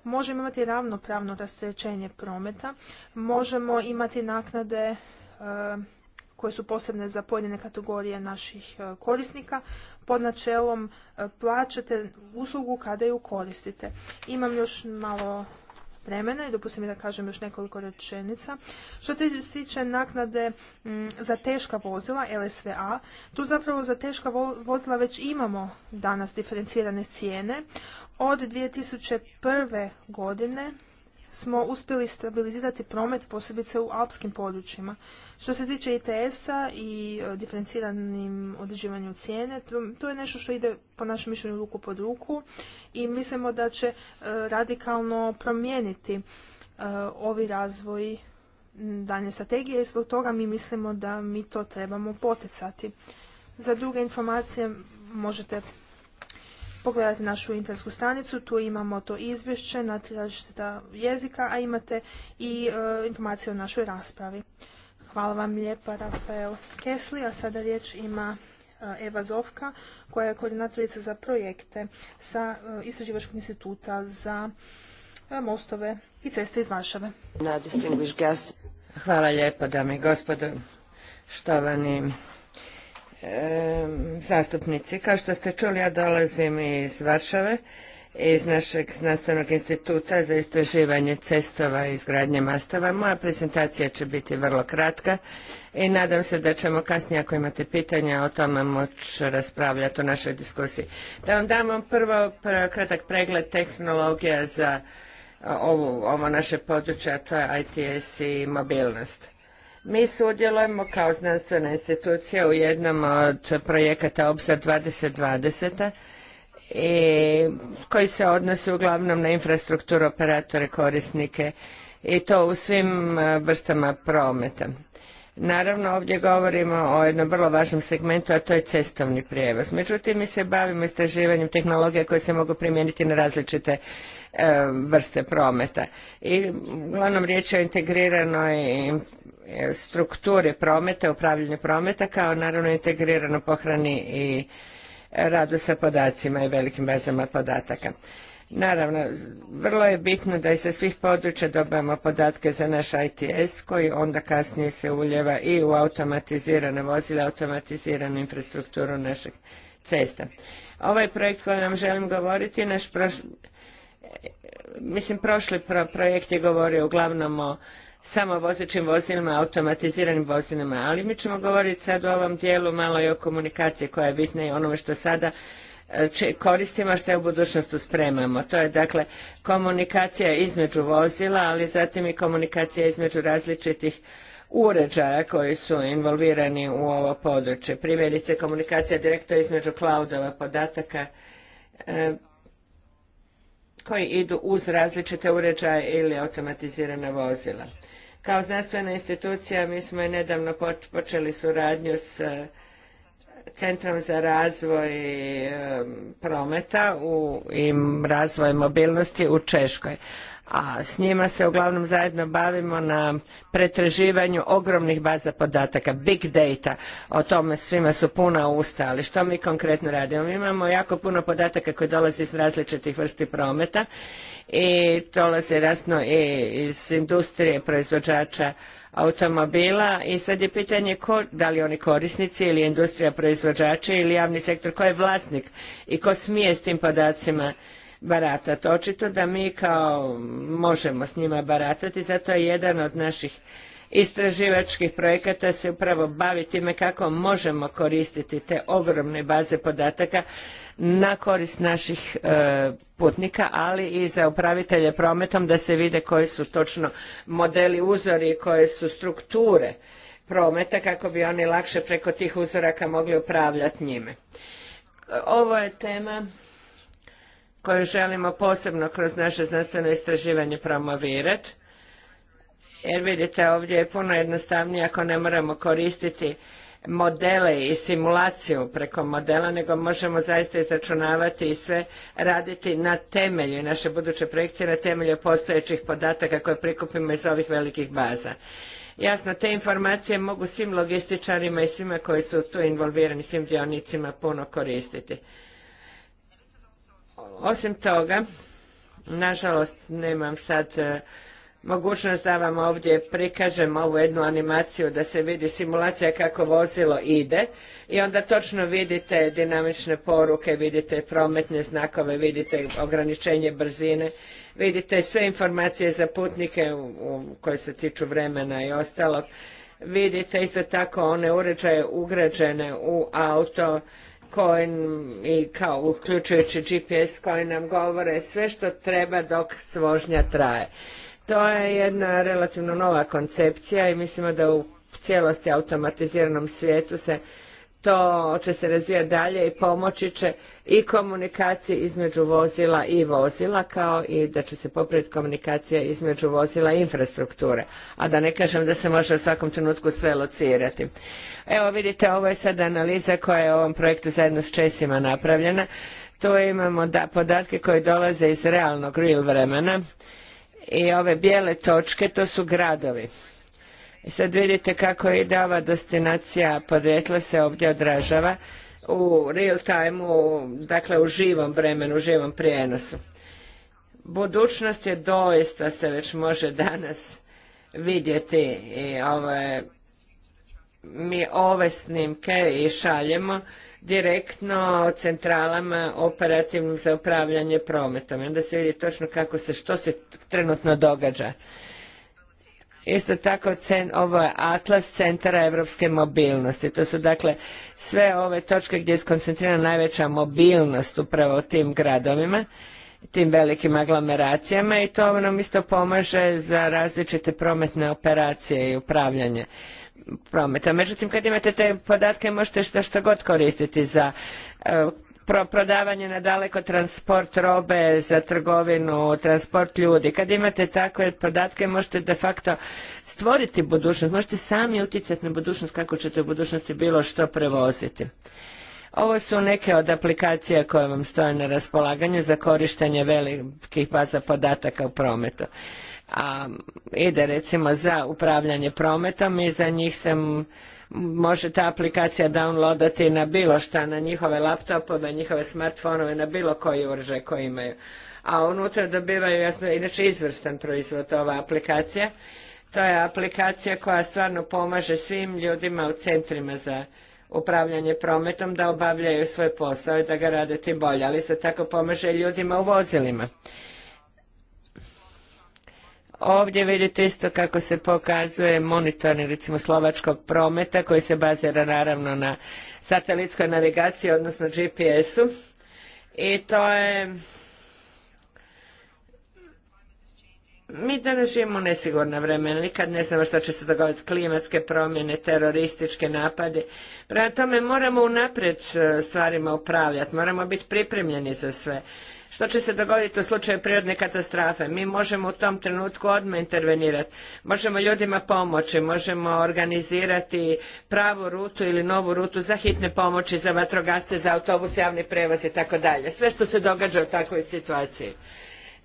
možemo imati ravnopravno rasterećenje prometa, možemo imati naknade e, koje su posebne za pojedine kategorije naših korisnika pod načelom plaćate uslugu kada ju koristite. Imam još malo vremena i dopustim mi da kažem još nekoliko rečenica. Što te tiče naknade mm, za teška vozila, LSVA, tu zapravo za teška vozila već imamo danas diferencirane cijene. Od 2001. godine smo uspjeli stabilizirati promet, posebice u alpskim područjima. Što se tiče ITS-a i e, diferenciranim određivanju cijene, to je nešto što ide po našem mišljenju ruku pod ruku i mislimo da će e, radikalno promijeniti e, ovi razvoj danje strategije i zbog toga mi mislimo da mi to trebamo poticati. Za druge informacije možete pogledati našu internetsku stranicu, tu imamo to izvješće na tražite jezika, a imate i e, informacije o našoj raspravi. Hvala vam lijepa, Rafael Kesli, a sada riječ ima e, Eva Zovka, koja je koordinatorica za projekte sa e, Istraživačkog instituta za e, mostove i ceste iz Varšave. Hvala lijepo, dame i gospodo, štovani zastupnici. Kao što ste čuli, ja dolazim iz Varšave, iz našeg znanstvenog instituta za istraživanje cestova i izgradnje mastava. Moja prezentacija će biti vrlo kratka i nadam se da ćemo kasnije, ako imate pitanja, o tome moći raspravljati u našoj diskusiji. Da vam damo prvo, kratak pregled tehnologija za ovo naše područje, a to je ITS i mobilnost. Mi sudjelujemo kao znanstvena institucija u jednom od projekata Obzor 2020 i koji se odnose uglavnom na infrastrukturu operatore korisnike i to u svim e, vrstama prometa. Naravno, ovdje govorimo o jednom vrlo važnom segmentu, a to je cestovni prijevoz. Međutim, mi se bavimo istraživanjem tehnologija koje se mogu primijeniti na različite E, vrste prometa. I uglavnom riječ o integriranoj e, strukturi prometa, upravljanju prometa, kao naravno integrirano pohrani i radu sa podacima i velikim bazama podataka. Naravno, vrlo je bitno da i sa svih područja dobijamo podatke za naš ITS koji onda kasnije se uljeva i u automatizirane vozile, automatiziranu infrastrukturu našeg cesta. Ovaj projekt koji vam želim govoriti naš prošli mislim prošli projekt je govorio uglavnom o samo vozećim vozilima, automatiziranim vozilima, ali mi ćemo govoriti sad u ovom dijelu malo i o komunikaciji koja je bitna i onome što sada e, koristimo, što je u budućnosti spremamo. To je dakle komunikacija između vozila, ali zatim i komunikacija između različitih uređaja koji su involvirani u ovo područje. Primjerice komunikacija direktno između cloudova podataka, e, koji idu uz različite uređaje ili automatizirana vozila. Kao znanstvena institucija mi smo i nedavno počeli suradnju s e, Centrom za razvoj e, prometa u, i razvoj mobilnosti u Češkoj a s njima se uglavnom zajedno bavimo na pretraživanju ogromnih baza podataka, big data, o tome svima su puna usta, ali što mi konkretno radimo? Mi imamo jako puno podataka koji dolaze iz različitih vrsti prometa i dolaze rasno i iz industrije proizvođača automobila i sad je pitanje ko, da li oni korisnici ili industrija proizvođači ili javni sektor, ko je vlasnik i ko smije s tim podacima baratati. Očito da mi kao možemo s njima baratati, zato je jedan od naših istraživačkih projekata se upravo bavi time kako možemo koristiti te ogromne baze podataka na korist naših e, putnika, ali i za upravitelje prometom da se vide koji su točno modeli uzori i koje su strukture prometa kako bi oni lakše preko tih uzoraka mogli upravljati njime. Ovo je tema koju želimo posebno kroz naše znanstveno istraživanje promovirati. Jer vidite, ovdje je puno jednostavnije ako ne moramo koristiti modele i simulaciju preko modela, nego možemo zaista izračunavati i sve raditi na temelju naše buduće projekcije, na temelju postojećih podataka koje prikupimo iz ovih velikih baza. Jasno, te informacije mogu svim logističarima i svima koji su tu involvirani, svim dionicima puno koristiti. Osim toga, nažalost nemam sad e, mogućnost da vam ovdje prikažem ovu jednu animaciju da se vidi simulacija kako vozilo ide i onda točno vidite dinamične poruke, vidite prometne znakove, vidite ograničenje brzine, vidite sve informacije za putnike koje se tiču vremena i ostalog, vidite isto tako one uređaje ugrađene u auto, koji i kao uključujući GPS koji nam govore sve što treba dok svožnja traje. To je jedna relativno nova koncepcija i mislimo da u cijelosti automatiziranom svijetu se to će se razvijati dalje i pomoći će i komunikaciji između vozila i vozila kao i da će se popraviti komunikacija između vozila i infrastrukture. A da ne kažem da se može u svakom trenutku sve locirati. Evo vidite ovo je sad analiza koja je u ovom projektu zajedno s Česima napravljena. Tu imamo podatke koji dolaze iz realnog real vremena i ove bijele točke to su gradovi i sad vidite kako i dava destinacija podrijetla se ovdje odražava u real time, dakle u živom vremenu, u živom prijenosu. Budućnost je doista se već može danas vidjeti i ove, mi ove snimke i šaljemo direktno centralama operativnim za upravljanje prometom. I onda se vidi točno kako se, što se trenutno događa. Isto tako ovo je Atlas centara europske mobilnosti. To su dakle sve ove točke gdje je skoncentrirana najveća mobilnost upravo u tim gradovima, tim velikim aglomeracijama i to nam isto pomaže za različite prometne operacije i upravljanje prometa. Međutim, kad imate te podatke možete što, što god koristiti za e, prodavanje na daleko transport robe za trgovinu, transport ljudi. Kad imate takve podatke možete de facto stvoriti budućnost, možete sami utjecati na budućnost kako ćete u budućnosti bilo što prevoziti. Ovo su neke od aplikacija koje vam stoje na raspolaganju za korištenje velikih baza podataka u prometu. A ide recimo za upravljanje prometom i za njih sam može ta aplikacija downloadati na bilo šta, na njihove laptopove, njihove smartfonove, na bilo koji uređaj koji imaju. A unutra dobivaju jasno, inače izvrstan proizvod ova aplikacija. To je aplikacija koja stvarno pomaže svim ljudima u centrima za upravljanje prometom da obavljaju svoj posao i da ga rade tim bolje, ali se tako pomaže i ljudima u vozilima. Ovdje vidite isto kako se pokazuje monitoring recimo slovačkog prometa koji se bazira naravno na satelitskoj navigaciji odnosno GPS-u i to je mi danas živimo nesigurna vremena, nikad ne znamo što će se dogoditi, klimatske promjene, terorističke napade. Prema tome moramo unaprijed e, stvarima upravljati, moramo biti pripremljeni za sve. Što će se dogoditi u slučaju prirodne katastrofe? Mi možemo u tom trenutku odmah intervenirati. Možemo ljudima pomoći, možemo organizirati pravu rutu ili novu rutu za hitne pomoći, za vatrogasce, za autobus, javni prevoz i tako dalje. Sve što se događa u takvoj situaciji.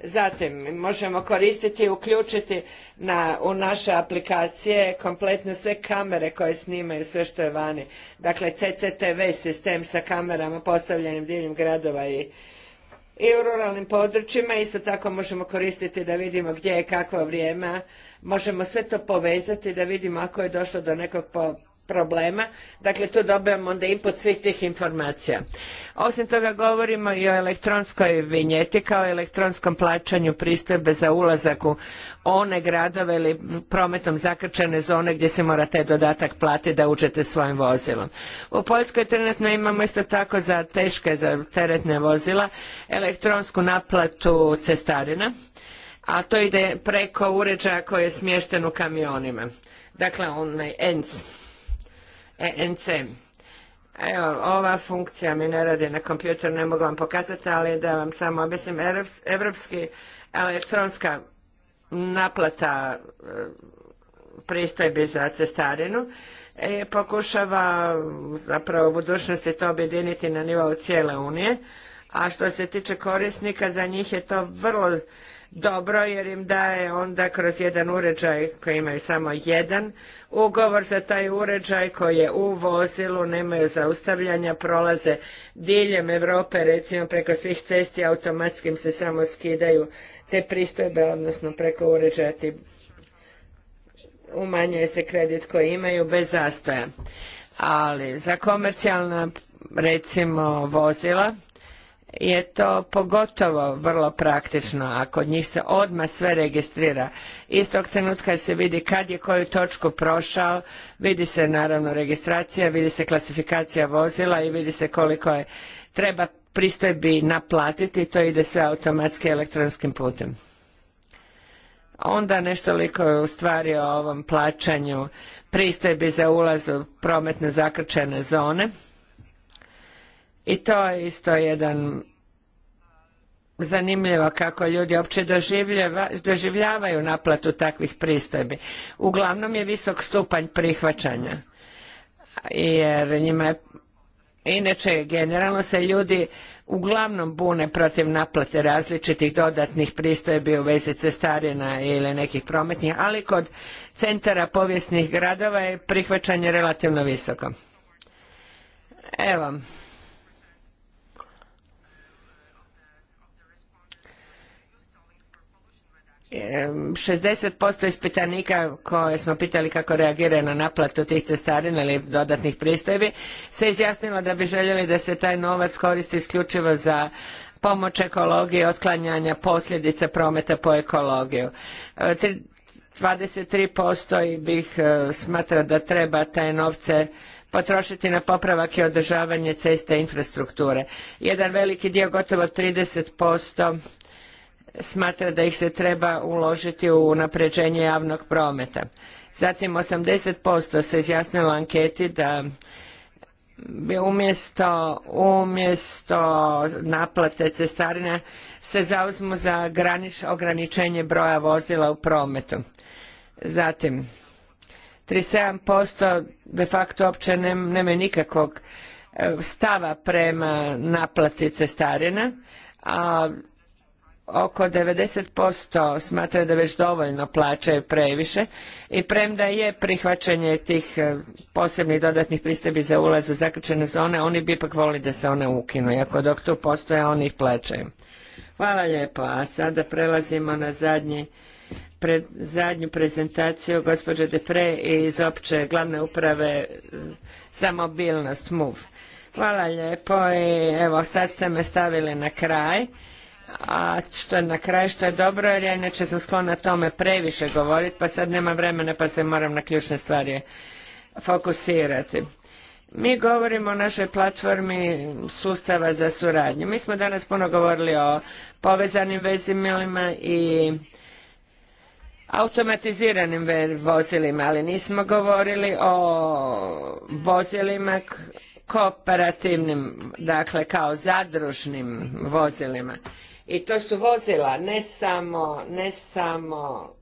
Zatim, možemo koristiti i uključiti na, u naše aplikacije kompletno sve kamere koje snimaju sve što je vani. Dakle, CCTV sistem sa kamerama postavljenim diljem gradova i i u ruralnim područjima. Isto tako možemo koristiti da vidimo gdje je kakvo vrijeme. Možemo sve to povezati da vidimo ako je došlo do nekog po problema, dakle tu dobijamo onda input svih tih informacija. Osim toga govorimo i o elektronskoj vinjeti kao elektronskom plaćanju pristojbe za ulazak u one gradove ili prometom zakrčene zone gdje se mora taj dodatak platiti da uđete svojim vozilom. U Poljskoj trenutno imamo isto tako za teške, za teretne vozila, elektronsku naplatu cestarina, a to ide preko uređaja koji je smješten u kamionima. Dakle, onaj ENC. ENC. Evo, ova funkcija mi ne radi na kompjuteru, ne mogu vam pokazati, ali da vam samo objasnim, evropski elektronska naplata e, pristojbi za cestarinu e, pokušava zapravo u budućnosti to objediniti na nivou cijele Unije, a što se tiče korisnika, za njih je to vrlo dobro jer im daje onda kroz jedan uređaj koji imaju samo jedan ugovor za taj uređaj koji je u vozilu, nemaju zaustavljanja, prolaze diljem Europe, recimo preko svih cesti automatskim se samo skidaju te pristojbe, odnosno preko uređaja ti umanjuje se kredit koji imaju bez zastoja. Ali za komercijalna recimo vozila je to pogotovo vrlo praktično, ako kod njih se odmah sve registrira. Istog trenutka se vidi kad je koju točku prošao, vidi se naravno registracija, vidi se klasifikacija vozila i vidi se koliko je treba pristojbi naplatiti, to ide sve automatski elektronskim putem. Onda nešto liko je u stvari o ovom plaćanju pristojbi za ulaz u prometne zakrčene zone. I to je isto jedan zanimljivo kako ljudi opće doživljavaju naplatu takvih pristojbi. Uglavnom je visok stupanj prihvaćanja. Jer njima je, inače generalno se ljudi uglavnom bune protiv naplate različitih dodatnih pristojbi u vezi cestarina ili nekih prometnih, ali kod centara povijesnih gradova je prihvaćanje relativno visoko. Evo, 60% ispitanika koje smo pitali kako reagira na naplatu tih cestarina ili dodatnih pristojbi se izjasnilo da bi željeli da se taj novac koristi isključivo za pomoć ekologije, otklanjanja posljedica prometa po ekologiju. 23% e, bih e, smatra da treba taj novce potrošiti na popravak i održavanje ceste infrastrukture. Jedan veliki dio, gotovo 30% smatra da ih se treba uložiti u unapređenje javnog prometa. Zatim 80% se izjasnilo u anketi da bi umjesto, umjesto naplate cestarina se zauzmu za ograničenje broja vozila u prometu. Zatim, 37% de facto uopće nema nikakvog e, stava prema naplati cestarina, a oko 90% smatra da već dovoljno plaćaju previše i premda je prihvaćanje tih e, posebnih dodatnih pristebi za ulaz u zaključene zone, oni bi ipak volili da se one ukinu, iako dok tu postoje oni ih plaćaju. Hvala lijepo, a sada prelazimo na zadnji zadnju prezentaciju gospođe Depre iz opće glavne uprave za mobilnost MUV. Hvala lijepo i evo sad ste me stavili na kraj a što je na kraju što je dobro jer ja inače sam sklona tome previše govoriti pa sad nema vremena pa se moram na ključne stvari fokusirati. Mi govorimo o našoj platformi sustava za suradnju. Mi smo danas puno govorili o povezanim vezimilima i automatiziranim vozilima, ali nismo govorili o vozilima kooperativnim, dakle kao zadružnim vozilima. I to su vozila, ne samo,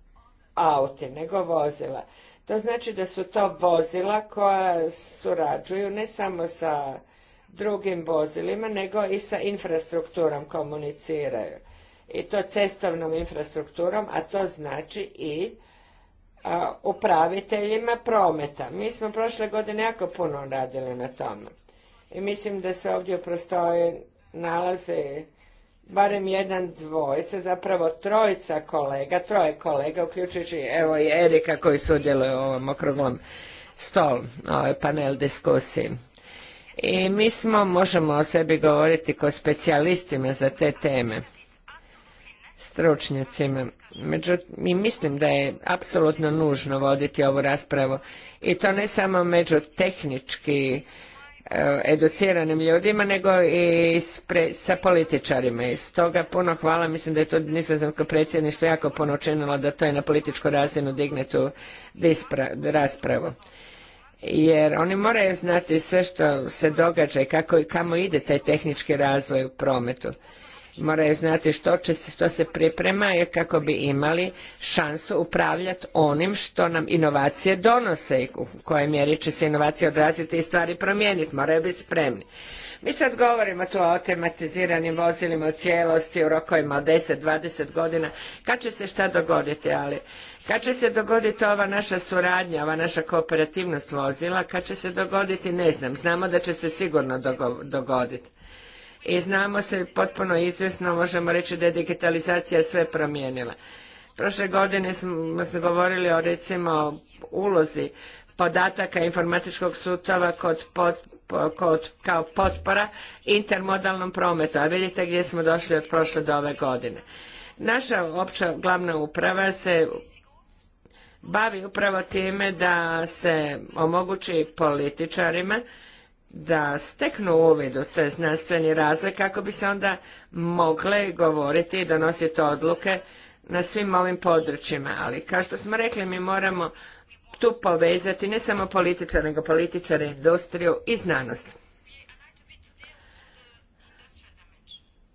auti, nego vozila. To znači da su to vozila koja surađuju ne samo sa drugim vozilima, nego i sa infrastrukturom komuniciraju. I to cestovnom infrastrukturom, a to znači i upraviteljima prometa. Mi smo prošle godine jako puno radili na tome. I mislim da se ovdje u prostoji nalaze barem jedan dvojica, zapravo trojica kolega, troje kolega, uključujući evo i Erika koji sudjeluje u ovom okruglom stol, ovaj panel diskusiji. I mi smo, možemo o sebi govoriti kao specijalistima za te teme, stručnjacima. Međutim, i mislim da je apsolutno nužno voditi ovu raspravu i to ne samo među tehnički E, educiranim ljudima nego i sa političarima i stoga puno hvala mislim da je to nizozemsko predsjedništvo jako puno učinilo da to je na političku razinu digne tu raspravu jer oni moraju znati sve što se događa kako i kamo ide taj tehnički razvoj u prometu moraju znati što, će, što se priprema jer kako bi imali šansu upravljati onim što nam inovacije donose i u kojoj mjeri će se inovacije odraziti i stvari promijeniti, moraju biti spremni. Mi sad govorimo tu o tematiziranim vozilima u cijelosti u rokovima od 10-20 godina, kad će se šta dogoditi, ali kad će se dogoditi ova naša suradnja, ova naša kooperativnost vozila, kad će se dogoditi, ne znam, znamo da će se sigurno dogoditi i znamo se potpuno izvjesno možemo reći da je digitalizacija sve promijenila. Prošle godine smo, smo govorili o recimo ulozi podataka informatičkog sustava kod, kao potpora intermodalnom prometu, a vidite gdje smo došli od prošle do ove godine. Naša opća glavna uprava se bavi upravo time da se omogući političarima da steknu uvid u te znanstveni razvoj kako bi se onda mogle govoriti i donositi odluke na svim ovim područjima. Ali kao što smo rekli, mi moramo tu povezati ne samo političar nego političare, industriju i znanost.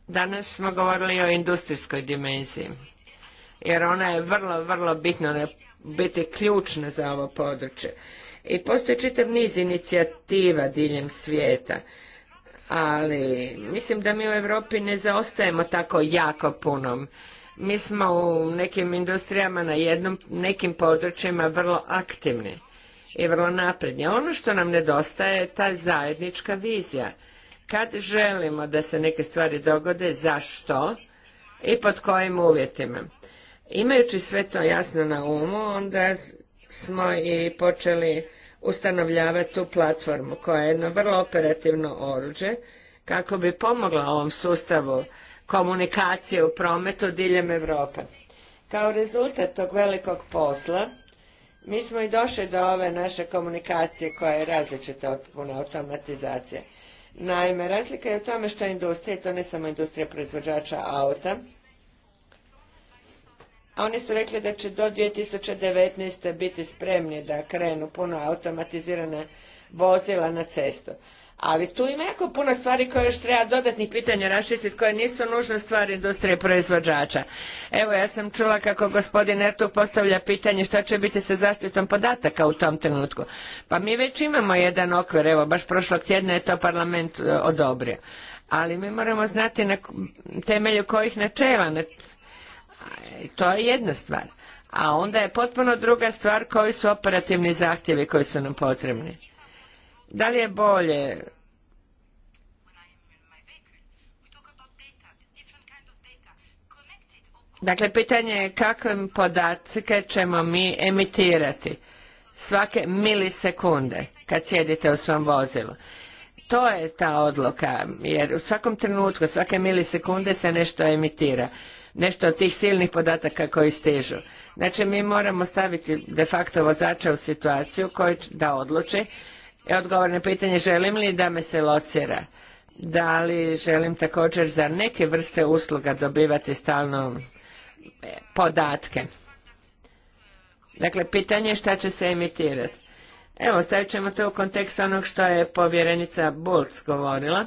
Danas smo govorili o industrijskoj dimenziji, jer ona je vrlo, vrlo bitna biti ključna za ovo područje. I postoji čitav niz inicijativa diljem svijeta, ali mislim da mi u Europi ne zaostajemo tako jako punom. Mi smo u nekim industrijama na jednom, nekim područjima vrlo aktivni i vrlo napredni. Ono što nam nedostaje je ta zajednička vizija. Kad želimo da se neke stvari dogode, zašto i pod kojim uvjetima. Imajući sve to jasno na umu, onda smo i počeli ustanovljava tu platformu koja je jedno vrlo operativno oruđe kako bi pomogla ovom sustavu komunikacije u prometu diljem Europe. Kao rezultat tog velikog posla mi smo i došli do ove naše komunikacije koja je različita od puna automatizacije. Naime, razlika je u tome što industrija, to ne samo industrija proizvođača auta, a oni su rekli da će do 2019. biti spremni da krenu puno automatizirana vozila na cestu. Ali tu ima jako puno stvari koje još treba dodatnih pitanja raščistiti, koje nisu nužne stvari industrije proizvođača. Evo ja sam čula kako gospodin Ertug postavlja pitanje šta će biti sa zaštitom podataka u tom trenutku. Pa mi već imamo jedan okvir, evo baš prošlog tjedna je to parlament e, odobrio. Ali mi moramo znati na temelju kojih načela, to je jedna stvar. A onda je potpuno druga stvar koji su operativni zahtjevi koji su nam potrebni. Da li je bolje Dakle, pitanje je kakve podatke ćemo mi emitirati svake milisekunde kad sjedite u svom vozilu. To je ta odluka, jer u svakom trenutku, svake milisekunde se nešto emitira nešto od tih silnih podataka koji stižu. Znači mi moramo staviti de facto vozača u situaciju koji da odluči i e, odgovor na pitanje želim li da me se locira. Da li želim također za neke vrste usluga dobivati stalno e, podatke. Dakle, pitanje je šta će se emitirati. Evo, stavit ćemo to u kontekst onog što je povjerenica Bulc govorila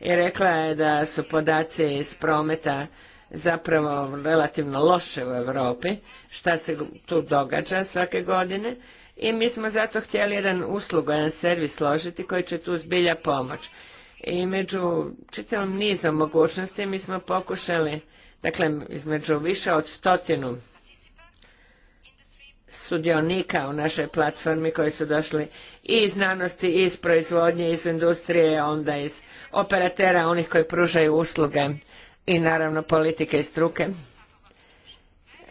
i rekla je da su podaci iz prometa zapravo relativno loše u Europi, šta se tu događa svake godine i mi smo zato htjeli jedan uslugu, jedan servis složiti koji će tu zbilja pomoć. I među čitavom nizom mogućnosti mi smo pokušali, dakle između više od stotinu sudionika u našoj platformi koji su došli i iz znanosti, i iz proizvodnje, iz industrije, onda iz operatera, onih koji pružaju usluge i naravno politike i struke.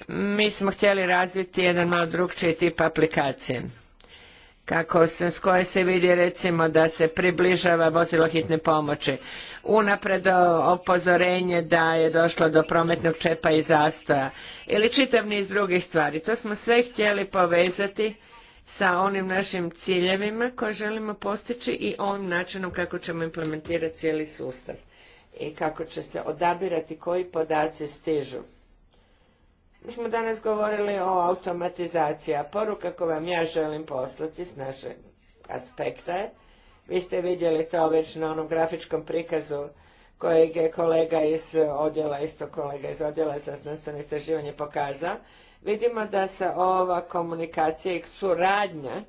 Mi smo htjeli razviti jedan malo drugčiji tip aplikacije kako se, s koje se vidi recimo da se približava vozilo hitne pomoći. Unapred opozorenje da je došlo do prometnog čepa i zastoja ili čitav niz drugih stvari. To smo sve htjeli povezati sa onim našim ciljevima koje želimo postići i ovim načinom kako ćemo implementirati cijeli sustav i kako će se odabirati koji podaci stižu. Mi smo danas govorili o automatizaciji, a poruka koju vam ja želim poslati s našeg aspekta je, vi ste vidjeli to već na onom grafičkom prikazu kojeg je kolega iz odjela, isto kolega iz odjela za znanstveno istraživanje pokazao, Vidimo da se ova komunikacija i suradnja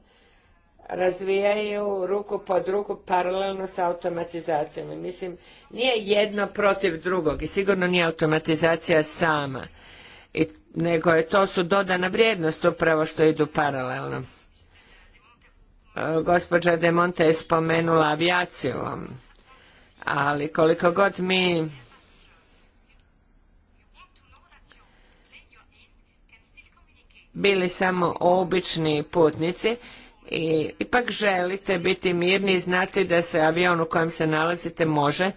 razvijaju ruku pod ruku paralelno sa automatizacijom. mislim, nije jedno protiv drugog i sigurno nije automatizacija sama, I, nego je to su dodana vrijednost upravo što idu paralelno. E, gospođa De Monte je spomenula avijaciju, ali koliko god mi bili samo obični putnici i ipak želite biti mirni i znati da se avion u kojem se nalazite može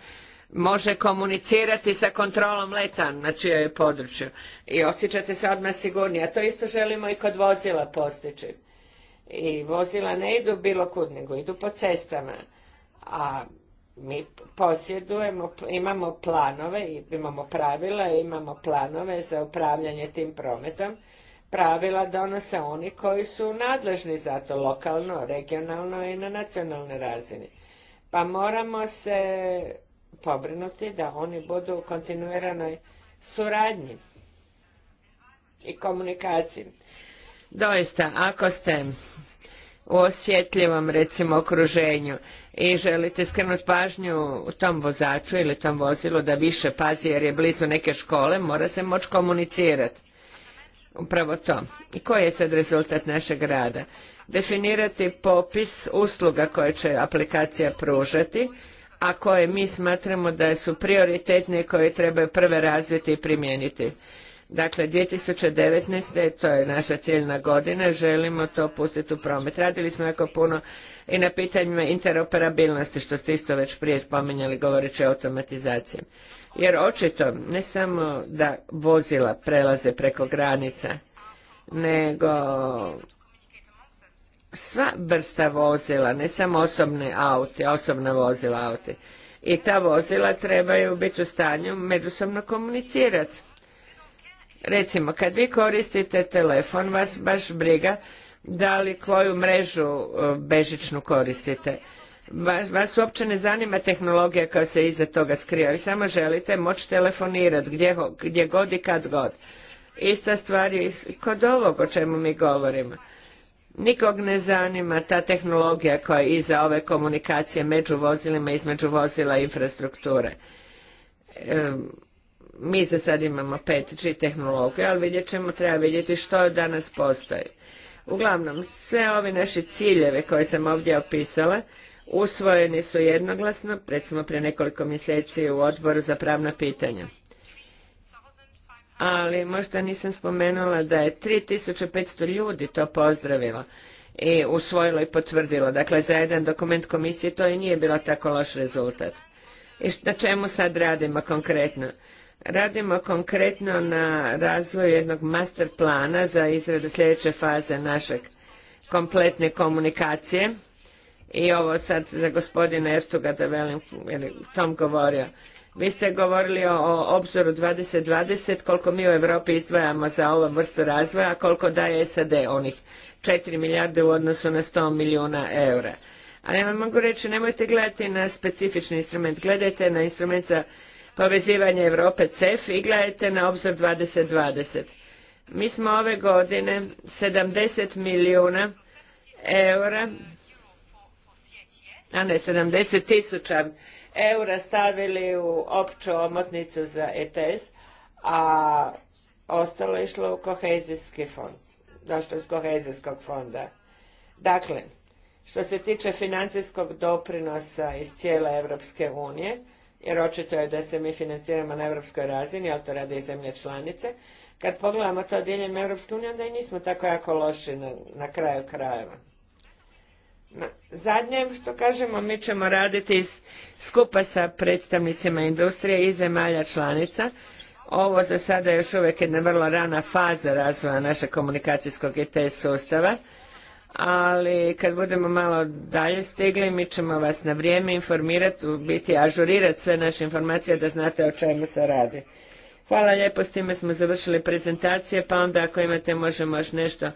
može komunicirati sa kontrolom leta na čijoj je području i osjećate se odmah sigurnije. A to isto želimo i kod vozila postići. I vozila ne idu bilo kud, nego idu po cestama. A mi posjedujemo, imamo planove, imamo pravila, imamo planove za upravljanje tim prometom pravila donose oni koji su nadležni za to lokalno, regionalno i na nacionalnoj razini. Pa moramo se pobrinuti da oni budu u kontinuiranoj suradnji i komunikaciji. Doista, ako ste u osjetljivom recimo okruženju i želite skrenuti pažnju tom vozaču ili tom vozilu da više pazi jer je blizu neke škole, mora se moći komunicirati upravo to. I koji je sad rezultat našeg rada? Definirati popis usluga koje će aplikacija pružati, a koje mi smatramo da su prioritetne i koje trebaju prve razviti i primijeniti. Dakle, 2019. to je naša ciljna godina, želimo to pustiti u promet. Radili smo jako puno i na pitanjima interoperabilnosti, što ste isto već prije spominjali govoreći o automatizaciji. Jer očito ne samo da vozila prelaze preko granica, nego sva vrsta vozila, ne samo osobne auti, osobna vozila auti. I ta vozila trebaju biti u stanju međusobno komunicirati. Recimo, kad vi koristite telefon, vas baš briga da li koju mrežu e, bežičnu koristite. Vas, vas uopće ne zanima tehnologija koja se iza toga skriva. Vi samo želite moći telefonirati gdje, god i kad god. Ista stvar je kod ovog o čemu mi govorimo. Nikog ne zanima ta tehnologija koja je iza ove komunikacije među vozilima, između vozila i infrastrukture. mi za sad imamo 5G tehnologiju, ali vidjet ćemo, treba vidjeti što danas postoji. Uglavnom, sve ovi naši ciljeve koje sam ovdje opisala, usvojeni su jednoglasno, recimo prije nekoliko mjeseci u odboru za pravna pitanja. Ali možda nisam spomenula da je 3500 ljudi to pozdravilo i usvojilo i potvrdilo. Dakle, za jedan dokument komisije to i nije bilo tako loš rezultat. I na čemu sad radimo konkretno? Radimo konkretno na razvoju jednog master plana za izradu sljedeće faze našeg kompletne komunikacije i ovo sad za gospodina Ertuga da velim, jer tom govorio. Vi ste govorili o obzoru 2020, koliko mi u Europi izdvajamo za ovo vrstu razvoja, koliko daje SAD onih 4 milijarde u odnosu na 100 milijuna eura. Ali ja vam mogu reći, nemojte gledati na specifični instrument, gledajte na instrument za povezivanje Europe CEF i gledajte na obzor 2020. Mi smo ove godine 70 milijuna eura a ne 70 tisuća eura stavili u opću omotnicu za ETS, a ostalo je išlo u kohezijski fond, došlo iz kohezijskog fonda. Dakle, što se tiče financijskog doprinosa iz cijele Europske unije, jer očito je da se mi financiramo na europskoj razini, ali to rade i zemlje članice, kad pogledamo to diljem Evropske unije, onda i nismo tako jako loši na kraju krajeva. Na zadnjem, što kažemo mi ćemo raditi skupa sa predstavnicima industrije i zemalja članica. Ovo za sada je još uvijek jedna vrlo rana faza razvoja našeg komunikacijskog IT sustava, ali kad budemo malo dalje stigli mi ćemo vas na vrijeme informirati, u biti ažurirati sve naše informacije da znate o čemu se radi. Hvala lijepo, s time smo završili prezentacije, pa onda ako imate možemo još nešto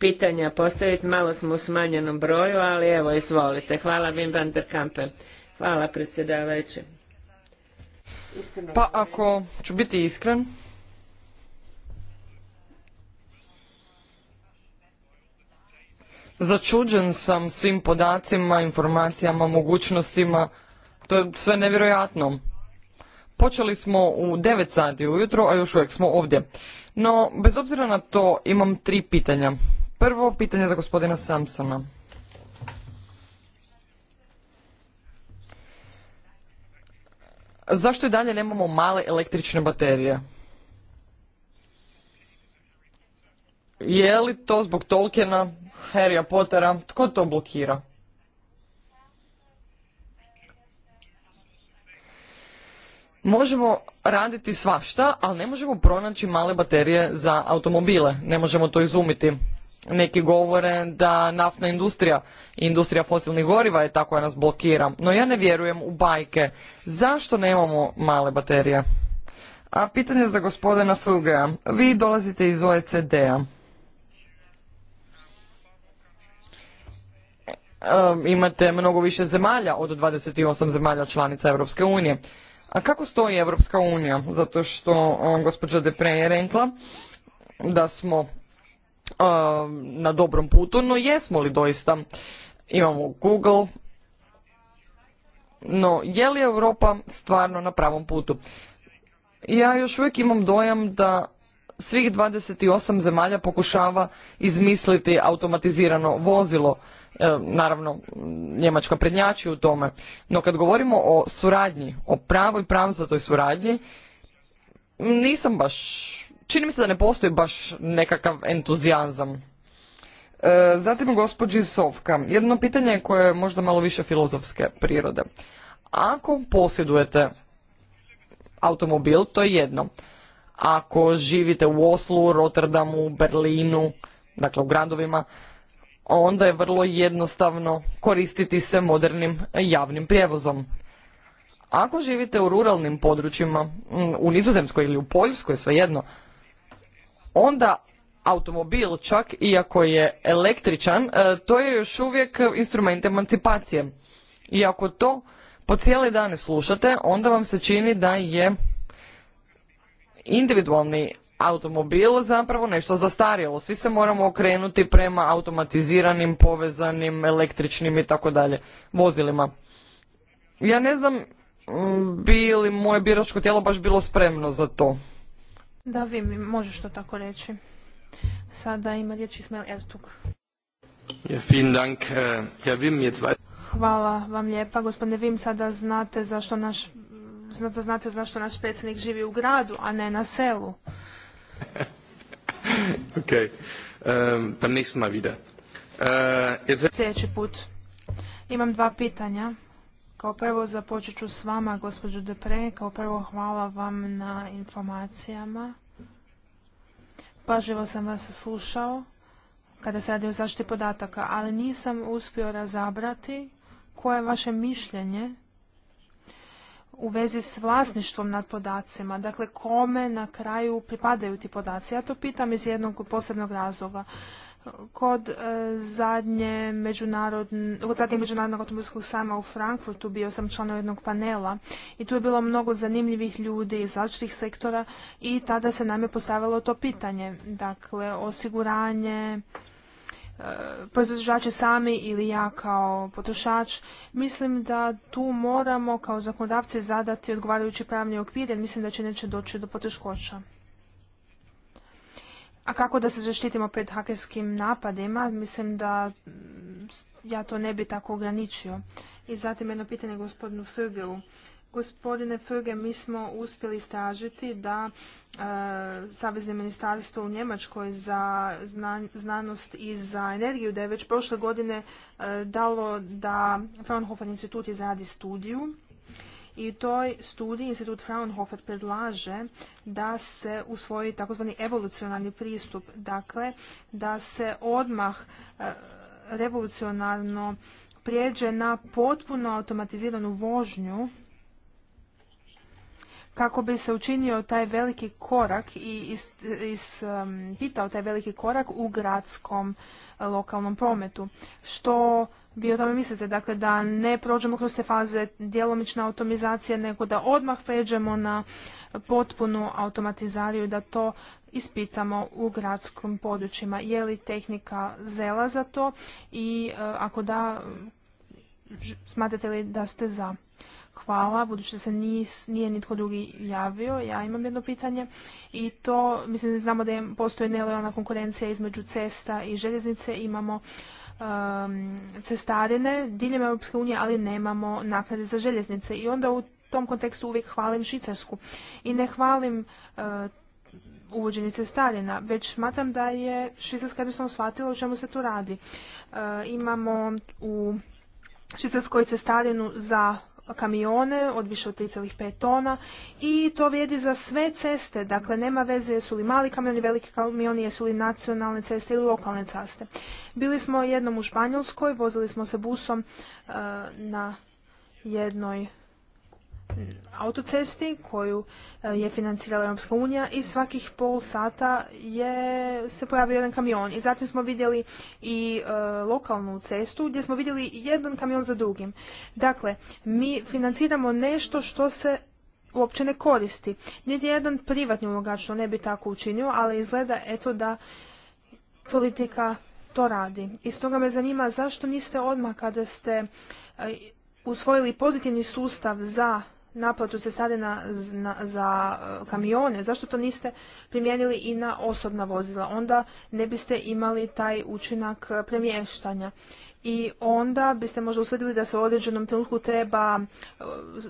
pitanja postaviti. Malo smo u smanjenom broju, ali evo, izvolite. Hvala Wim van der Kampen. Hvala predsjedavajući. Pa ako ću biti iskren, začuđen sam svim podacima, informacijama, mogućnostima. To je sve nevjerojatno. Počeli smo u 9 sati ujutro, a još uvijek smo ovdje. No, bez obzira na to, imam tri pitanja. Prvo pitanje za gospodina Samsona. Zašto i dalje nemamo male električne baterije? Je li to zbog Tolkiena, Harrya Pottera? Tko to blokira? Možemo raditi svašta, ali ne možemo pronaći male baterije za automobile. Ne možemo to izumiti neki govore da naftna industrija i industrija fosilnih goriva je ta koja nas blokira. No ja ne vjerujem u bajke. Zašto nemamo male baterije? A pitanje za gospodina Fugea. Vi dolazite iz OECD-a. Imate mnogo više zemalja od 28 zemalja članica Europske unije. A kako stoji Europska unija? Zato što gospođa Depre je rekla da smo na dobrom putu, no jesmo li doista? Imamo Google, no je li Europa stvarno na pravom putu? Ja još uvijek imam dojam da svih 28 zemalja pokušava izmisliti automatizirano vozilo. E, naravno, Njemačka prednjači u tome. No kad govorimo o suradnji, o pravoj pravzatoj suradnji, nisam baš čini mi se da ne postoji baš nekakav entuzijazam. E, zatim gospođi Sovka, jedno pitanje koje je možda malo više filozofske prirode. Ako posjedujete automobil, to je jedno. Ako živite u Oslu, Rotterdamu, Berlinu, dakle u gradovima, onda je vrlo jednostavno koristiti se modernim javnim prijevozom. Ako živite u ruralnim područjima, u Nizozemskoj ili u Poljskoj, svejedno, onda automobil čak iako je električan, e, to je još uvijek instrument emancipacije. I ako to po cijeli dane slušate, onda vam se čini da je individualni automobil zapravo nešto zastarjelo. Svi se moramo okrenuti prema automatiziranim, povezanim, električnim i tako dalje vozilima. Ja ne znam bi li moje biračko tijelo baš bilo spremno za to. Da, vi mi možeš to tako reći. Sada ima riječ Ismail Ertug. Eh, hvala vam lijepa. Gospodine Vim, sada znate zašto naš Znate, znate zašto naš predsjednik živi u gradu, a ne na selu. ok. Um, Uh, Sljedeći put. Imam dva pitanja. Kao prvo započet ću s vama, gospođo Depre. Kao prvo hvala vam na informacijama Pažljivo sam vas slušao kada se radi o zaštiti podataka, ali nisam uspio razabrati koje je vaše mišljenje u vezi s vlasništvom nad podacima, dakle kome na kraju pripadaju ti podaci. Ja to pitam iz jednog posebnog razloga. Kod e, zadnje međunarodne, kod zadnje međunarodnog automobilskog sajma u Frankfurtu bio sam član jednog panela i tu je bilo mnogo zanimljivih ljudi iz različitih sektora i tada se nam je postavilo to pitanje. Dakle, osiguranje, e, proizvođači sami ili ja kao potrošač. Mislim da tu moramo kao zakonodavci zadati odgovarajući pravni okvir jer mislim da će neće doći do poteškoća. A kako da se zaštitimo pred hakerskim napadima, mislim da mm, ja to ne bi tako ograničio. I zatim jedno pitanje gospodinu Fögelu. Gospodine Frge, mi smo uspjeli istražiti da e, ministarstvo u Njemačkoj za znanost i za energiju, da je već prošle godine e, dalo da Fraunhofer institut izradi studiju i u toj studiji Institut Fraunhofer predlaže da se usvoji takozvani evolucionalni pristup, dakle da se odmah e, revolucionarno prijeđe na potpuno automatiziranu vožnju kako bi se učinio taj veliki korak i um, pitao taj veliki korak u gradskom e, lokalnom prometu, što vi o tome mislite, dakle da ne prođemo kroz te faze djelomična automizacija, nego da odmah pređemo na potpunu automatizaciju i da to ispitamo u gradskim područjima. Je li tehnika zela za to i e, ako da, smatrate li da ste za? Hvala, budući da se nije nitko drugi javio, ja imam jedno pitanje i to, mislim da znamo da postoje postoji nelojalna konkurencija između cesta i željeznice, imamo Um, cestarine diljem Europske unije, ali nemamo naknade za željeznice. I onda u tom kontekstu uvijek hvalim Švicarsku. I ne hvalim uh, uvođenje cestarina, već smatram da je Švicarska jednostavno shvatila o čemu se tu radi. Uh, imamo u Švicarskoj cestarinu za kamione od više od 3,5 tona i to vrijedi za sve ceste, dakle nema veze jesu li mali kamioni, veliki kamioni, jesu li nacionalne ceste ili lokalne ceste. Bili smo jednom u Španjolskoj, vozili smo se busom e, na jednoj autocesti koju e, je financirala Europska unija i svakih pol sata je se pojavio jedan kamion. I zatim smo vidjeli i e, lokalnu cestu gdje smo vidjeli jedan kamion za drugim. Dakle, mi financiramo nešto što se uopće ne koristi. Niti jedan privatni ulogač ne bi tako učinio, ali izgleda eto da politika to radi. I stoga me zanima zašto niste odmah kada ste e, usvojili pozitivni sustav za naplatu cestarina na, za e, kamione, zašto to niste primijenili i na osobna vozila? Onda ne biste imali taj učinak e, premještanja. I onda biste možda usvrdili da se u određenom trenutku treba e,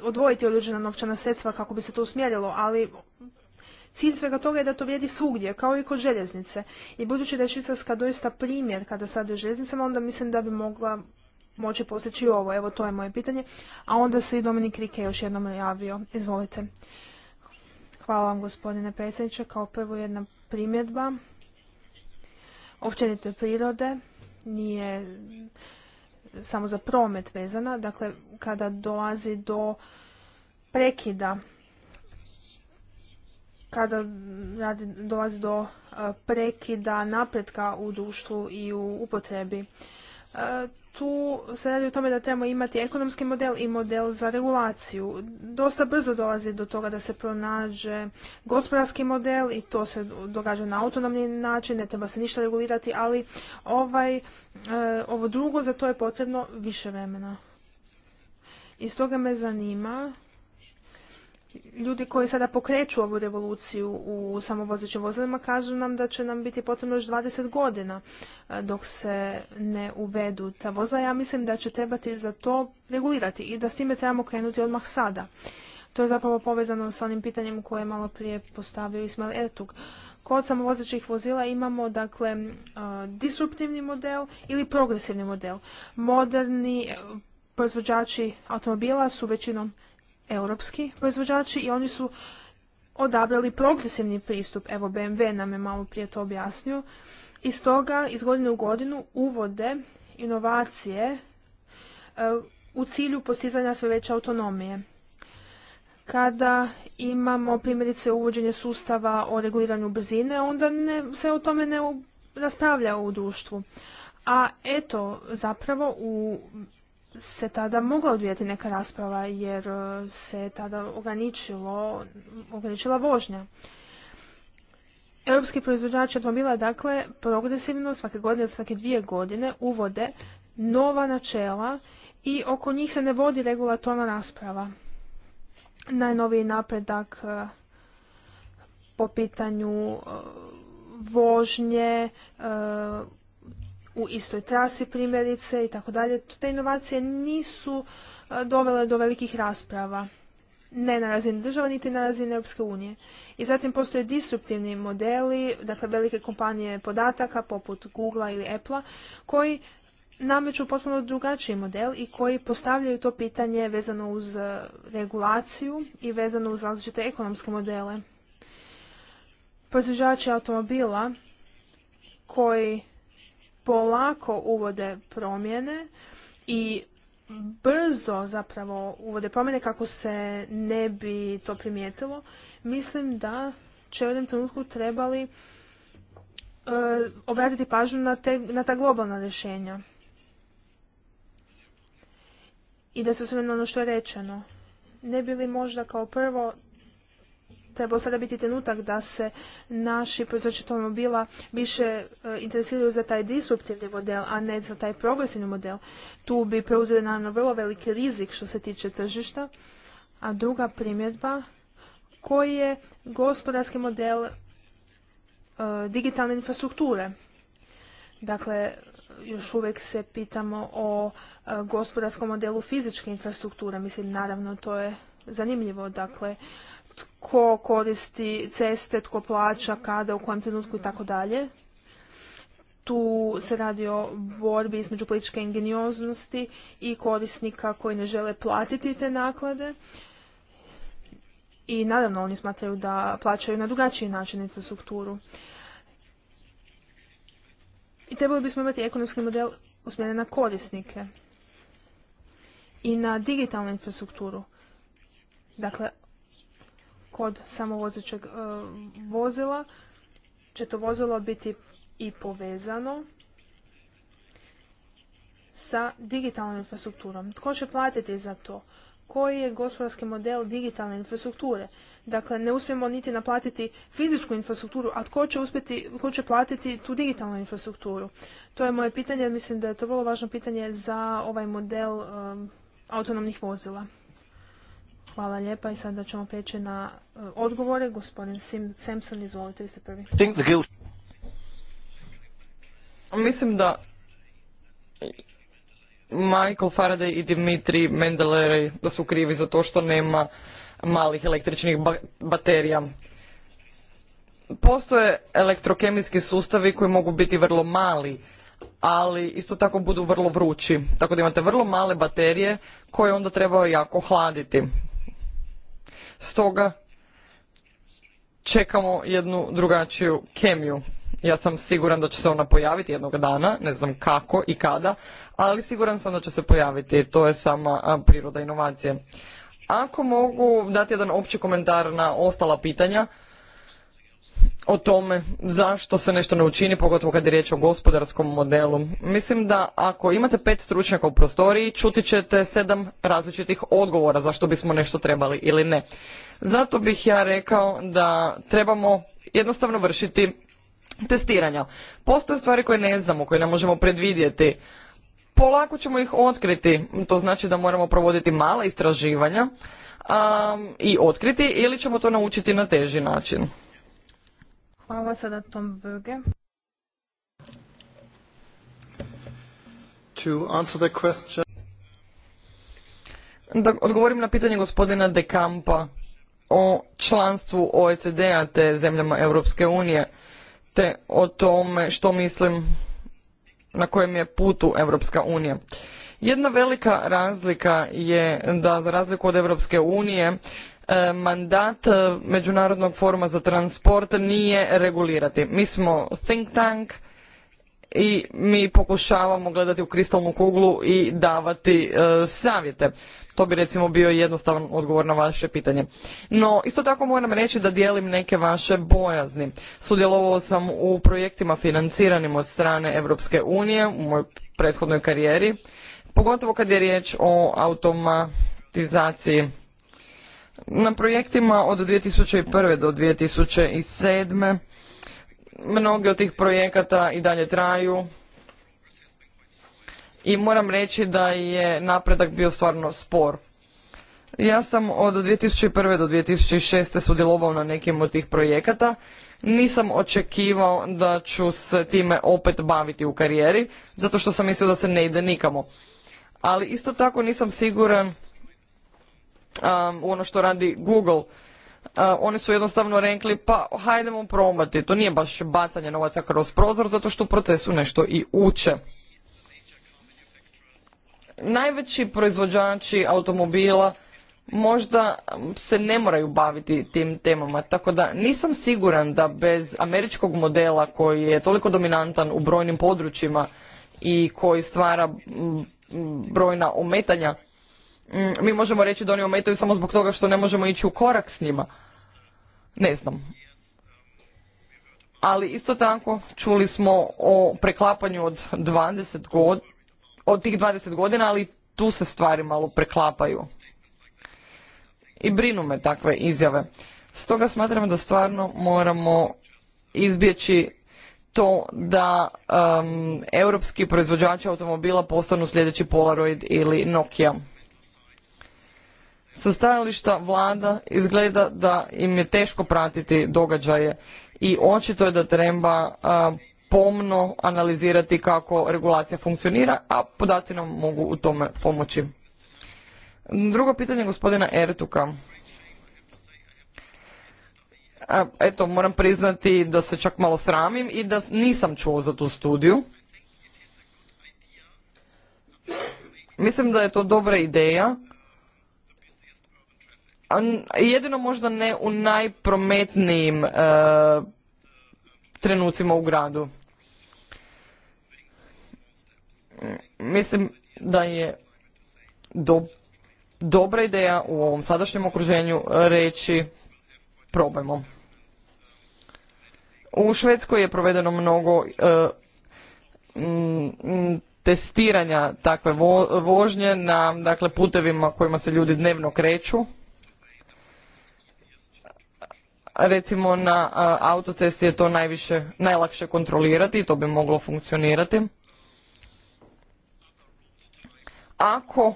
odvojiti određena novčana sredstva kako bi se to usmjerilo, ali Cilj svega toga je da to vrijedi svugdje, kao i kod željeznice. I budući da je Švicarska doista primjer kada sad je željeznicama, onda mislim da bi mogla moći postići ovo. Evo, to je moje pitanje. A onda se i Dominik Rike još jednom javio. Izvolite. Hvala vam, gospodine predsjedniče. Kao prvo jedna primjedba općenite prirode nije samo za promet vezana. Dakle, kada dolazi do prekida, kada radi, dolazi do e, prekida napretka u društvu i u upotrebi, e, tu se radi o tome da trebamo imati ekonomski model i model za regulaciju. Dosta brzo dolazi do toga da se pronađe gospodarski model i to se događa na autonomni način, ne treba se ništa regulirati, ali ovaj, e, ovo drugo za to je potrebno više vremena. I stoga me zanima ljudi koji sada pokreću ovu revoluciju u samovozećim vozilima kažu nam da će nam biti potrebno još 20 godina e, dok se ne uvedu ta vozila. Ja mislim da će trebati za to regulirati i da s time trebamo krenuti odmah sada. To je zapravo povezano s onim pitanjem koje je malo prije postavio Ismail Ertug. Kod samovozećih vozila imamo dakle e, disruptivni model ili progresivni model. Moderni e, proizvođači automobila su većinom europski proizvođači i oni su odabrali progresivni pristup. Evo BMW nam je malo prije to objasnio. I stoga iz godine u godinu uvode inovacije e, u cilju postizanja sve veće autonomije. Kada imamo primjerice uvođenje sustava o reguliranju brzine, onda ne, se o tome ne raspravlja u društvu. A eto, zapravo u se tada mogla odvijati neka rasprava jer e, se tada ograničilo, ograničila vožnja. Europski proizvođači automobila dakle progresivno svake godine, svake dvije godine uvode nova načela i oko njih se ne vodi regulatorna rasprava. Najnoviji napredak e, po pitanju e, vožnje, u istoj trasi primjerice i tako dalje. Te inovacije nisu e, dovele do velikih rasprava. Ne na razini država, niti na razini Europske unije. I zatim postoje disruptivni modeli, dakle velike kompanije podataka poput Google ili Apple koji nameću potpuno drugačiji model i koji postavljaju to pitanje vezano uz e, regulaciju i vezano uz različite ekonomske modele. Proizvođači automobila koji polako uvode promjene i brzo zapravo uvode promjene kako se ne bi to primijetilo, mislim da će u jednom trenutku trebali e, obratiti pažnju na, ta globalna rješenja. I da se na ono što je rečeno. Ne bi li možda kao prvo trebao sada biti trenutak da se naši proizvođači automobila više e, interesiraju za taj disruptivni model, a ne za taj progresivni model. Tu bi preuzeli naravno vrlo veliki rizik što se tiče tržišta. A druga primjedba, koji je gospodarski model e, digitalne infrastrukture? Dakle, još uvijek se pitamo o e, gospodarskom modelu fizičke infrastrukture. Mislim, naravno, to je zanimljivo. Dakle, tko koristi ceste, tko plaća, kada, u kojem trenutku i tako dalje. Tu se radi o borbi između političke ingenioznosti i korisnika koji ne žele platiti te naklade. I naravno oni smatraju da plaćaju na drugačiji način infrastrukturu. I trebali bismo imati ekonomski model usmjeren na korisnike i na digitalnu infrastrukturu. Dakle, kod samovozećeg e, vozila će to vozilo biti i povezano sa digitalnom infrastrukturom. Tko će platiti za to? Koji je gospodarski model digitalne infrastrukture? Dakle, ne uspijemo niti naplatiti fizičku infrastrukturu, a tko će, uspjeti, tko će platiti tu digitalnu infrastrukturu? To je moje pitanje, mislim da je to vrlo važno pitanje za ovaj model e, autonomnih vozila. Hvala lijepa i sada ćemo prijeći na e, odgovore. Gospodin izvolite, vi ste prvi. Mislim da Michael Faraday i Dimitri Mendeleri da su krivi za to što nema malih električnih baterija. Postoje elektrokemijski sustavi koji mogu biti vrlo mali, ali isto tako budu vrlo vrući. Tako da imate vrlo male baterije koje onda treba jako hladiti. Stoga čekamo jednu drugačiju kemiju. Ja sam siguran da će se ona pojaviti jednog dana, ne znam kako i kada, ali siguran sam da će se pojaviti. To je sama priroda inovacije. Ako mogu dati jedan opći komentar na ostala pitanja, o tome zašto se nešto ne učini, pogotovo kad je riječ o gospodarskom modelu. Mislim da ako imate pet stručnjaka u prostoriji, čuti ćete sedam različitih odgovora zašto bismo nešto trebali ili ne. Zato bih ja rekao da trebamo jednostavno vršiti testiranja. Postoje stvari koje ne znamo, koje ne možemo predvidjeti. Polako ćemo ih otkriti, to znači da moramo provoditi mala istraživanja i otkriti ili ćemo to naučiti na teži način. Hvala sada Tom Böge. Da odgovorim na pitanje gospodina De Campa o članstvu OECD-a te zemljama Europske unije te o tome što mislim na kojem je putu Europska unija. Jedna velika razlika je da za razliku od Europske unije E, mandat e, Međunarodnog foruma za transport nije regulirati. Mi smo think tank i mi pokušavamo gledati u kristalnu kuglu i davati e, savjete. To bi recimo bio jednostavan odgovor na vaše pitanje. No, isto tako moram reći da dijelim neke vaše bojazni. Sudjelovao sam u projektima financiranim od strane Europske unije u mojoj prethodnoj karijeri, pogotovo kad je riječ o automatizaciji na projektima od 2001. do 2007. mnogi od tih projekata i dalje traju i moram reći da je napredak bio stvarno spor. Ja sam od 2001. do 2006. sudjelovao na nekim od tih projekata. Nisam očekivao da ću se time opet baviti u karijeri, zato što sam mislio da se ne ide nikamo. Ali isto tako nisam siguran Um, u ono što radi Google. Uh, oni su jednostavno rekli pa hajdemo probati, to nije baš bacanje novaca kroz prozor zato što u procesu nešto i uče. Najveći proizvođači automobila možda se ne moraju baviti tim temama, tako da nisam siguran da bez američkog modela koji je toliko dominantan u brojnim područjima i koji stvara brojna ometanja Mm, mi možemo reći da oni ometaju samo zbog toga što ne možemo ići u korak s njima. Ne znam. Ali isto tako čuli smo o preklapanju od 20 od tih 20 godina, ali tu se stvari malo preklapaju. I brinu me takve izjave. Stoga smatram da stvarno moramo izbjeći to da um, europski proizvođači automobila postanu sljedeći Polaroid ili Nokia. Sa stajališta vlada izgleda da im je teško pratiti događaje i očito je da treba pomno analizirati kako regulacija funkcionira, a podaci nam mogu u tome pomoći. Drugo pitanje gospodina Ertuka. eto, moram priznati da se čak malo sramim i da nisam čuo za tu studiju. Mislim da je to dobra ideja jedino možda ne u najprometnijim e, trenucima u gradu. Mislim da je dobra ideja u ovom sadašnjem okruženju reći probajmo. U Švedskoj je provedeno mnogo e, testiranja takve vožnje na dakle, putevima kojima se ljudi dnevno kreću recimo na autocesti je to najviše, najlakše kontrolirati i to bi moglo funkcionirati. Ako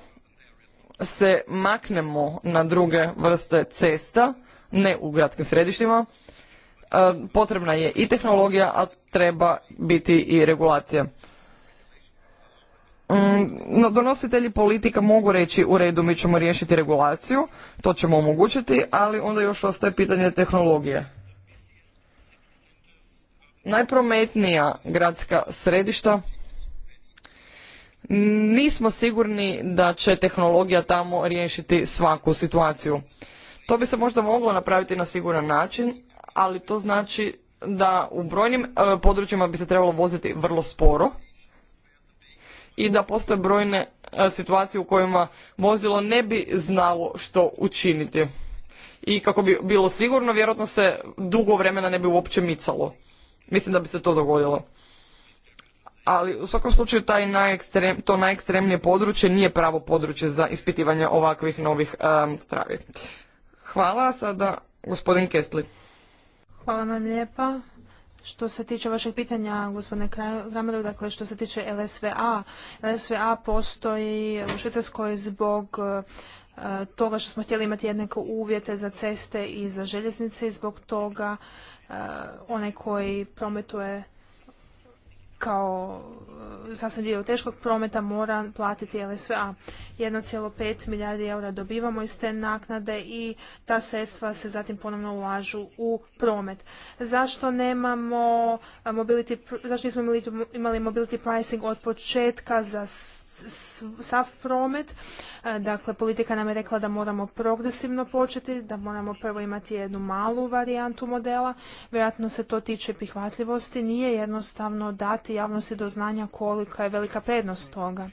se maknemo na druge vrste cesta, ne u gradskim središtima, e, potrebna je i tehnologija, a treba biti i regulacija. Mm, no donositelji politika mogu reći u redu mi ćemo riješiti regulaciju, to ćemo omogućiti, ali onda još ostaje pitanje tehnologije. Najprometnija gradska središta nismo sigurni da će tehnologija tamo riješiti svaku situaciju. To bi se možda moglo napraviti na siguran način, ali to znači da u brojnim e, područjima bi se trebalo voziti vrlo sporo i da postoje brojne e, situacije u kojima vozilo ne bi znalo što učiniti. I kako bi bilo sigurno, vjerojatno se dugo vremena ne bi uopće micalo. Mislim da bi se to dogodilo. Ali u svakom slučaju taj to najekstremnije područje nije pravo područje za ispitivanje ovakvih novih um, e, stravi. Hvala sada gospodin Kestli. Hvala vam lijepa. Što se tiče vašeg pitanja, gospodine Krameru, dakle što se tiče LSVA, LSVA postoji u Švicarskoj zbog e, toga što smo htjeli imati jednake uvjete za ceste i za željeznice i zbog toga e, onaj koji prometuje kao e, sasvim dio teškog prometa mora platiti LSVA. 1,5 milijardi eura dobivamo iz te naknade i ta sredstva se zatim ponovno ulažu u promet. Zašto nemamo mobility, zašto nismo imali mobility pricing od početka za sav promet. E, dakle, politika nam je rekla da moramo progresivno početi, da moramo prvo imati jednu malu varijantu modela. Vjerojatno se to tiče prihvatljivosti. Nije jednostavno dati javnosti do znanja kolika je velika prednost toga.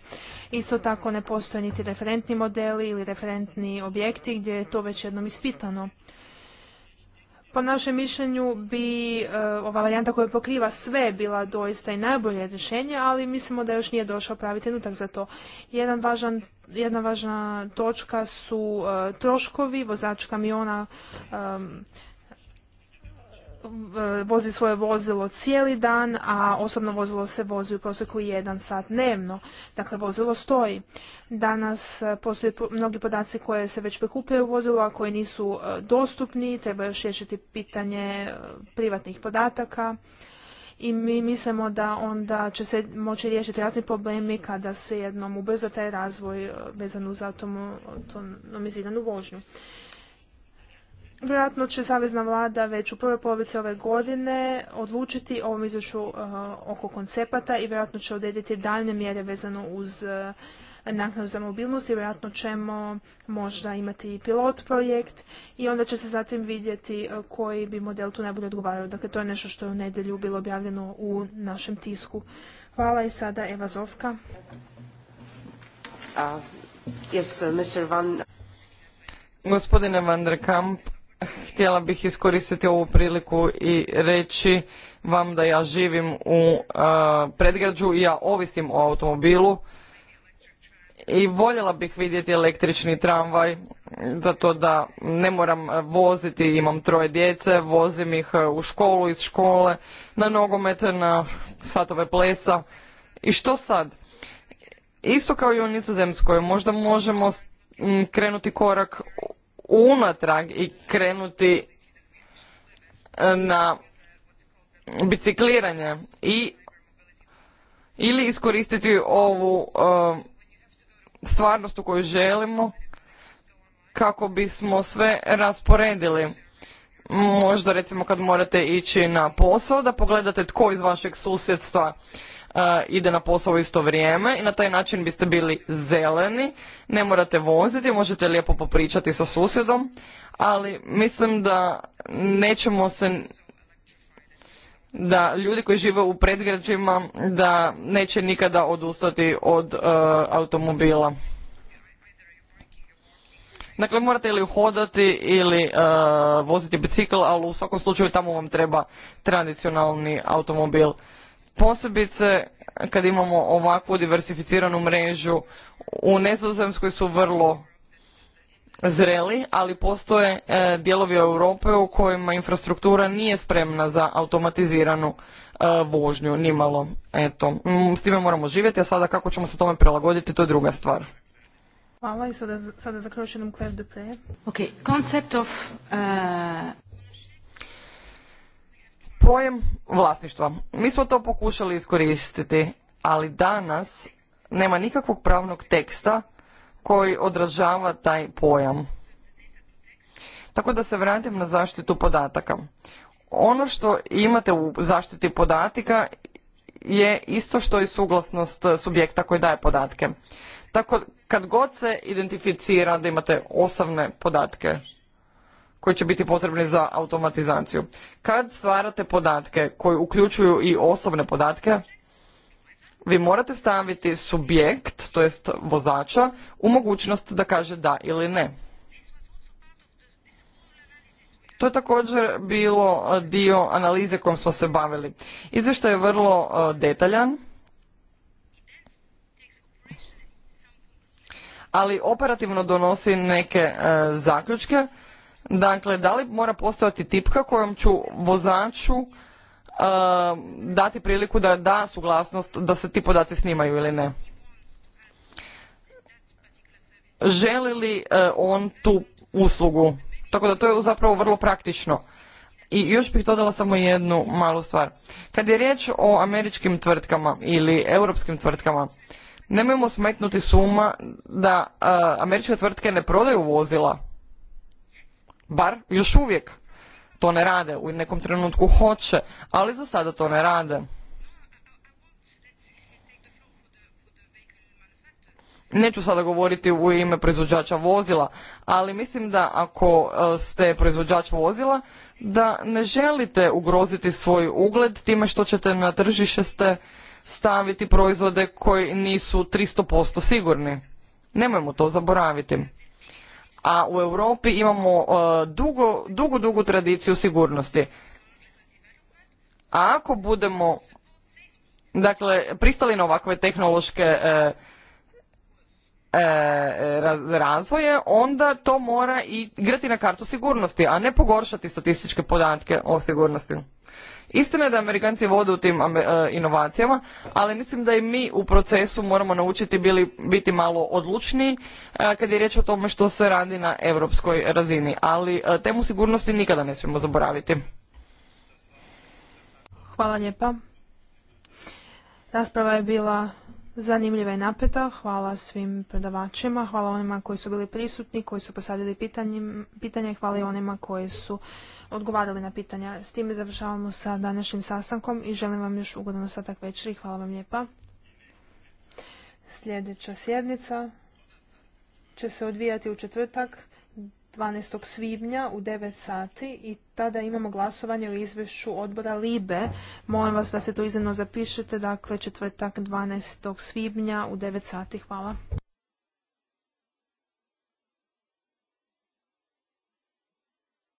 Isto tako ne postoje niti referentni modeli ili referentni objekti gdje je to već jednom ispitano. Po našem mišljenju bi e, ova varijanta koja pokriva sve bila doista i najbolje rješenje, ali mislimo da još nije došao pravi trenutak za to. važan jedna važna točka su e, troškovi, vozač kamiona e, vozi svoje vozilo cijeli dan, a osobno vozilo se vozi u prosjeku jedan sat dnevno. Dakle, vozilo stoji. Danas e, postoje mnogi podaci koje se već prikupljaju u vozilu, a koji nisu e, dostupni. Treba još riješiti pitanje e, privatnih podataka. I mi mislimo da onda će se moći riješiti razni problemi kada se jednom ubrza taj razvoj vezan uz automiziranu vožnju. Vjerojatno će Savezna vlada već u prvoj polovici ove godine odlučiti o ovom izvješću eh, oko koncepata i vjerojatno će odrediti daljne mjere vezano uz eh, naknadu za mobilnost i vjerojatno ćemo možda imati i pilot projekt i onda će se zatim vidjeti eh, koji bi model tu najbolje odgovarao. Dakle, to je nešto što je u nedjelju bilo objavljeno u našem tisku. Hvala i sada Eva Zovka. Uh, uh, Gospodine Van der Kamp, htjela bih iskoristiti ovu priliku i reći vam da ja živim u predgrađu i ja ovisim o automobilu i voljela bih vidjeti električni tramvaj zato da ne moram voziti, imam troje djece, vozim ih e, u školu, iz škole, na nogomete, na satove plesa. I što sad? Isto kao i u Nizozemskoj, možda možemo krenuti korak unatrag i krenuti e, na bicikliranje i ili iskoristiti ovu e, stvarnost u koju želimo kako bismo sve rasporedili. Možda recimo kad morate ići na posao da pogledate tko iz vašeg susjedstva E, ide na posao u isto vrijeme i na taj način biste bili zeleni, ne morate voziti, možete lijepo popričati sa susjedom, ali mislim da nećemo se da ljudi koji žive u predgrađima da neće nikada odustati od e, automobila. Dakle, morate ili hodati ili e, voziti bicikl, ali u svakom slučaju tamo vam treba tradicionalni automobil posebice kad imamo ovakvu diversificiranu mrežu u Nezozemskoj su vrlo zreli, ali postoje e, dijelovi Europe u kojima infrastruktura nije spremna za automatiziranu e, vožnju, nimalo. Eto, s time moramo živjeti, a sada kako ćemo se tome prilagoditi, to je druga stvar. Hvala i sada, Claire Dupre. Ok, koncept of... E, Pojem vlasništva. Mi smo to pokušali iskoristiti, ali danas nema nikakvog pravnog teksta koji odražava taj pojam. Tako da se vratim na zaštitu podataka. Ono što imate u zaštiti podataka je isto što i suglasnost subjekta koji daje podatke. Tako kad god se identificira da imate osobne podatke koji će biti potrebni za automatizaciju. Kad stvarate podatke koji uključuju i osobne podatke, vi morate staviti subjekt, to jest vozača, u mogućnost da kaže da ili ne. To je također bilo dio analize kojom smo se bavili. Izvještaj je vrlo e, detaljan, ali operativno donosi neke e, zaključke Dakle, da li mora postojati tipka kojom ću vozaču e, dati priliku da da suglasnost da se ti podaci snimaju ili ne? Želi li e, on tu uslugu? Tako da to je zapravo vrlo praktično. I još bih dodala samo jednu malu stvar. Kad je riječ o američkim tvrtkama ili europskim tvrtkama, nemojmo smetnuti suma da e, američke tvrtke ne prodaju vozila bar još uvijek to ne rade, u nekom trenutku hoće, ali za sada to ne rade. Neću sada govoriti u ime proizvođača vozila, ali mislim da ako e, ste proizvođač vozila, da ne želite ugroziti svoj ugled time što ćete na tržište staviti proizvode koji nisu 300% sigurni. Nemojmo to zaboraviti a u Europi imamo e, dugo, dugu, dugu tradiciju sigurnosti. A ako budemo dakle, pristali na ovakve tehnološke e, e, razvoje, onda to mora i igrati na kartu sigurnosti, a ne pogoršati statističke podatke o sigurnosti. Istina je da Amerikanci vode u tim eh, inovacijama, ali mislim da i mi u procesu moramo naučiti bili, biti malo odlučniji eh, kad je riječ o tome što se radi na europskoj razini. Ali eh, temu sigurnosti nikada ne smijemo zaboraviti. Hvala lijepa. Rasprava je bila zanimljiva i napeta. Hvala svim predavačima, hvala onima koji su bili prisutni, koji su postavili pitanje, hvala i onima koji su odgovarali na pitanja. S time završavamo sa današnjim sastankom i želim vam još ugodan ostatak večeri. Hvala vam lijepa. Sljedeća sjednica će se odvijati u četvrtak 12. svibnja u 9 sati i tada imamo glasovanje o izvješću odbora LIBE. Molim vas da se to iznimno zapišete, dakle četvrtak 12. svibnja u 9 sati. Hvala.